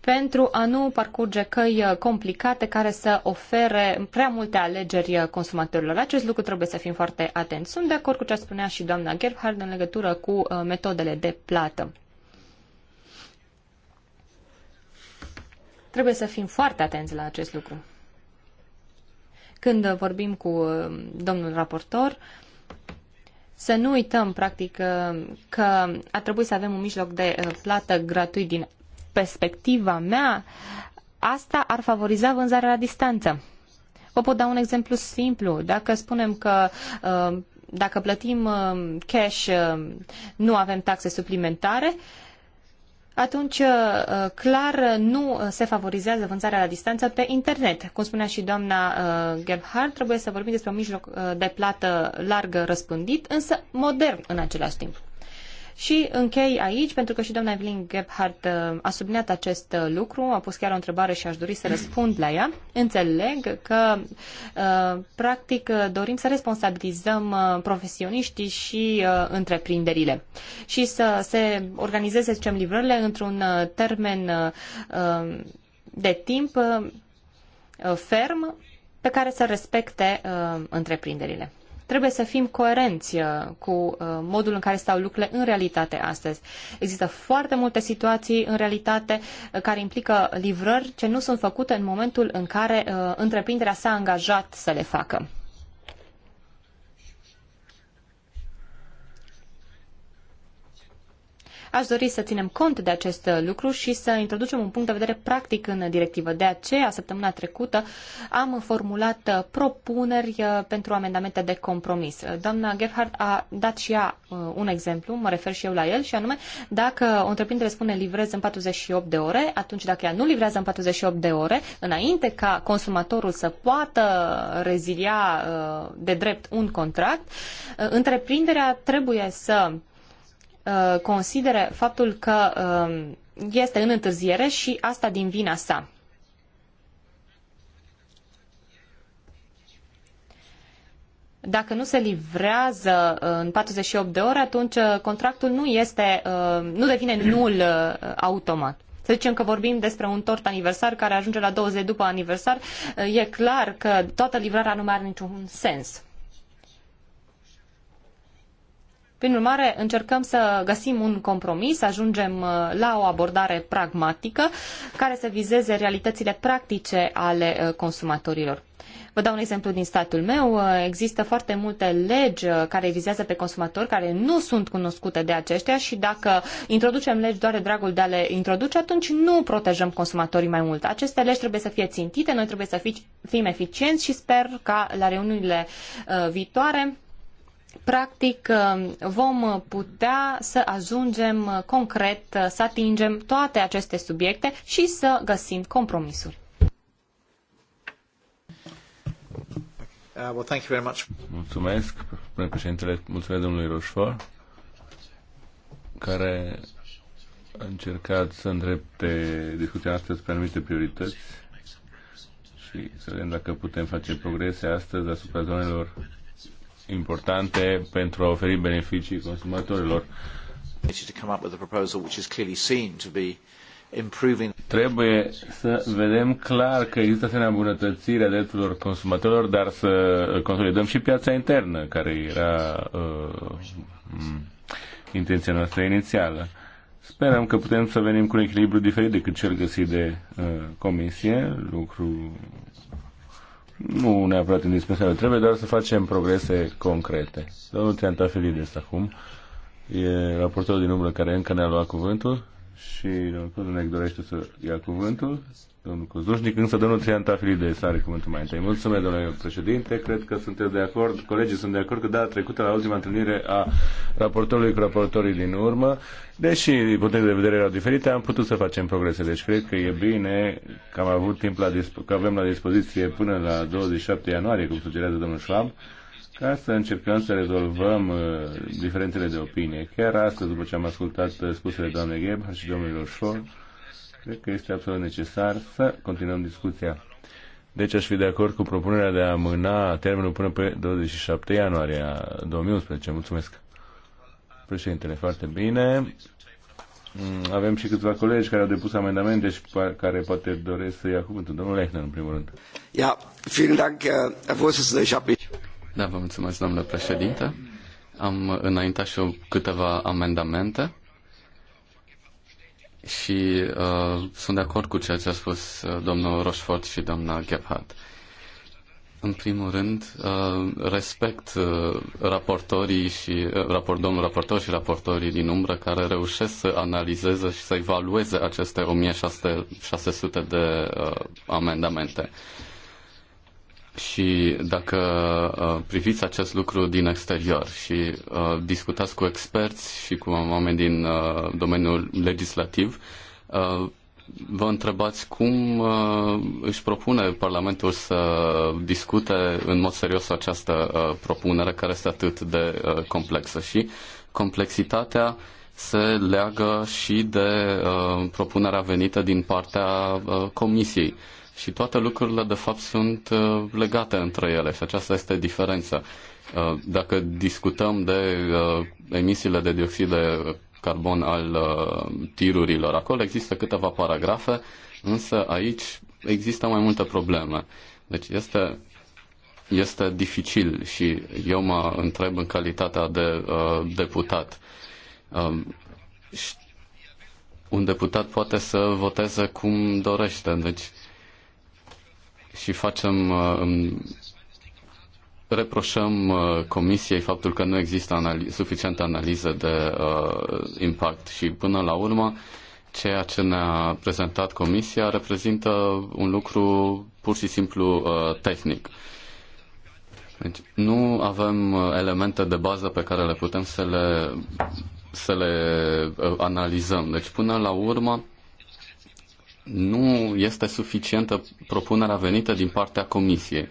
pentru a nu parcurge căi complicate care să ofere prea multe alegeri consumatorilor. Acest lucru trebuie să fim foarte atenți. Sunt de acord cu ce spunea și doamna Gerhard în legătură cu metodele de plată. Trebuie să fim foarte atenți la acest lucru. Când vorbim cu uh, domnul raportor, să nu uităm, practic, uh, că ar trebui să avem un mijloc de uh, plată gratuit din perspectiva mea, asta ar favoriza vânzarea la distanță. Vă pot da un exemplu simplu. Dacă spunem că dacă plătim cash nu avem taxe suplimentare, atunci uh, clar nu uh, se favorizează vânzarea la distanță pe internet. Cum spunea și doamna uh, Gebhardt, trebuie să vorbim despre un mijloc de plată larg răspândit, însă modern în același timp. Și închei aici, pentru că și doamna Evelyn Gebhardt uh, a subliniat acest uh, lucru, a pus chiar o întrebare și aș dori să răspund la ea. Înțeleg că, uh, practic, dorim să responsabilizăm profesioniștii și întreprinderile și să se organizeze, zicem, livrările într-un termen de timp ferm pe care să respecte întreprinderile. Trebuie să fim coerenți uh, cu uh, modul în care stau lucrurile în realitate astăzi. Există foarte multe situații în realitate uh, care implică livrări ce nu sunt făcute în momentul în care întreprinderea s-a angajat să le facă. Aș dori să ținem cont de acest lucru și să introducem un punct de vedere practic în directivă. De aceea, săptămâna trecută am formulat propuneri uh, pentru amendamente de compromis. Doamna Gerhard a dat și ea uh, un exemplu, mă refer și eu la el, și anume dacă o întreprindere spune livrez în 48 de ore, atunci dacă ea nu livrează în 48 de ore, înainte ca consumatorul să poată rezilia uh, de drept un contract, întreprinderea trebuie să Uh, considere faptul că um, este în întârziere și asta din vina sa. Dacă nu se livrează uh, în 48 de ore, atunci uh, contractul nu, este, nu devine nul automat. Să zicem că vorbim despre un tort aniversar care ajunge la 20 după aniversar, e clar că toată livrarea nu mai are niciun sens. Prin urmare, încercăm să găsim un compromis, ajungem uh, la o abordare pragmatică care să vizeze realitățile practice ale uh, consumatorilor. Vă dau un exemplu din statul meu. Uh, există foarte multe legi care vizează pe consumatori care nu sunt cunoscute de aceștia și dacă introducem legi doar de dragul de a le introduce, atunci nu protejăm consumatorii mai mult. Aceste legi trebuie să fie țintite, noi trebuie să fim eficienți și sper ca la reuniunile viitoare practic uh, vom putea să ajungem uh, concret, uh, să atingem toate aceste subiecte și să găsim compromisuri. Mulțumesc, domnule președintele, mulțumesc domnului Roșfort, care a încercat să îndrepte discuția noastră spre anumite priorități și să vedem dacă putem face progrese astăzi asupra zonelor importante pentru a oferi beneficii consumatorilor. Trebuie să vedem clar că există o îmbunătățire a drepturilor consumatorilor, dar să consolidăm și piața internă, care era uh, intenția noastră inițială. Sperăm că putem să venim cu un echilibru diferit decât cel găsit de uh, comisie, lucru nu neapărat indispensabil, trebuie doar să facem progrese concrete. Domnul Triantafilides acum e raportorul din umbră care încă ne-a luat cuvântul și domnul Codunec dorește să ia cuvântul domnul Cozușnic, însă domnul s are cuvântul mai întâi. Mulțumesc, domnule președinte, cred că sunteți de acord, colegii sunt de acord că data trecută la ultima întâlnire a raportorului cu raportorii din urmă, deși punctele de vedere erau diferite, am putut să facem progrese. Deci cred că e bine că am avut timp la că avem la dispoziție până la 27 ianuarie, cum sugerează domnul Schwab, ca să încercăm să rezolvăm uh, diferențele de opinie. Chiar astăzi, după ce am ascultat uh, spusele doamnei Gebhardt și domnului Rochefort, Cred că este absolut necesar să continuăm discuția. Deci aș fi de acord cu propunerea de a amâna termenul până pe 27 ianuarie 2011. Mulțumesc. Președintele, foarte bine. Mm, avem și câțiva colegi care au depus amendamente și care poate doresc să ia cuvântul. Domnul Lechner, în primul rând. Ia, vielen Dank, a fost să Da, vă mulțumesc, domnule președinte. Am înaintat și eu câteva amendamente și uh, sunt de acord cu ceea ce a spus uh, domnul Rochefort și doamna Gebhardt. În primul rând, uh, respect uh, raportorii și uh, raport, domnul raportor și raportorii din umbră care reușesc să analizeze și să evalueze aceste 1600 de uh, amendamente. Uh, și dacă uh, priviți acest lucru din exterior și uh, discutați cu experți și cu oameni din uh, domeniul legislativ, vă întrebați cum își propune Parlamentul să discute în mod serios această propunere care este atât de complexă și complexitatea se leagă și de propunerea venită din partea Comisiei și toate lucrurile, de fapt, sunt uh, legate între ele și aceasta este diferența. Uh, dacă discutăm de uh, emisiile de dioxid de carbon al tirurilor, acolo există câteva paragrafe, însă aici există mai multe probleme. Deci este, este dificil și eu mă întreb în calitatea de uh, deputat. Uh, un deputat poate să voteze cum dorește, deci și facem uh, reproșăm uh, comisiei faptul că nu există anali- suficientă analiză de uh, impact și până la urmă ceea ce ne-a prezentat comisia reprezintă un lucru pur și simplu uh, tehnic. Deci nu avem uh, elemente de bază pe care le putem să le, să le analizăm. Deci până la urmă nu este suficientă propunerea venită din partea Comisiei.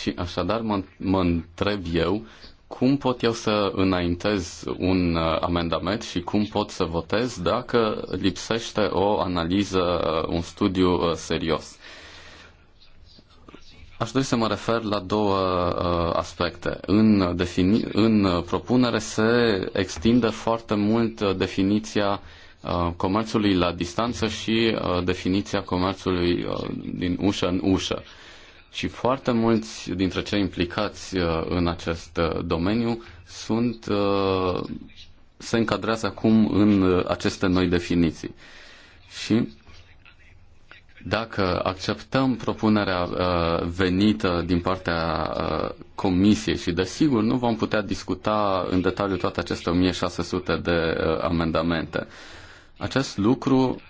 Și așadar mă, mă întreb eu cum pot eu să înaintez un uh, amendament și cum pot să votez dacă lipsește o analiză, uh, un studiu uh, serios. Aș dori să mă refer la două uh, aspecte. În, defini- în propunere se extinde foarte mult definiția uh, Uh, comerțului la distanță și uh, definiția comerțului uh, din ușă în ușă. Și foarte mulți dintre cei implicați în acest domeniu sunt, se încadrează acum în aceste noi definiții. Și dacă acceptăm propunerea uh, venită din partea uh, Comisiei și, desigur, nu vom putea discuta în detaliu toate aceste 1600 de uh, amendamente. Uh, acest lucru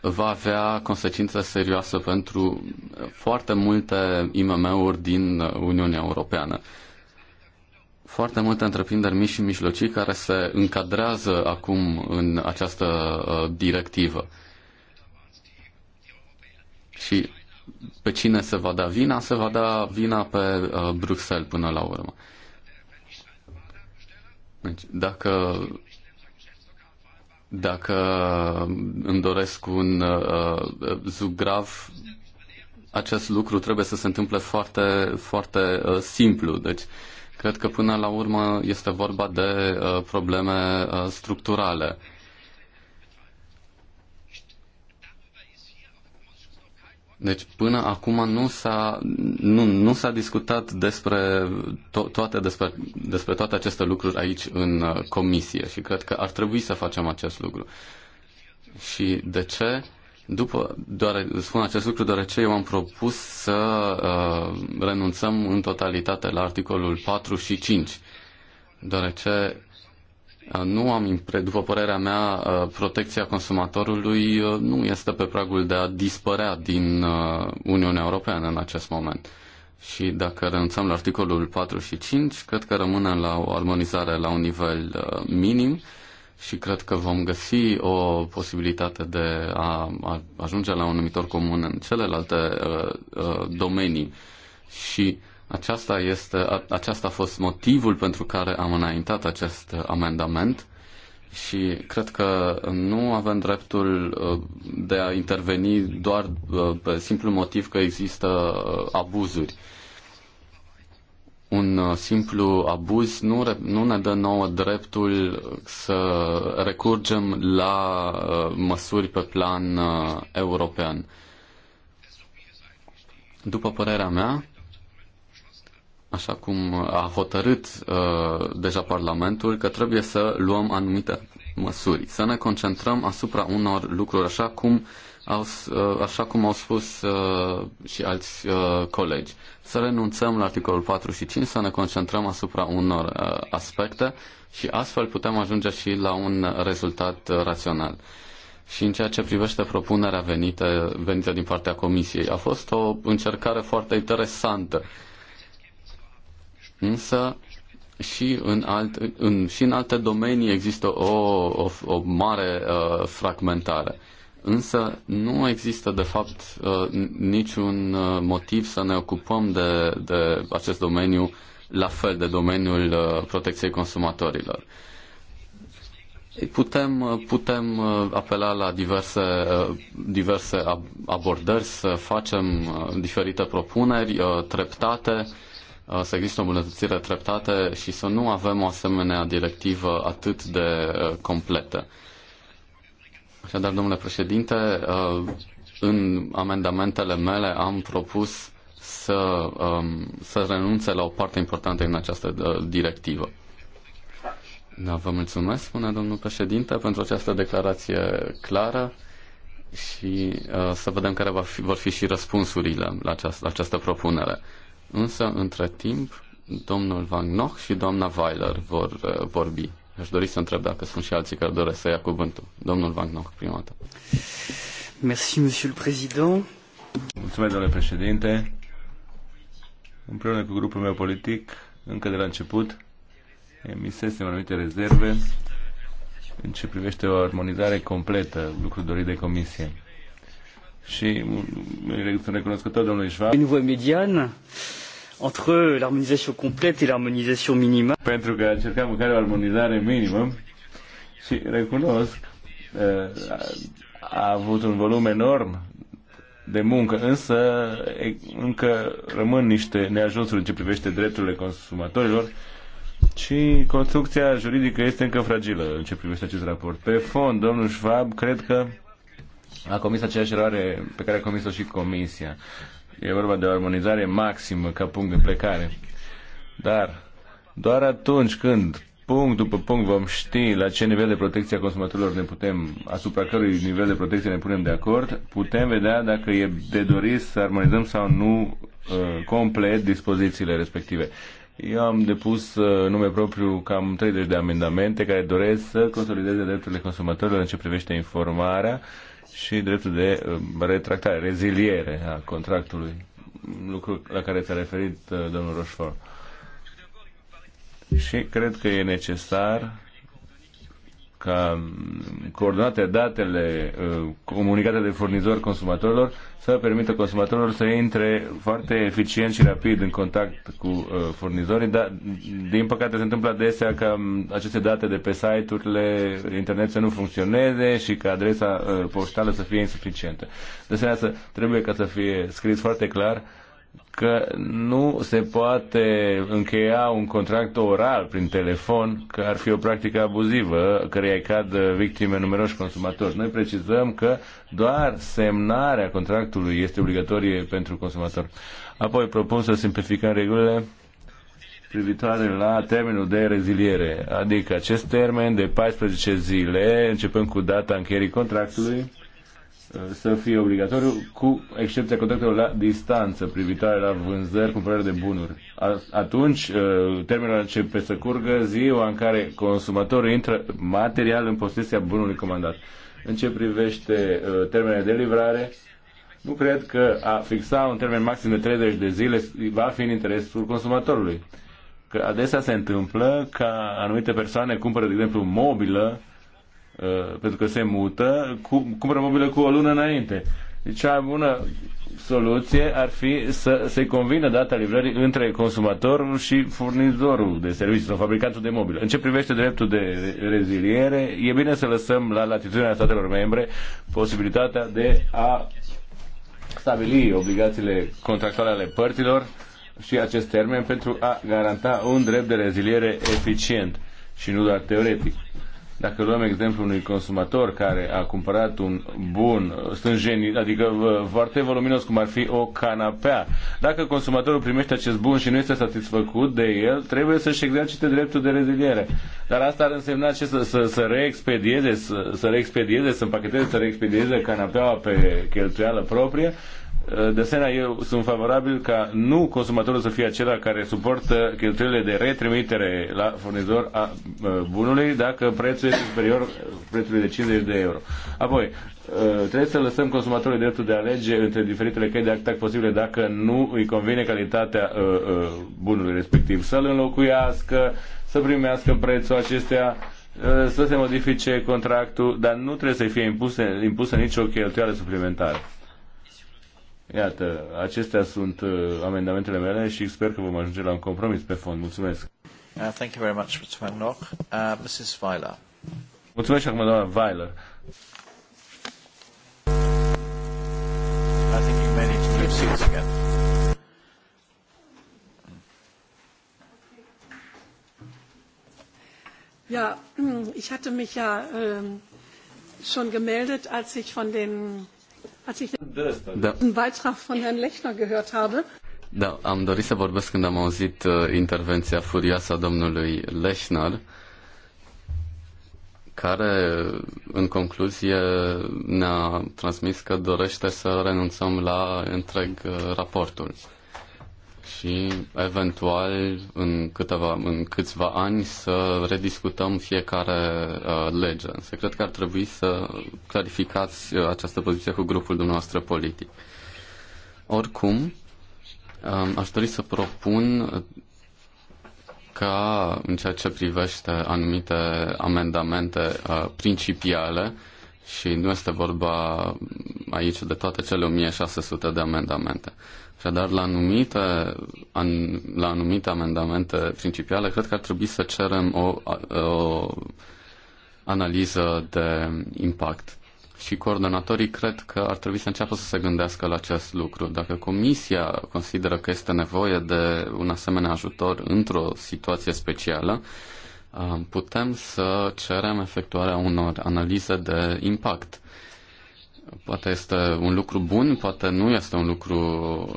va avea consecințe serioase pentru foarte multe IMM-uri din Uniunea Europeană. Foarte multe întreprinderi mici și mijlocii care se încadrează acum în această uh, directivă. Și pe cine se va da vina? Se va da vina pe uh, Bruxelles până la urmă. Deci, dacă dacă îmi doresc un uh, zug grav, acest lucru trebuie să se întâmple foarte, foarte uh, simplu. Deci, cred că până la urmă este vorba de uh, probleme uh, structurale. Uh, Deci până acum nu s-a, nu, nu s-a discutat despre, to- toate, despre, despre toate aceste lucruri aici în uh, comisie și cred că ar trebui să facem acest lucru. Și de ce? După, doar, spun acest lucru deoarece eu am propus să uh, renunțăm în totalitate la articolul 4 și 5, deoarece Uh, nu am, după părerea mea, uh, protecția consumatorului uh, nu este pe pragul de a dispărea din Uniunea Europeană în acest moment. Și dacă renunțăm la articolul 4 și 5, cred că rămânem la o armonizare la un nivel minim și cred că vom găsi o posibilitate de a ajunge la un numitor comun în celelalte domenii. Și aceasta, este, aceasta a fost motivul pentru care am înaintat acest amendament și cred că nu avem dreptul uh, de a interveni doar uh, pe simplu motiv că există uh, abuzuri. Un simplu abuz nu, nu ne dă nouă dreptul să recurgem la măsuri pe plan european. După părerea mea, așa cum a hotărât uh, deja Parlamentul, că trebuie să luăm anumite măsuri, să ne concentrăm asupra unor lucruri, așa cum au, uh, așa cum au spus uh, și alți uh, colegi. Să renunțăm la articolul 4 și 5, să ne concentrăm asupra unor uh, aspecte și astfel putem ajunge și la un rezultat uh, rațional. Și în ceea ce privește propunerea venită, venită din partea Comisiei, a fost o încercare foarte interesantă. Uh, însă și în, alt, în, și în alte domenii există o, o, o mare uh, fragmentare. Însă nu există, de fapt, uh, niciun uh, motiv să ne ocupăm de, de acest domeniu la fel de domeniul uh, protecției consumatorilor. Putem, uh, putem uh, apela la diverse, diverse abordări, să facem diferite propuneri treptate Uh, să există o îmbunătățire treptată și să nu avem o asemenea directivă atât de uh, completă. Așadar, domnule președinte, uh, în amendamentele mele am propus să, um, să renunțe la o parte importantă din această directivă. Da, vă mulțumesc, spune domnul președinte, pentru această declarație clară și uh, să vedem care va fi, vor fi și răspunsurile la această, la această propunere. Însă, între timp, domnul Van Noch și doamna Weiler vor uh, vorbi. Aș dori să întreb dacă sunt și alții care doresc să ia cuvântul. Domnul Van Noch, prima dată. Merci, monsieur le président. Mulțumesc, domnule președinte. Împreună cu grupul meu politic, încă de la început, emisesem anumite rezerve în ce privește o armonizare completă, lucru dorit de comisie și sunt recunoscător domnului Schwab. Une voie mediană între l'armonisation completă et l'armonisation minimă. Pentru că a încercat măcar o armonizare minimă și recunosc a avut un volum enorm de muncă, însă încă rămân niște neajunsuri în ce privește drepturile consumatorilor și construcția juridică este încă fragilă în ce privește acest raport. Pe fond, domnul Schwab, cred că a comis aceeași eroare pe care a comis-o și Comisia. E vorba de o armonizare maximă ca punct de plecare. Dar doar atunci când punct după punct vom ști la ce nivel de protecție a consumatorilor ne putem, asupra cărui nivel de protecție ne punem de acord, putem vedea dacă e de dorit să armonizăm sau nu uh, complet dispozițiile respective. Eu am depus uh, nume propriu cam 30 de amendamente care doresc să consolideze drepturile consumatorilor în ce privește informarea uh, și dreptul de uh, retractare, reziliere a contractului, lucru la care s-a referit uh, domnul Rochefort. Și cred că e necesar ca coordonate datele uh, comunicate de furnizori consumatorilor să permită consumatorilor să intre foarte eficient și rapid în contact cu uh, furnizorii, dar din păcate se întâmplă adesea ca um, aceste date de pe site-urile internet să nu funcționeze și ca adresa uh, poștală să fie insuficientă. De asemenea, trebuie ca să fie scris foarte clar că nu se poate încheia un contract oral prin telefon, că ar fi o practică abuzivă, căreia îi cad victime numeroși consumatori. Noi precizăm că doar semnarea contractului este obligatorie pentru consumator. Apoi propun să simplificăm regulile privitoare la termenul de reziliere, adică acest termen de 14 zile, începând cu data încheierii contractului, să fie obligatoriu, cu excepția contactelor la distanță privitoare la vânzări, cumpărări de bunuri. Atunci, uh, termenul începe să curgă ziua în care consumatorul intră material în posesia bunului comandat. În ce privește uh, termenele de livrare, nu cred că a fixa un termen maxim de 30 de zile va fi în interesul consumatorului. Că adesea se întâmplă ca anumite persoane cumpără, de exemplu, mobilă Uh, pentru că se mută, cu, cumpără mobilă cu o lună înainte. deci Cea bună soluție ar fi să se convină data livrării între consumatorul și furnizorul de servicii sau fabricantul de mobilă. În ce privește dreptul de reziliere, e bine să lăsăm la latitudinea statelor membre posibilitatea de a stabili obligațiile contractuale ale părților și acest termen pentru a garanta un drept de reziliere eficient și nu doar teoretic. Dacă luăm exemplu unui consumator care a cumpărat un bun stânjenit, adică foarte voluminos, cum ar fi o canapea, dacă consumatorul primește acest bun și nu este satisfăcut de el, trebuie să-și exercite dreptul de reziliere. Dar asta ar însemna ce să, să, să reexpedieze, să, să reexpedieze, să împacheteze, să reexpedieze canapeaua pe cheltuială proprie, Eh, de asemenea, eu sunt favorabil ca nu consumatorul să fie acela care suportă cheltuielile de retrimitere la furnizor a eh, bunului dacă prețul este superior eh, prețului de 50 de euro. Apoi, trebuie să lăsăm consumatorului dreptul de a alege între diferitele căi de atac posibile dacă nu îi convine calitatea bunului respectiv. Să-l înlocuiască, să primească prețul acestea să se modifice contractul, dar nu trebuie să fie impuse, impusă nicio cheltuială suplimentară. Iată, acestea sunt uh, amendamentele mele și sper că vom ajunge la un compromis pe fond. Mulțumesc. Uh, thank you very much, Mr. Magnock. Uh, Mrs. Weiler. Mulțumesc și acum, doamna Weiler. I think you may need to move seats again. Ja, ich hatte mich ja ähm, schon gemeldet, als ich von den da. Da, am dorit să vorbesc când am auzit uh, intervenția furioasă a domnului Lechner, care, în concluzie, ne-a transmis că dorește să renunțăm la întreg uh, raportul și eventual în, câteva, în câțiva ani să rediscutăm fiecare uh, lege. Se cred că ar trebui să clarificați uh, această poziție cu grupul dumneavoastră politic. Oricum, uh, aș dori să propun ca în ceea ce privește anumite amendamente uh, principiale, și nu este vorba aici de toate cele 1600 de amendamente. Așadar, la anumite, an, la anumite amendamente principiale, cred că ar trebui să cerem o, o analiză de impact. Și coordonatorii cred că ar trebui să înceapă să se gândească la acest lucru. Dacă Comisia consideră că este nevoie de un asemenea ajutor într-o situație specială, putem să cerem efectuarea unor analize de impact Poate este un lucru bun, poate nu este un lucru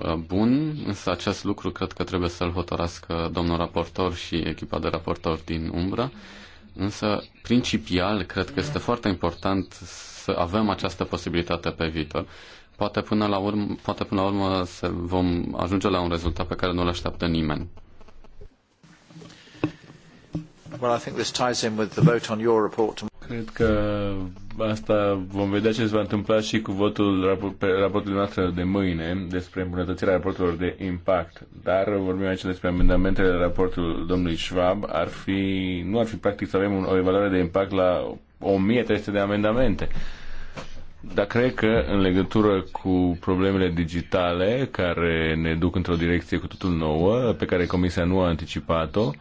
uh, bun, însă acest lucru cred că trebuie să-l hotărască domnul raportor și echipa de raportor din umbră. Însă, principial, cred că este foarte important să avem această posibilitate pe viitor. Poate până la urmă, poate până la urmă să vom ajunge la un rezultat pe care nu-l așteaptă nimeni. Well, I think this ties in with the vote on your report. Cred că asta vom vedea ce se va întâmpla și cu votul raportului noastră de mâine despre îmbunătățirea raportelor de impact. Dar vorbim aici despre amendamentele raportului raportul domnului Schwab. Ar fi, nu ar fi practic să avem o evaluare de impact la 1300 de amendamente. Dar cred că în legătură cu problemele digitale care ne duc într-o direcție cu totul nouă, pe care Comisia nu a anticipat-o, uh,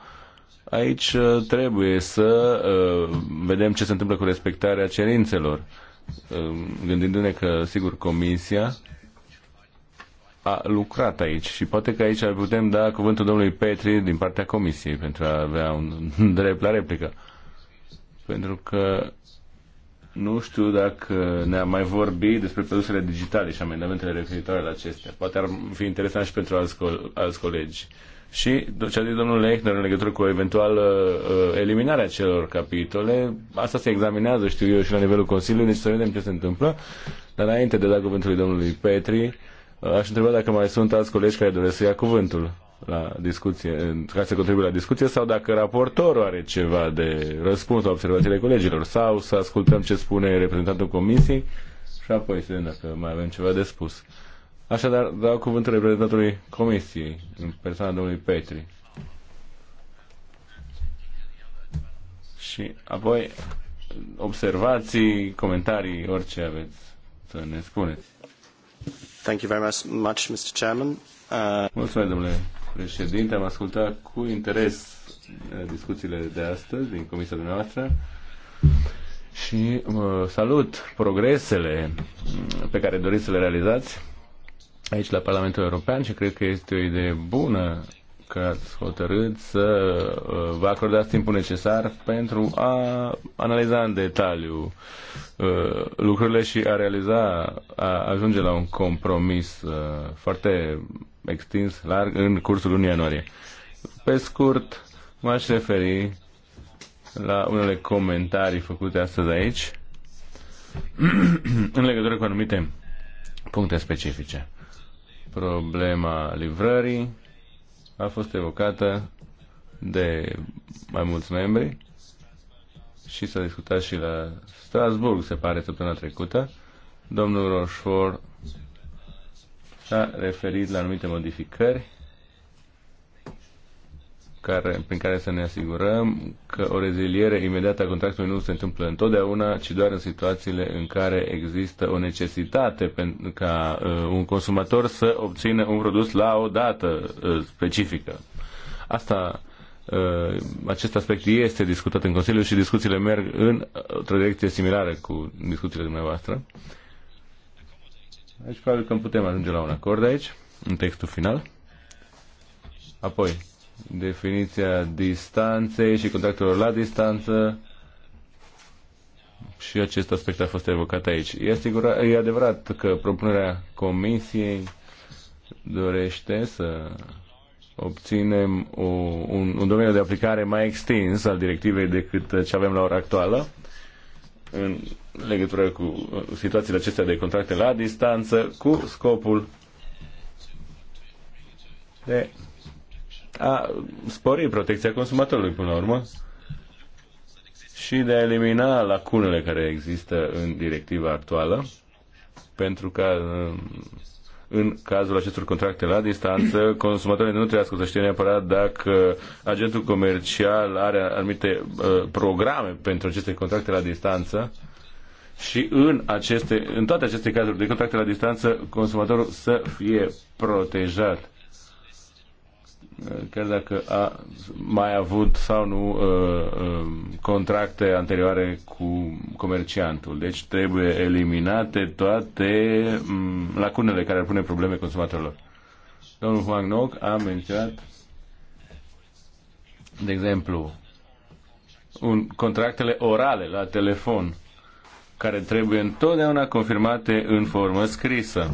Aici uh, trebuie să uh, vedem ce se întâmplă cu respectarea cerințelor, uh, gândindu-ne că, sigur, Comisia a lucrat aici și poate că aici ar putem da cuvântul domnului Petri din partea Comisiei pentru a avea un drept la replică. Pentru că nu știu dacă ne-am mai vorbit despre produsele digitale și amendamentele referitoare la acestea. Poate ar fi interesant și pentru alți, co- alți colegi. Și ce a zis domnul Lechner în legătură cu eventual uh, uh, eliminarea celor capitole, asta se examinează, știu eu, și la nivelul Consiliului, deci să vedem ce se întâmplă. Dar înainte de a da cuvântul domnului Petri, uh, aș întreba dacă mai sunt alți colegi care doresc să ia cuvântul la discuție, ca să contribuie la discuție sau dacă raportorul are ceva de răspuns la observațiile colegilor sau să ascultăm ce spune reprezentantul comisiei și apoi să vedem dacă mai avem ceva de spus. Așadar, dau cuvântul reprezentantului Comisiei, în persoana domnului Petri. Și apoi observații, comentarii, orice aveți să ne spuneți. Thank you very much, Mr. Chairman. Uh... Mulțumesc, domnule președinte. Am ascultat cu interes uh, discuțiile de astăzi din comisia dumneavoastră și uh, salut progresele pe care doriți să le realizați aici la Parlamentul European și cred că este o idee bună că ați hotărât să uh, vă acordați timpul necesar pentru a analiza în detaliu uh, lucrurile și a realiza, a ajunge la un compromis uh, foarte extins, larg, în cursul lunii ianuarie. Pe scurt, m-aș referi la unele comentarii făcute astăzi aici în legătură cu anumite puncte specifice. Problema livrării a fost evocată de mai mulți membri și s-a discutat și la Strasburg, se pare, săptămâna trecută. Domnul Rochefort s-a referit la anumite modificări care, prin care să ne asigurăm că o reziliere imediată a contractului nu se întâmplă întotdeauna, ci doar în situațiile în care există o necesitate pentru ca uh, un consumator să obțină un produs la o dată uh, specifică. Asta uh, acest aspect este discutat în Consiliu și discuțiile merg în uh, o direcție similară cu discuțiile dumneavoastră. Aici probabil că putem ajunge la un acord aici, în textul final. Apoi, definiția distanței și contactelor la distanță și acest aspect a fost evocat aici. E, asigura, e adevărat că propunerea Comisiei dorește să obținem o, un, un domeniu de aplicare mai extins al directivei decât ce avem la ora actuală în legătură cu situațiile acestea de contracte la distanță cu scopul de a spori protecția consumatorului până la urmă și de a elimina lacunele care există în directiva actuală, pentru că în cazul acestor contracte la distanță, consumatorii nu trebuie să știe neapărat dacă agentul comercial are anumite uh, programe pentru aceste contracte la distanță și în, aceste, în toate aceste cazuri de contracte la distanță, consumatorul să fie protejat chiar dacă a mai avut sau nu uh, uh, contracte anterioare cu comerciantul. Deci trebuie eliminate toate mm, lacunele care ar pune probleme consumatorilor. Domnul Huang Nok a menționat, de exemplu, un, contractele orale la telefon, care trebuie întotdeauna confirmate în formă scrisă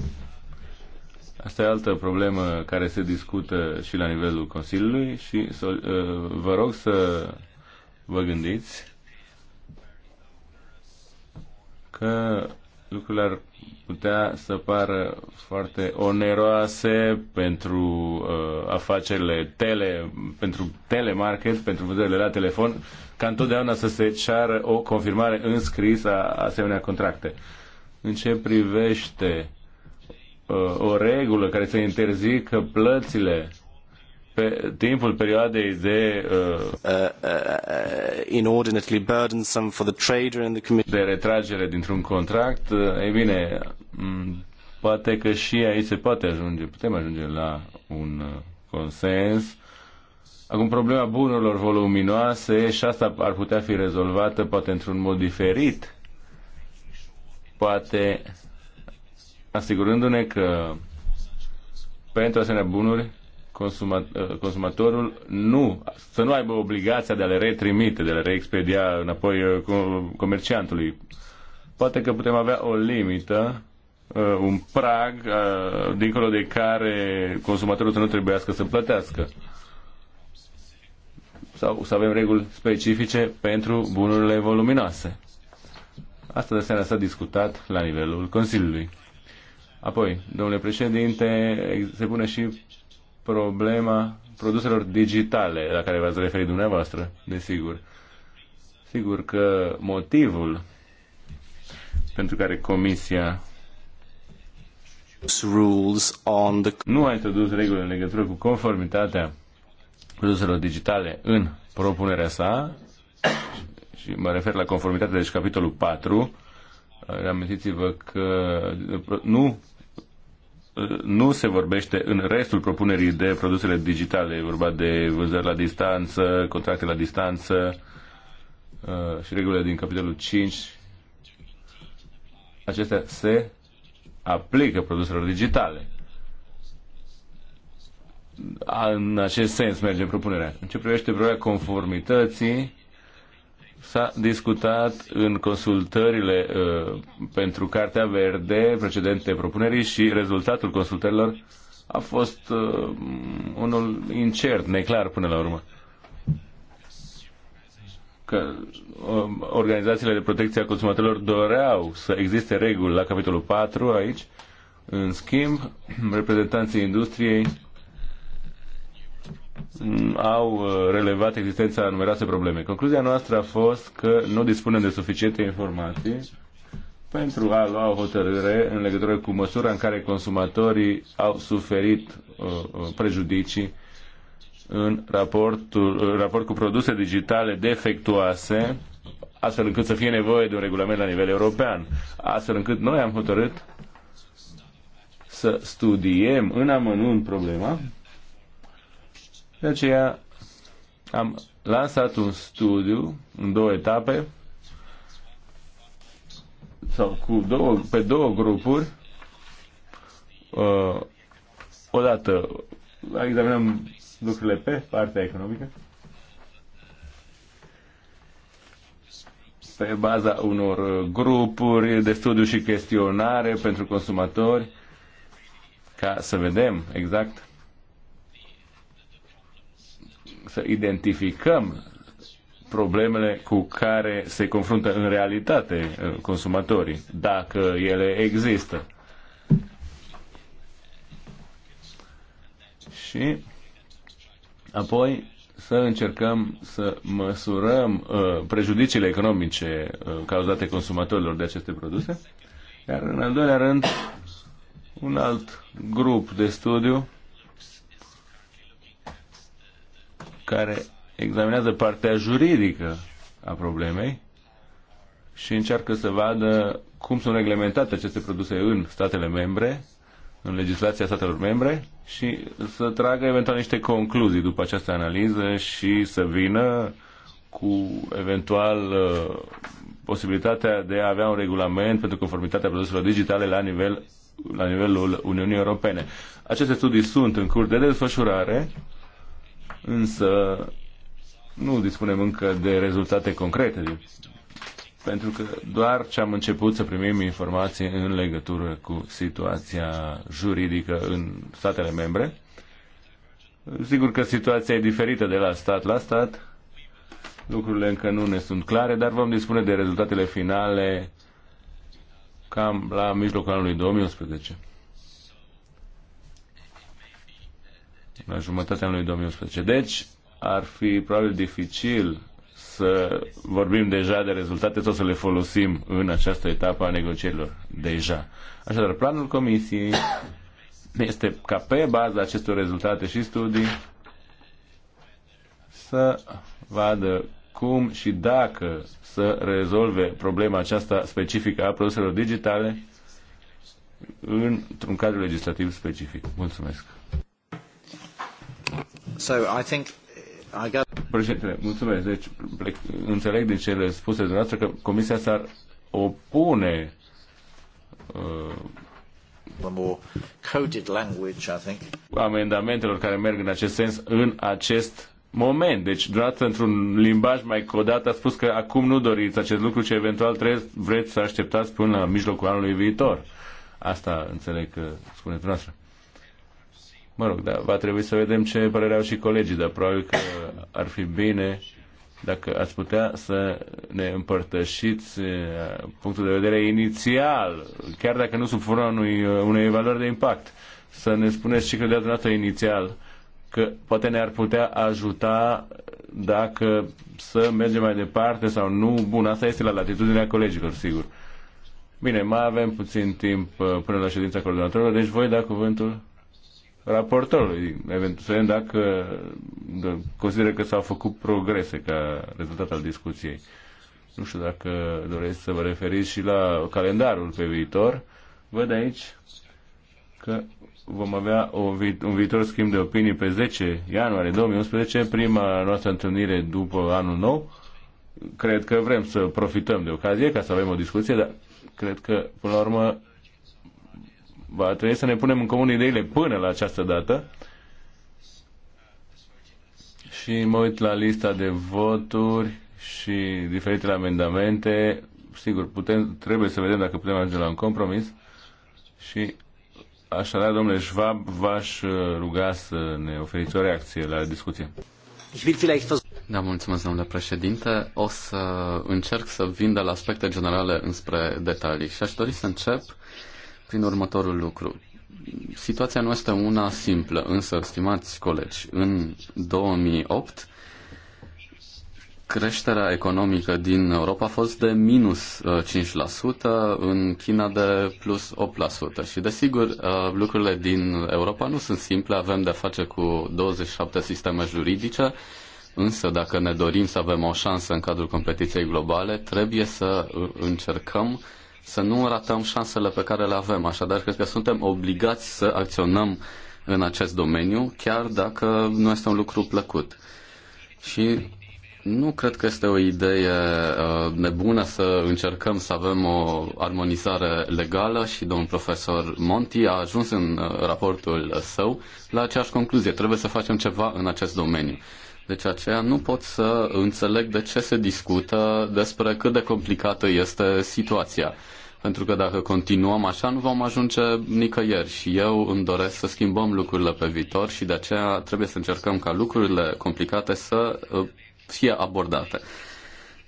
Asta e altă problemă care se discută și la nivelul Consiliului și să, uh, vă rog să vă gândiți că lucrurile ar putea să pară foarte oneroase pentru uh, afacerile tele, pentru telemarket, pentru vânzările la telefon, ca întotdeauna să se ceară o confirmare înscrisă a asemenea contracte. În ce privește Uh, o regulă care să interzică plățile pe timpul perioadei de uh, uh, inordinately burdensome for the trader and the de retragere dintr-un contract, e bine, mm, poate că și aici se poate ajunge, putem ajunge la un consens. Acum, problema bunurilor voluminoase și asta ar putea fi rezolvată poate într-un mod diferit. Poate asigurându-ne că pentru asemenea bunuri uh, consumatorul nu, să nu aibă obligația de a le retrimite, de a le reexpedia înapoi uh, comerciantului. Poate că putem avea o limită, uh, un prag, dincolo de care consumatorul să nu trebuiască să plătească. Sau să avem reguli specifice pentru bunurile voluminoase. Asta de seara s-a discutat la nivelul Consiliului. Apoi, domnule președinte, se pune și problema produselor digitale la care v-ați referit dumneavoastră, desigur. Sigur că motivul pentru care Comisia rules on the... nu a introdus reguli în legătură cu conformitatea produselor digitale în propunerea sa și mă refer la conformitatea, deci capitolul 4, amintiți vă că nu nu se vorbește în restul propunerii de produsele digitale. E vorba de vânzări la distanță, contracte la distanță uh, și regulile din capitolul 5. Acestea se aplică produselor digitale. În acest sens merge propunerea. În ce privește problema conformității, s-a discutat în consultările uh, pentru Cartea Verde precedente propunerii și rezultatul consultărilor a fost uh, unul incert, neclar până la urmă. Că uh, organizațiile de protecție a consumatorilor doreau să existe reguli la capitolul 4 aici, în schimb, reprezentanții industriei au uh, relevat existența a numeroase probleme. Concluzia noastră a fost că nu dispunem de suficiente informații pentru a lua o hotărâre în legătură cu măsura în care consumatorii au suferit uh, uh, prejudicii în raportul, în raport cu produse digitale defectuoase, astfel încât să fie nevoie de un regulament la nivel european, astfel încât noi am hotărât să studiem în amănunt problema de aceea am lansat un studiu în două etape sau cu două, pe două grupuri. Uh, odată examinăm lucrurile pe partea economică pe baza unor grupuri de studiu și chestionare pentru consumatori ca să vedem exact să identificăm problemele cu care se confruntă în realitate uh, consumatorii, dacă ele există. Și apoi să încercăm să măsurăm uh, prejudiciile economice uh, cauzate consumatorilor de aceste produse. Iar în al doilea rând, un alt grup de studiu care examinează partea juridică a problemei și încearcă să vadă cum sunt reglementate aceste produse în statele membre, în legislația statelor membre și să tragă eventual niște concluzii după această analiză și să vină cu eventual uh, posibilitatea de a avea un regulament pentru conformitatea produselor digitale la, nivel, la nivelul Uniunii Europene. Aceste studii sunt în curs de desfășurare însă nu dispunem încă de rezultate concrete, pentru că doar ce am început să primim informații în legătură cu situația juridică în statele membre. Sigur că situația e diferită de la stat la stat, lucrurile încă nu ne sunt clare, dar vom dispune de rezultatele finale cam la mijlocul anului 2011. la jumătatea anului 2011. Deci, ar fi probabil dificil să vorbim deja de rezultate sau să le folosim în această etapă a negocierilor. Deja. Așadar, planul Comisiei este ca pe baza acestor rezultate și studii să vadă cum și dacă să rezolve problema aceasta specifică a produselor digitale într-un cadru legislativ specific. Mulțumesc! So I think uh, I got... Președintele, mulțumesc. Deci, plec, înțeleg din cele spuse de noastră că Comisia s-ar opune uh, the more coded language, I think. amendamentelor care merg în acest sens în acest moment. Deci, dumneavoastră, într-un limbaj mai codat, a spus că acum nu doriți acest lucru, ci eventual trebuie, vreți să așteptați până la mijlocul anului viitor. Asta înțeleg că spune dumneavoastră. Mă rog, dar va trebui să vedem ce părere au și colegii, dar probabil că ar fi bine dacă ați putea să ne împărtășiți eh, punctul de vedere inițial, chiar dacă nu sunt fără unui, eh, unei valori de impact, să ne spuneți și credeați dumneavoastră inițial, că poate ne-ar putea ajuta dacă să mergem mai departe sau nu. Bun, asta este la latitudinea colegilor, sigur. Bine, mai avem puțin timp eh, până la ședința coordonatorilor, deci voi da cuvântul raportorului, eventual dacă consideră că s-au făcut progrese ca rezultat al discuției. Nu știu dacă doresc să vă referiți și la calendarul pe viitor. Văd aici că vom avea o vi- un viitor schimb de opinii pe 10 ianuarie 2011, prima noastră întâlnire după anul nou. Cred că vrem să profităm de ocazie ca să avem o discuție, dar cred că, până la urmă, va trebui să ne punem în comun ideile până la această dată. Și mă uit la lista de voturi și diferitele amendamente. Sigur, putem, trebuie să vedem dacă putem ajunge la un compromis. Și așadar, domnule Schwab, v-aș uh, ruga să ne oferiți o reacție la discuție. Da, mulțumesc, domnule președinte. O să încerc să vin de la aspecte generale înspre detalii și aș dori să încep prin următorul lucru. Situația nu este una simplă, însă, stimați colegi, în 2008 creșterea economică din Europa a fost de minus 5%, uh, în China de plus 8%. Și desigur, uh, lucrurile din Europa nu sunt simple, avem de-a face cu 27 sisteme juridice, însă dacă ne dorim să avem o șansă în cadrul competiției globale, trebuie să uh, încercăm să nu ratăm șansele pe care le avem. Așadar, cred că suntem obligați să acționăm în acest domeniu, chiar dacă nu este un lucru plăcut. Și nu cred că este o idee uh, nebună să încercăm să avem o armonizare legală și domnul profesor Monti a ajuns în uh, raportul său la aceeași concluzie. Trebuie să facem ceva în acest domeniu. Deci aceea nu pot să înțeleg de ce se discută despre cât de complicată este situația. Pentru că dacă continuăm așa, nu vom ajunge nicăieri și eu îmi doresc să schimbăm lucrurile pe viitor și de aceea trebuie să încercăm ca lucrurile complicate să uh, fie abordate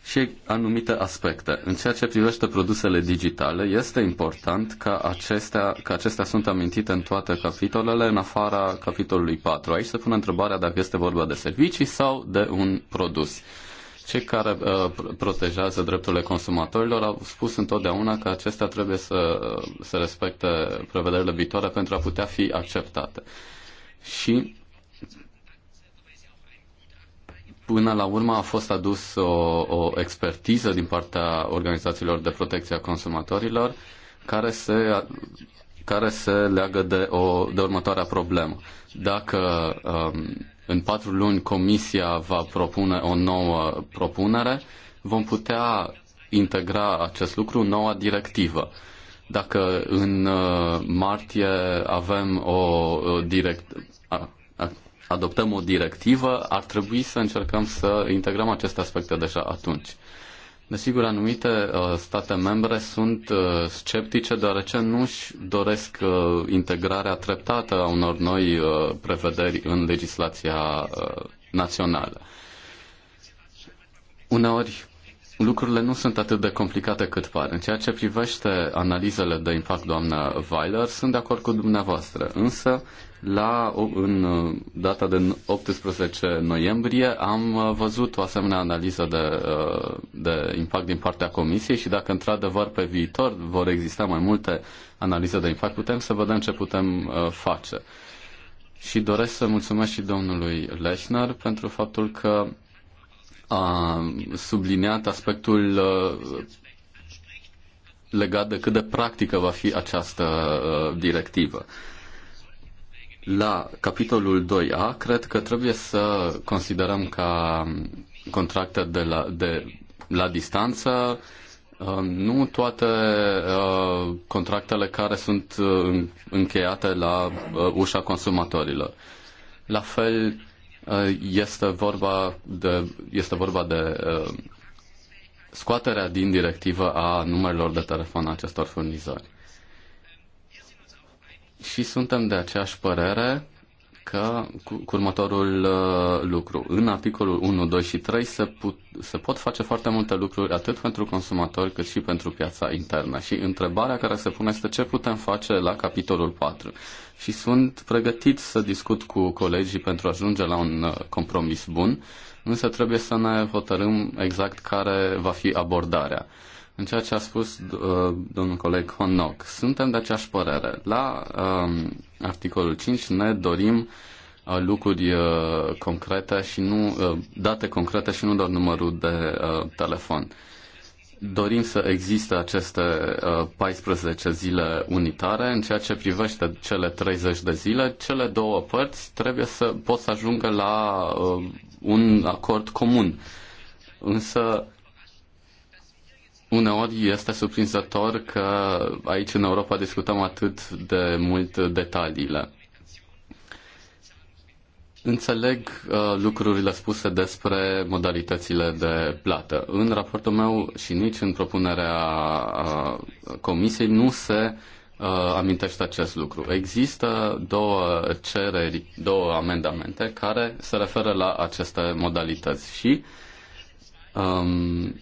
și anumite aspecte. În ceea ce privește produsele digitale, este important ca acestea, că acestea sunt amintite în toate capitolele, în afara capitolului 4. Aici se pune întrebarea dacă este vorba de servicii sau de un produs. Cei care uh, protejează drepturile consumatorilor au spus întotdeauna că acestea trebuie să, să respecte prevederile viitoare pentru a putea fi acceptate. Și Până la urmă a fost adus o, o expertiză din partea organizațiilor de protecție a consumatorilor care se, care se leagă de, o, de următoarea problemă. Dacă um, în patru luni Comisia va propune o nouă propunere, vom putea integra acest lucru în noua directivă. Dacă în uh, martie avem o direct, adoptăm o directivă, ar trebui să încercăm să integrăm aceste aspecte deja atunci. Desigur, anumite uh, state membre sunt uh, sceptice deoarece nu își doresc uh, integrarea treptată a unor noi prevederi în legislația națională. Uneori lucrurile nu sunt atât de complicate cât par. În ceea ce privește analizele de impact, doamna Weiler, sunt de acord cu dumneavoastră, însă la, în uh, data de 18 noiembrie am uh, văzut o asemenea analiză de, uh, de impact din partea Comisiei și dacă într-adevăr pe viitor vor exista mai multe analize de impact, putem să vedem ce putem face. Și doresc să mulțumesc și domnului Lechner pentru faptul că a subliniat aspectul legat de cât de practică va fi această directivă. La capitolul 2a, cred că trebuie să considerăm ca contracte de la, de, la distanță um, nu toate uh, contractele care sunt uh, încheiate la uh, ușa consumatorilor. La fel este vorba de, este vorba de scoaterea din directivă a numerelor de telefon a acestor furnizori. Și suntem de aceeași părere că cu, cu următorul uh, lucru. În articolul 1, 2 și 3 se, put, se pot face foarte multe lucruri atât pentru consumatori cât și pentru piața internă. Și întrebarea care se pune este ce putem face la capitolul 4. Și sunt pregătit să discut cu colegii pentru a ajunge la un uh, compromis bun, însă trebuie să ne hotărâm exact care va fi abordarea. Uh, în ceea ce a spus uh, domnul coleg Honnock, suntem de aceeași părere. La uh, articolul 5 ne dorim uh, lucruri uh, concrete și nu uh, date concrete și nu doar numărul de uh, telefon. Dorim să existe aceste uh, 14 zile unitare. În ceea ce privește cele 30 de zile, cele două părți trebuie să pot să ajungă la uh, un acord comun. Însă Uneori este surprinzător că aici în Europa discutăm atât de mult detaliile. Înțeleg uh, lucrurile spuse despre modalitățile de plată. În raportul meu și nici în propunerea uh, comisiei nu se uh, amintește acest lucru. Există două cereri, două amendamente care se referă la aceste modalități și um,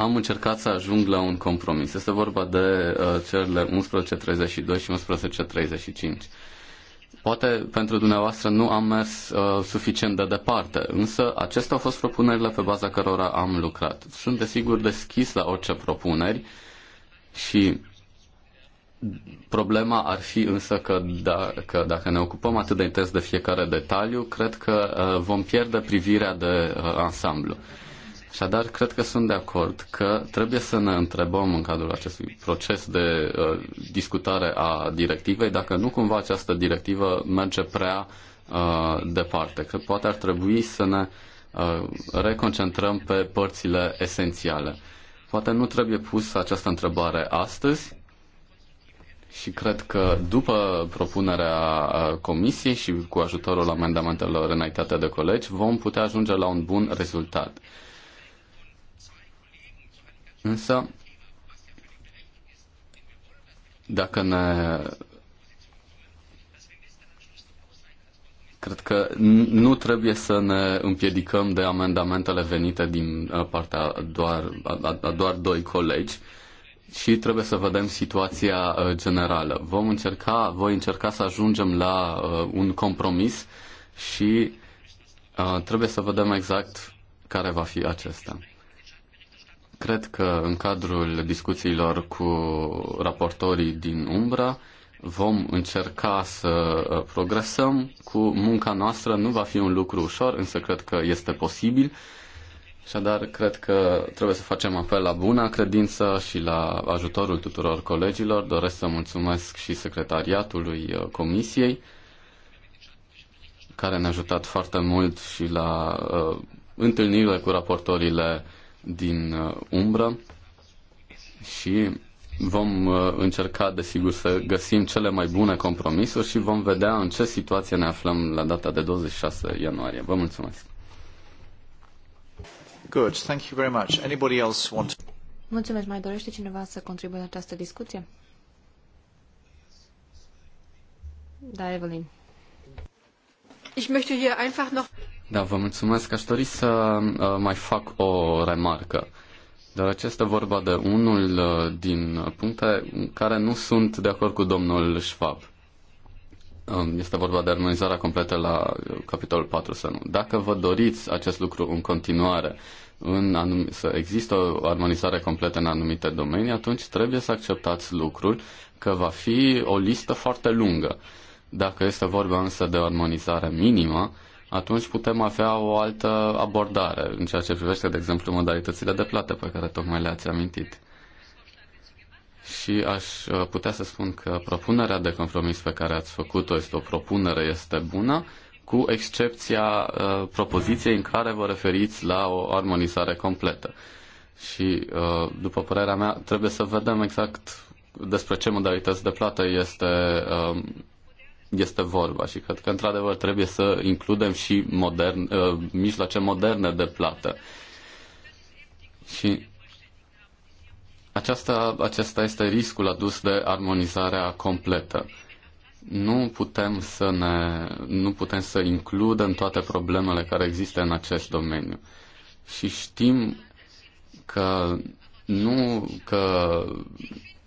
am încercat să ajung la un compromis. Este vorba de uh, cererile 1132 și 1135. Poate pentru dumneavoastră nu am mers uh, suficient de departe, însă acestea au fost propunerile pe baza cărora am lucrat. Sunt desigur deschis la orice propuneri și Problema ar fi însă că, da, că dacă ne ocupăm atât de intens de fiecare detaliu, cred că uh, vom pierde privirea de uh, ansamblu. Și dar cred că sunt de acord că trebuie să ne întrebăm în cadrul acestui proces de uh, discutare a directivei dacă nu cumva această directivă merge prea uh, departe. Că poate ar trebui să ne uh, reconcentrăm pe părțile esențiale. Poate nu trebuie pusă această întrebare astăzi, și cred că după propunerea uh, comisiei și cu ajutorul amendamentelor înaintate de colegi vom putea ajunge la un bun rezultat. Însă, dacă ne Cred că nu trebuie să ne împiedicăm de amendamentele venite din uh, partea doar, a, a doar doi colegi și trebuie să vedem situația uh, generală. Vom încerca, voi încerca să ajungem la uh, un compromis și trebuie să vedem exact care va fi acesta. Cred că în cadrul discuțiilor cu raportorii din Umbra vom încerca să uh, progresăm cu munca noastră. Nu va fi un lucru ușor, însă cred că este posibil. Așadar, cred că trebuie să facem apel la buna credință și la ajutorul tuturor colegilor. Doresc să mulțumesc și secretariatului uh, Comisiei, care ne-a ajutat foarte mult și la uh, întâlnirile cu raportorile uh, din uh, umbră și vom uh, încerca, desigur, să găsim cele mai bune compromisuri și vom vedea în ce situație ne aflăm la data de 26 ianuarie. Vă mulțumesc! Good, thank you very much. Anybody else want Mulțumesc. Mai dorește cineva să contribuie la această discuție? Da, Evelyn. Ich möchte hier einfach noch da, vă mulțumesc. Aș dori să uh, mai fac o remarcă. Dar este vorba de unul uh, din puncte care nu sunt de acord cu domnul Schwab. Um, este vorba de armonizarea completă la uh, capitolul 4 să nu. Dacă vă doriți acest lucru în continuare, în anum- să există o armonizare completă în anumite domenii, atunci trebuie să acceptați lucrul că va fi o listă foarte lungă. Dacă este vorba însă de o armonizare minimă, atunci putem avea o altă abordare în ceea ce privește, de exemplu, modalitățile de plată pe care tocmai le-ați amintit. Și aș uh, putea să spun că propunerea de compromis pe care ați făcut-o este o propunere, este bună, cu excepția uh, propoziției în care vă referiți la o armonizare completă. Și, uh, după părerea mea, trebuie să vedem exact despre ce modalități de plată este uh, este vorba și cred că într-adevăr trebuie să includem și modern, uh, mijloace moderne de plată. Și aceasta, acesta este riscul adus de armonizarea completă. Nu putem să, ne, nu putem să includem toate problemele care există în acest domeniu. Și știm că nu că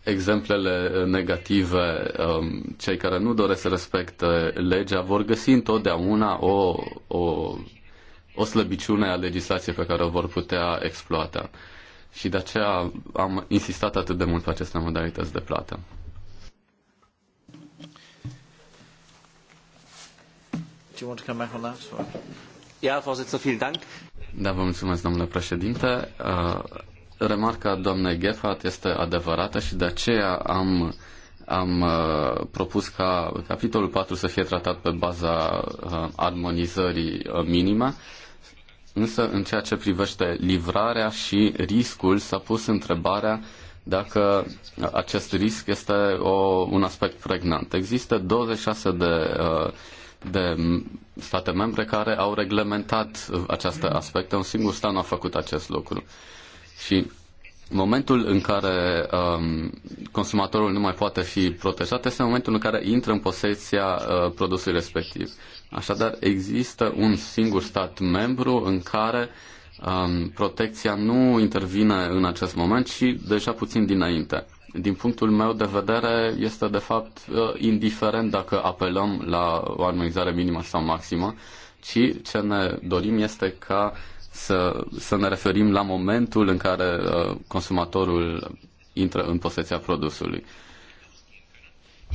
exemplele uh, negative, um, cei care nu doresc să respecte legea vor găsi întotdeauna o, o, o slăbiciune a legislației pe care o vor putea exploata. Și de aceea am insistat atât de mult pe aceste modalități de plată. Do you want to come back on that? Da, vă mulțumesc, domnule președinte. Uh, Remarca doamnei Geffat este adevărată și de aceea am, am uh, propus ca capitolul 4 să fie tratat pe baza uh, armonizării uh, minime, însă în ceea ce privește livrarea și riscul s-a pus întrebarea dacă acest risc este o, un aspect pregnant. Există 26 de uh, de state membre care au reglementat aceste aspecte. Un singur stat nu a făcut acest lucru. Și momentul în care um, consumatorul nu mai poate fi protejat este momentul în care intră în posesia uh, produsului respectiv. Așadar, există un singur stat membru în care um, protecția nu intervine în acest moment, ci deja puțin dinainte. Din punctul meu de vedere, este de fapt uh, indiferent dacă apelăm la o armonizare minimă sau maximă, ci ce ne dorim este ca uh, să, să ne referim la momentul în care uh, consumatorul intră în posesia produsului.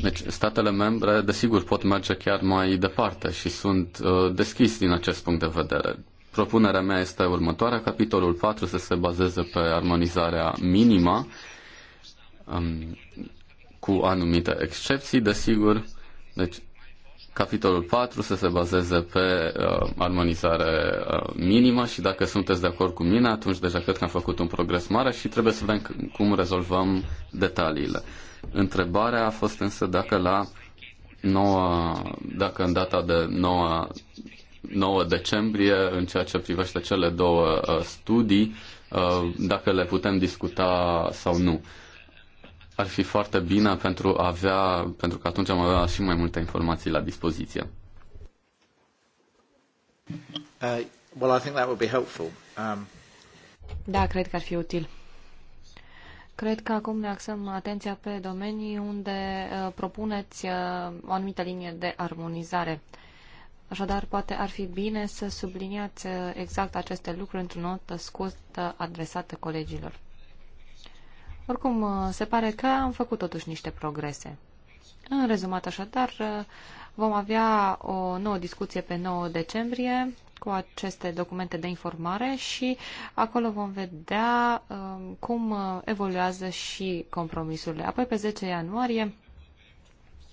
Deci, statele membre, desigur, pot merge chiar mai departe și sunt uh, deschis din acest punct de vedere. Propunerea mea este următoarea. Capitolul 4 să se bazeze pe armonizarea minimă, um, cu anumite excepții, desigur. Deci, capitolul 4 să se bazeze pe uh, armonizare uh, minimă și dacă sunteți de acord cu mine, atunci deja cred că am făcut un progres mare și trebuie să vedem cum rezolvăm detaliile. Întrebarea a fost însă dacă la noua, dacă în data de 9, 9 decembrie, în ceea ce privește cele două uh, studii, uh, dacă le putem discuta sau nu. Uh, ar fi foarte bine pentru, a avea, pentru că atunci am avea și mai multe informații la dispoziție. Uh, well, I think that would be helpful. Um... Da, cred că ar fi util. Cred că acum ne axăm atenția pe domenii unde uh, propuneți uh, o anumită linie de armonizare. Așadar, poate ar fi bine să subliniați uh, exact aceste lucruri într-o notă scurtă adresată colegilor. Oricum, uh, se pare că am făcut totuși niște progrese. În rezumat așadar, uh, vom avea o nouă discuție pe 9 decembrie cu aceste documente de informare și acolo vom vedea um, cum uh, evoluează și compromisurile. Apoi, pe 10 ianuarie,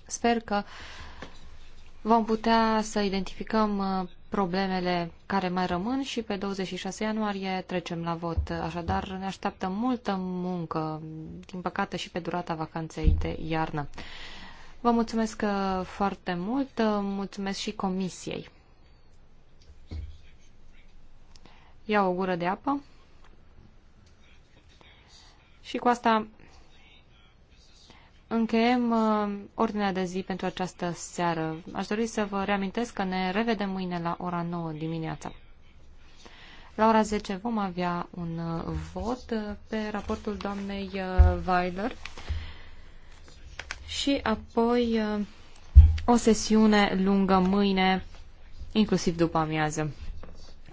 sper că vom putea să identificăm problemele care mai rămân și pe 26 ianuarie trecem la vot. Așadar, ne așteaptă multă muncă, din păcate și pe durata vacanței de iarnă. Vă mulțumesc uh, foarte mult, uh, mulțumesc și comisiei. Iau o gură de apă. Și cu asta Încheiem uh, ordinea de zi pentru această seară. Aș dori să vă reamintesc că ne revedem mâine la ora 9 dimineața. La ora 10 vom avea un uh, vot uh, pe raportul doamnei uh, Weiler și apoi uh, o sesiune lungă mâine, inclusiv după amiază.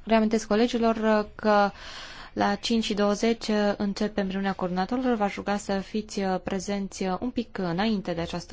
Reamintesc colegilor uh, că la 520, uh, începem reuniunea coordonatorilor. V-aș ruga să fiți uh, prezenți uh, un pic înainte de această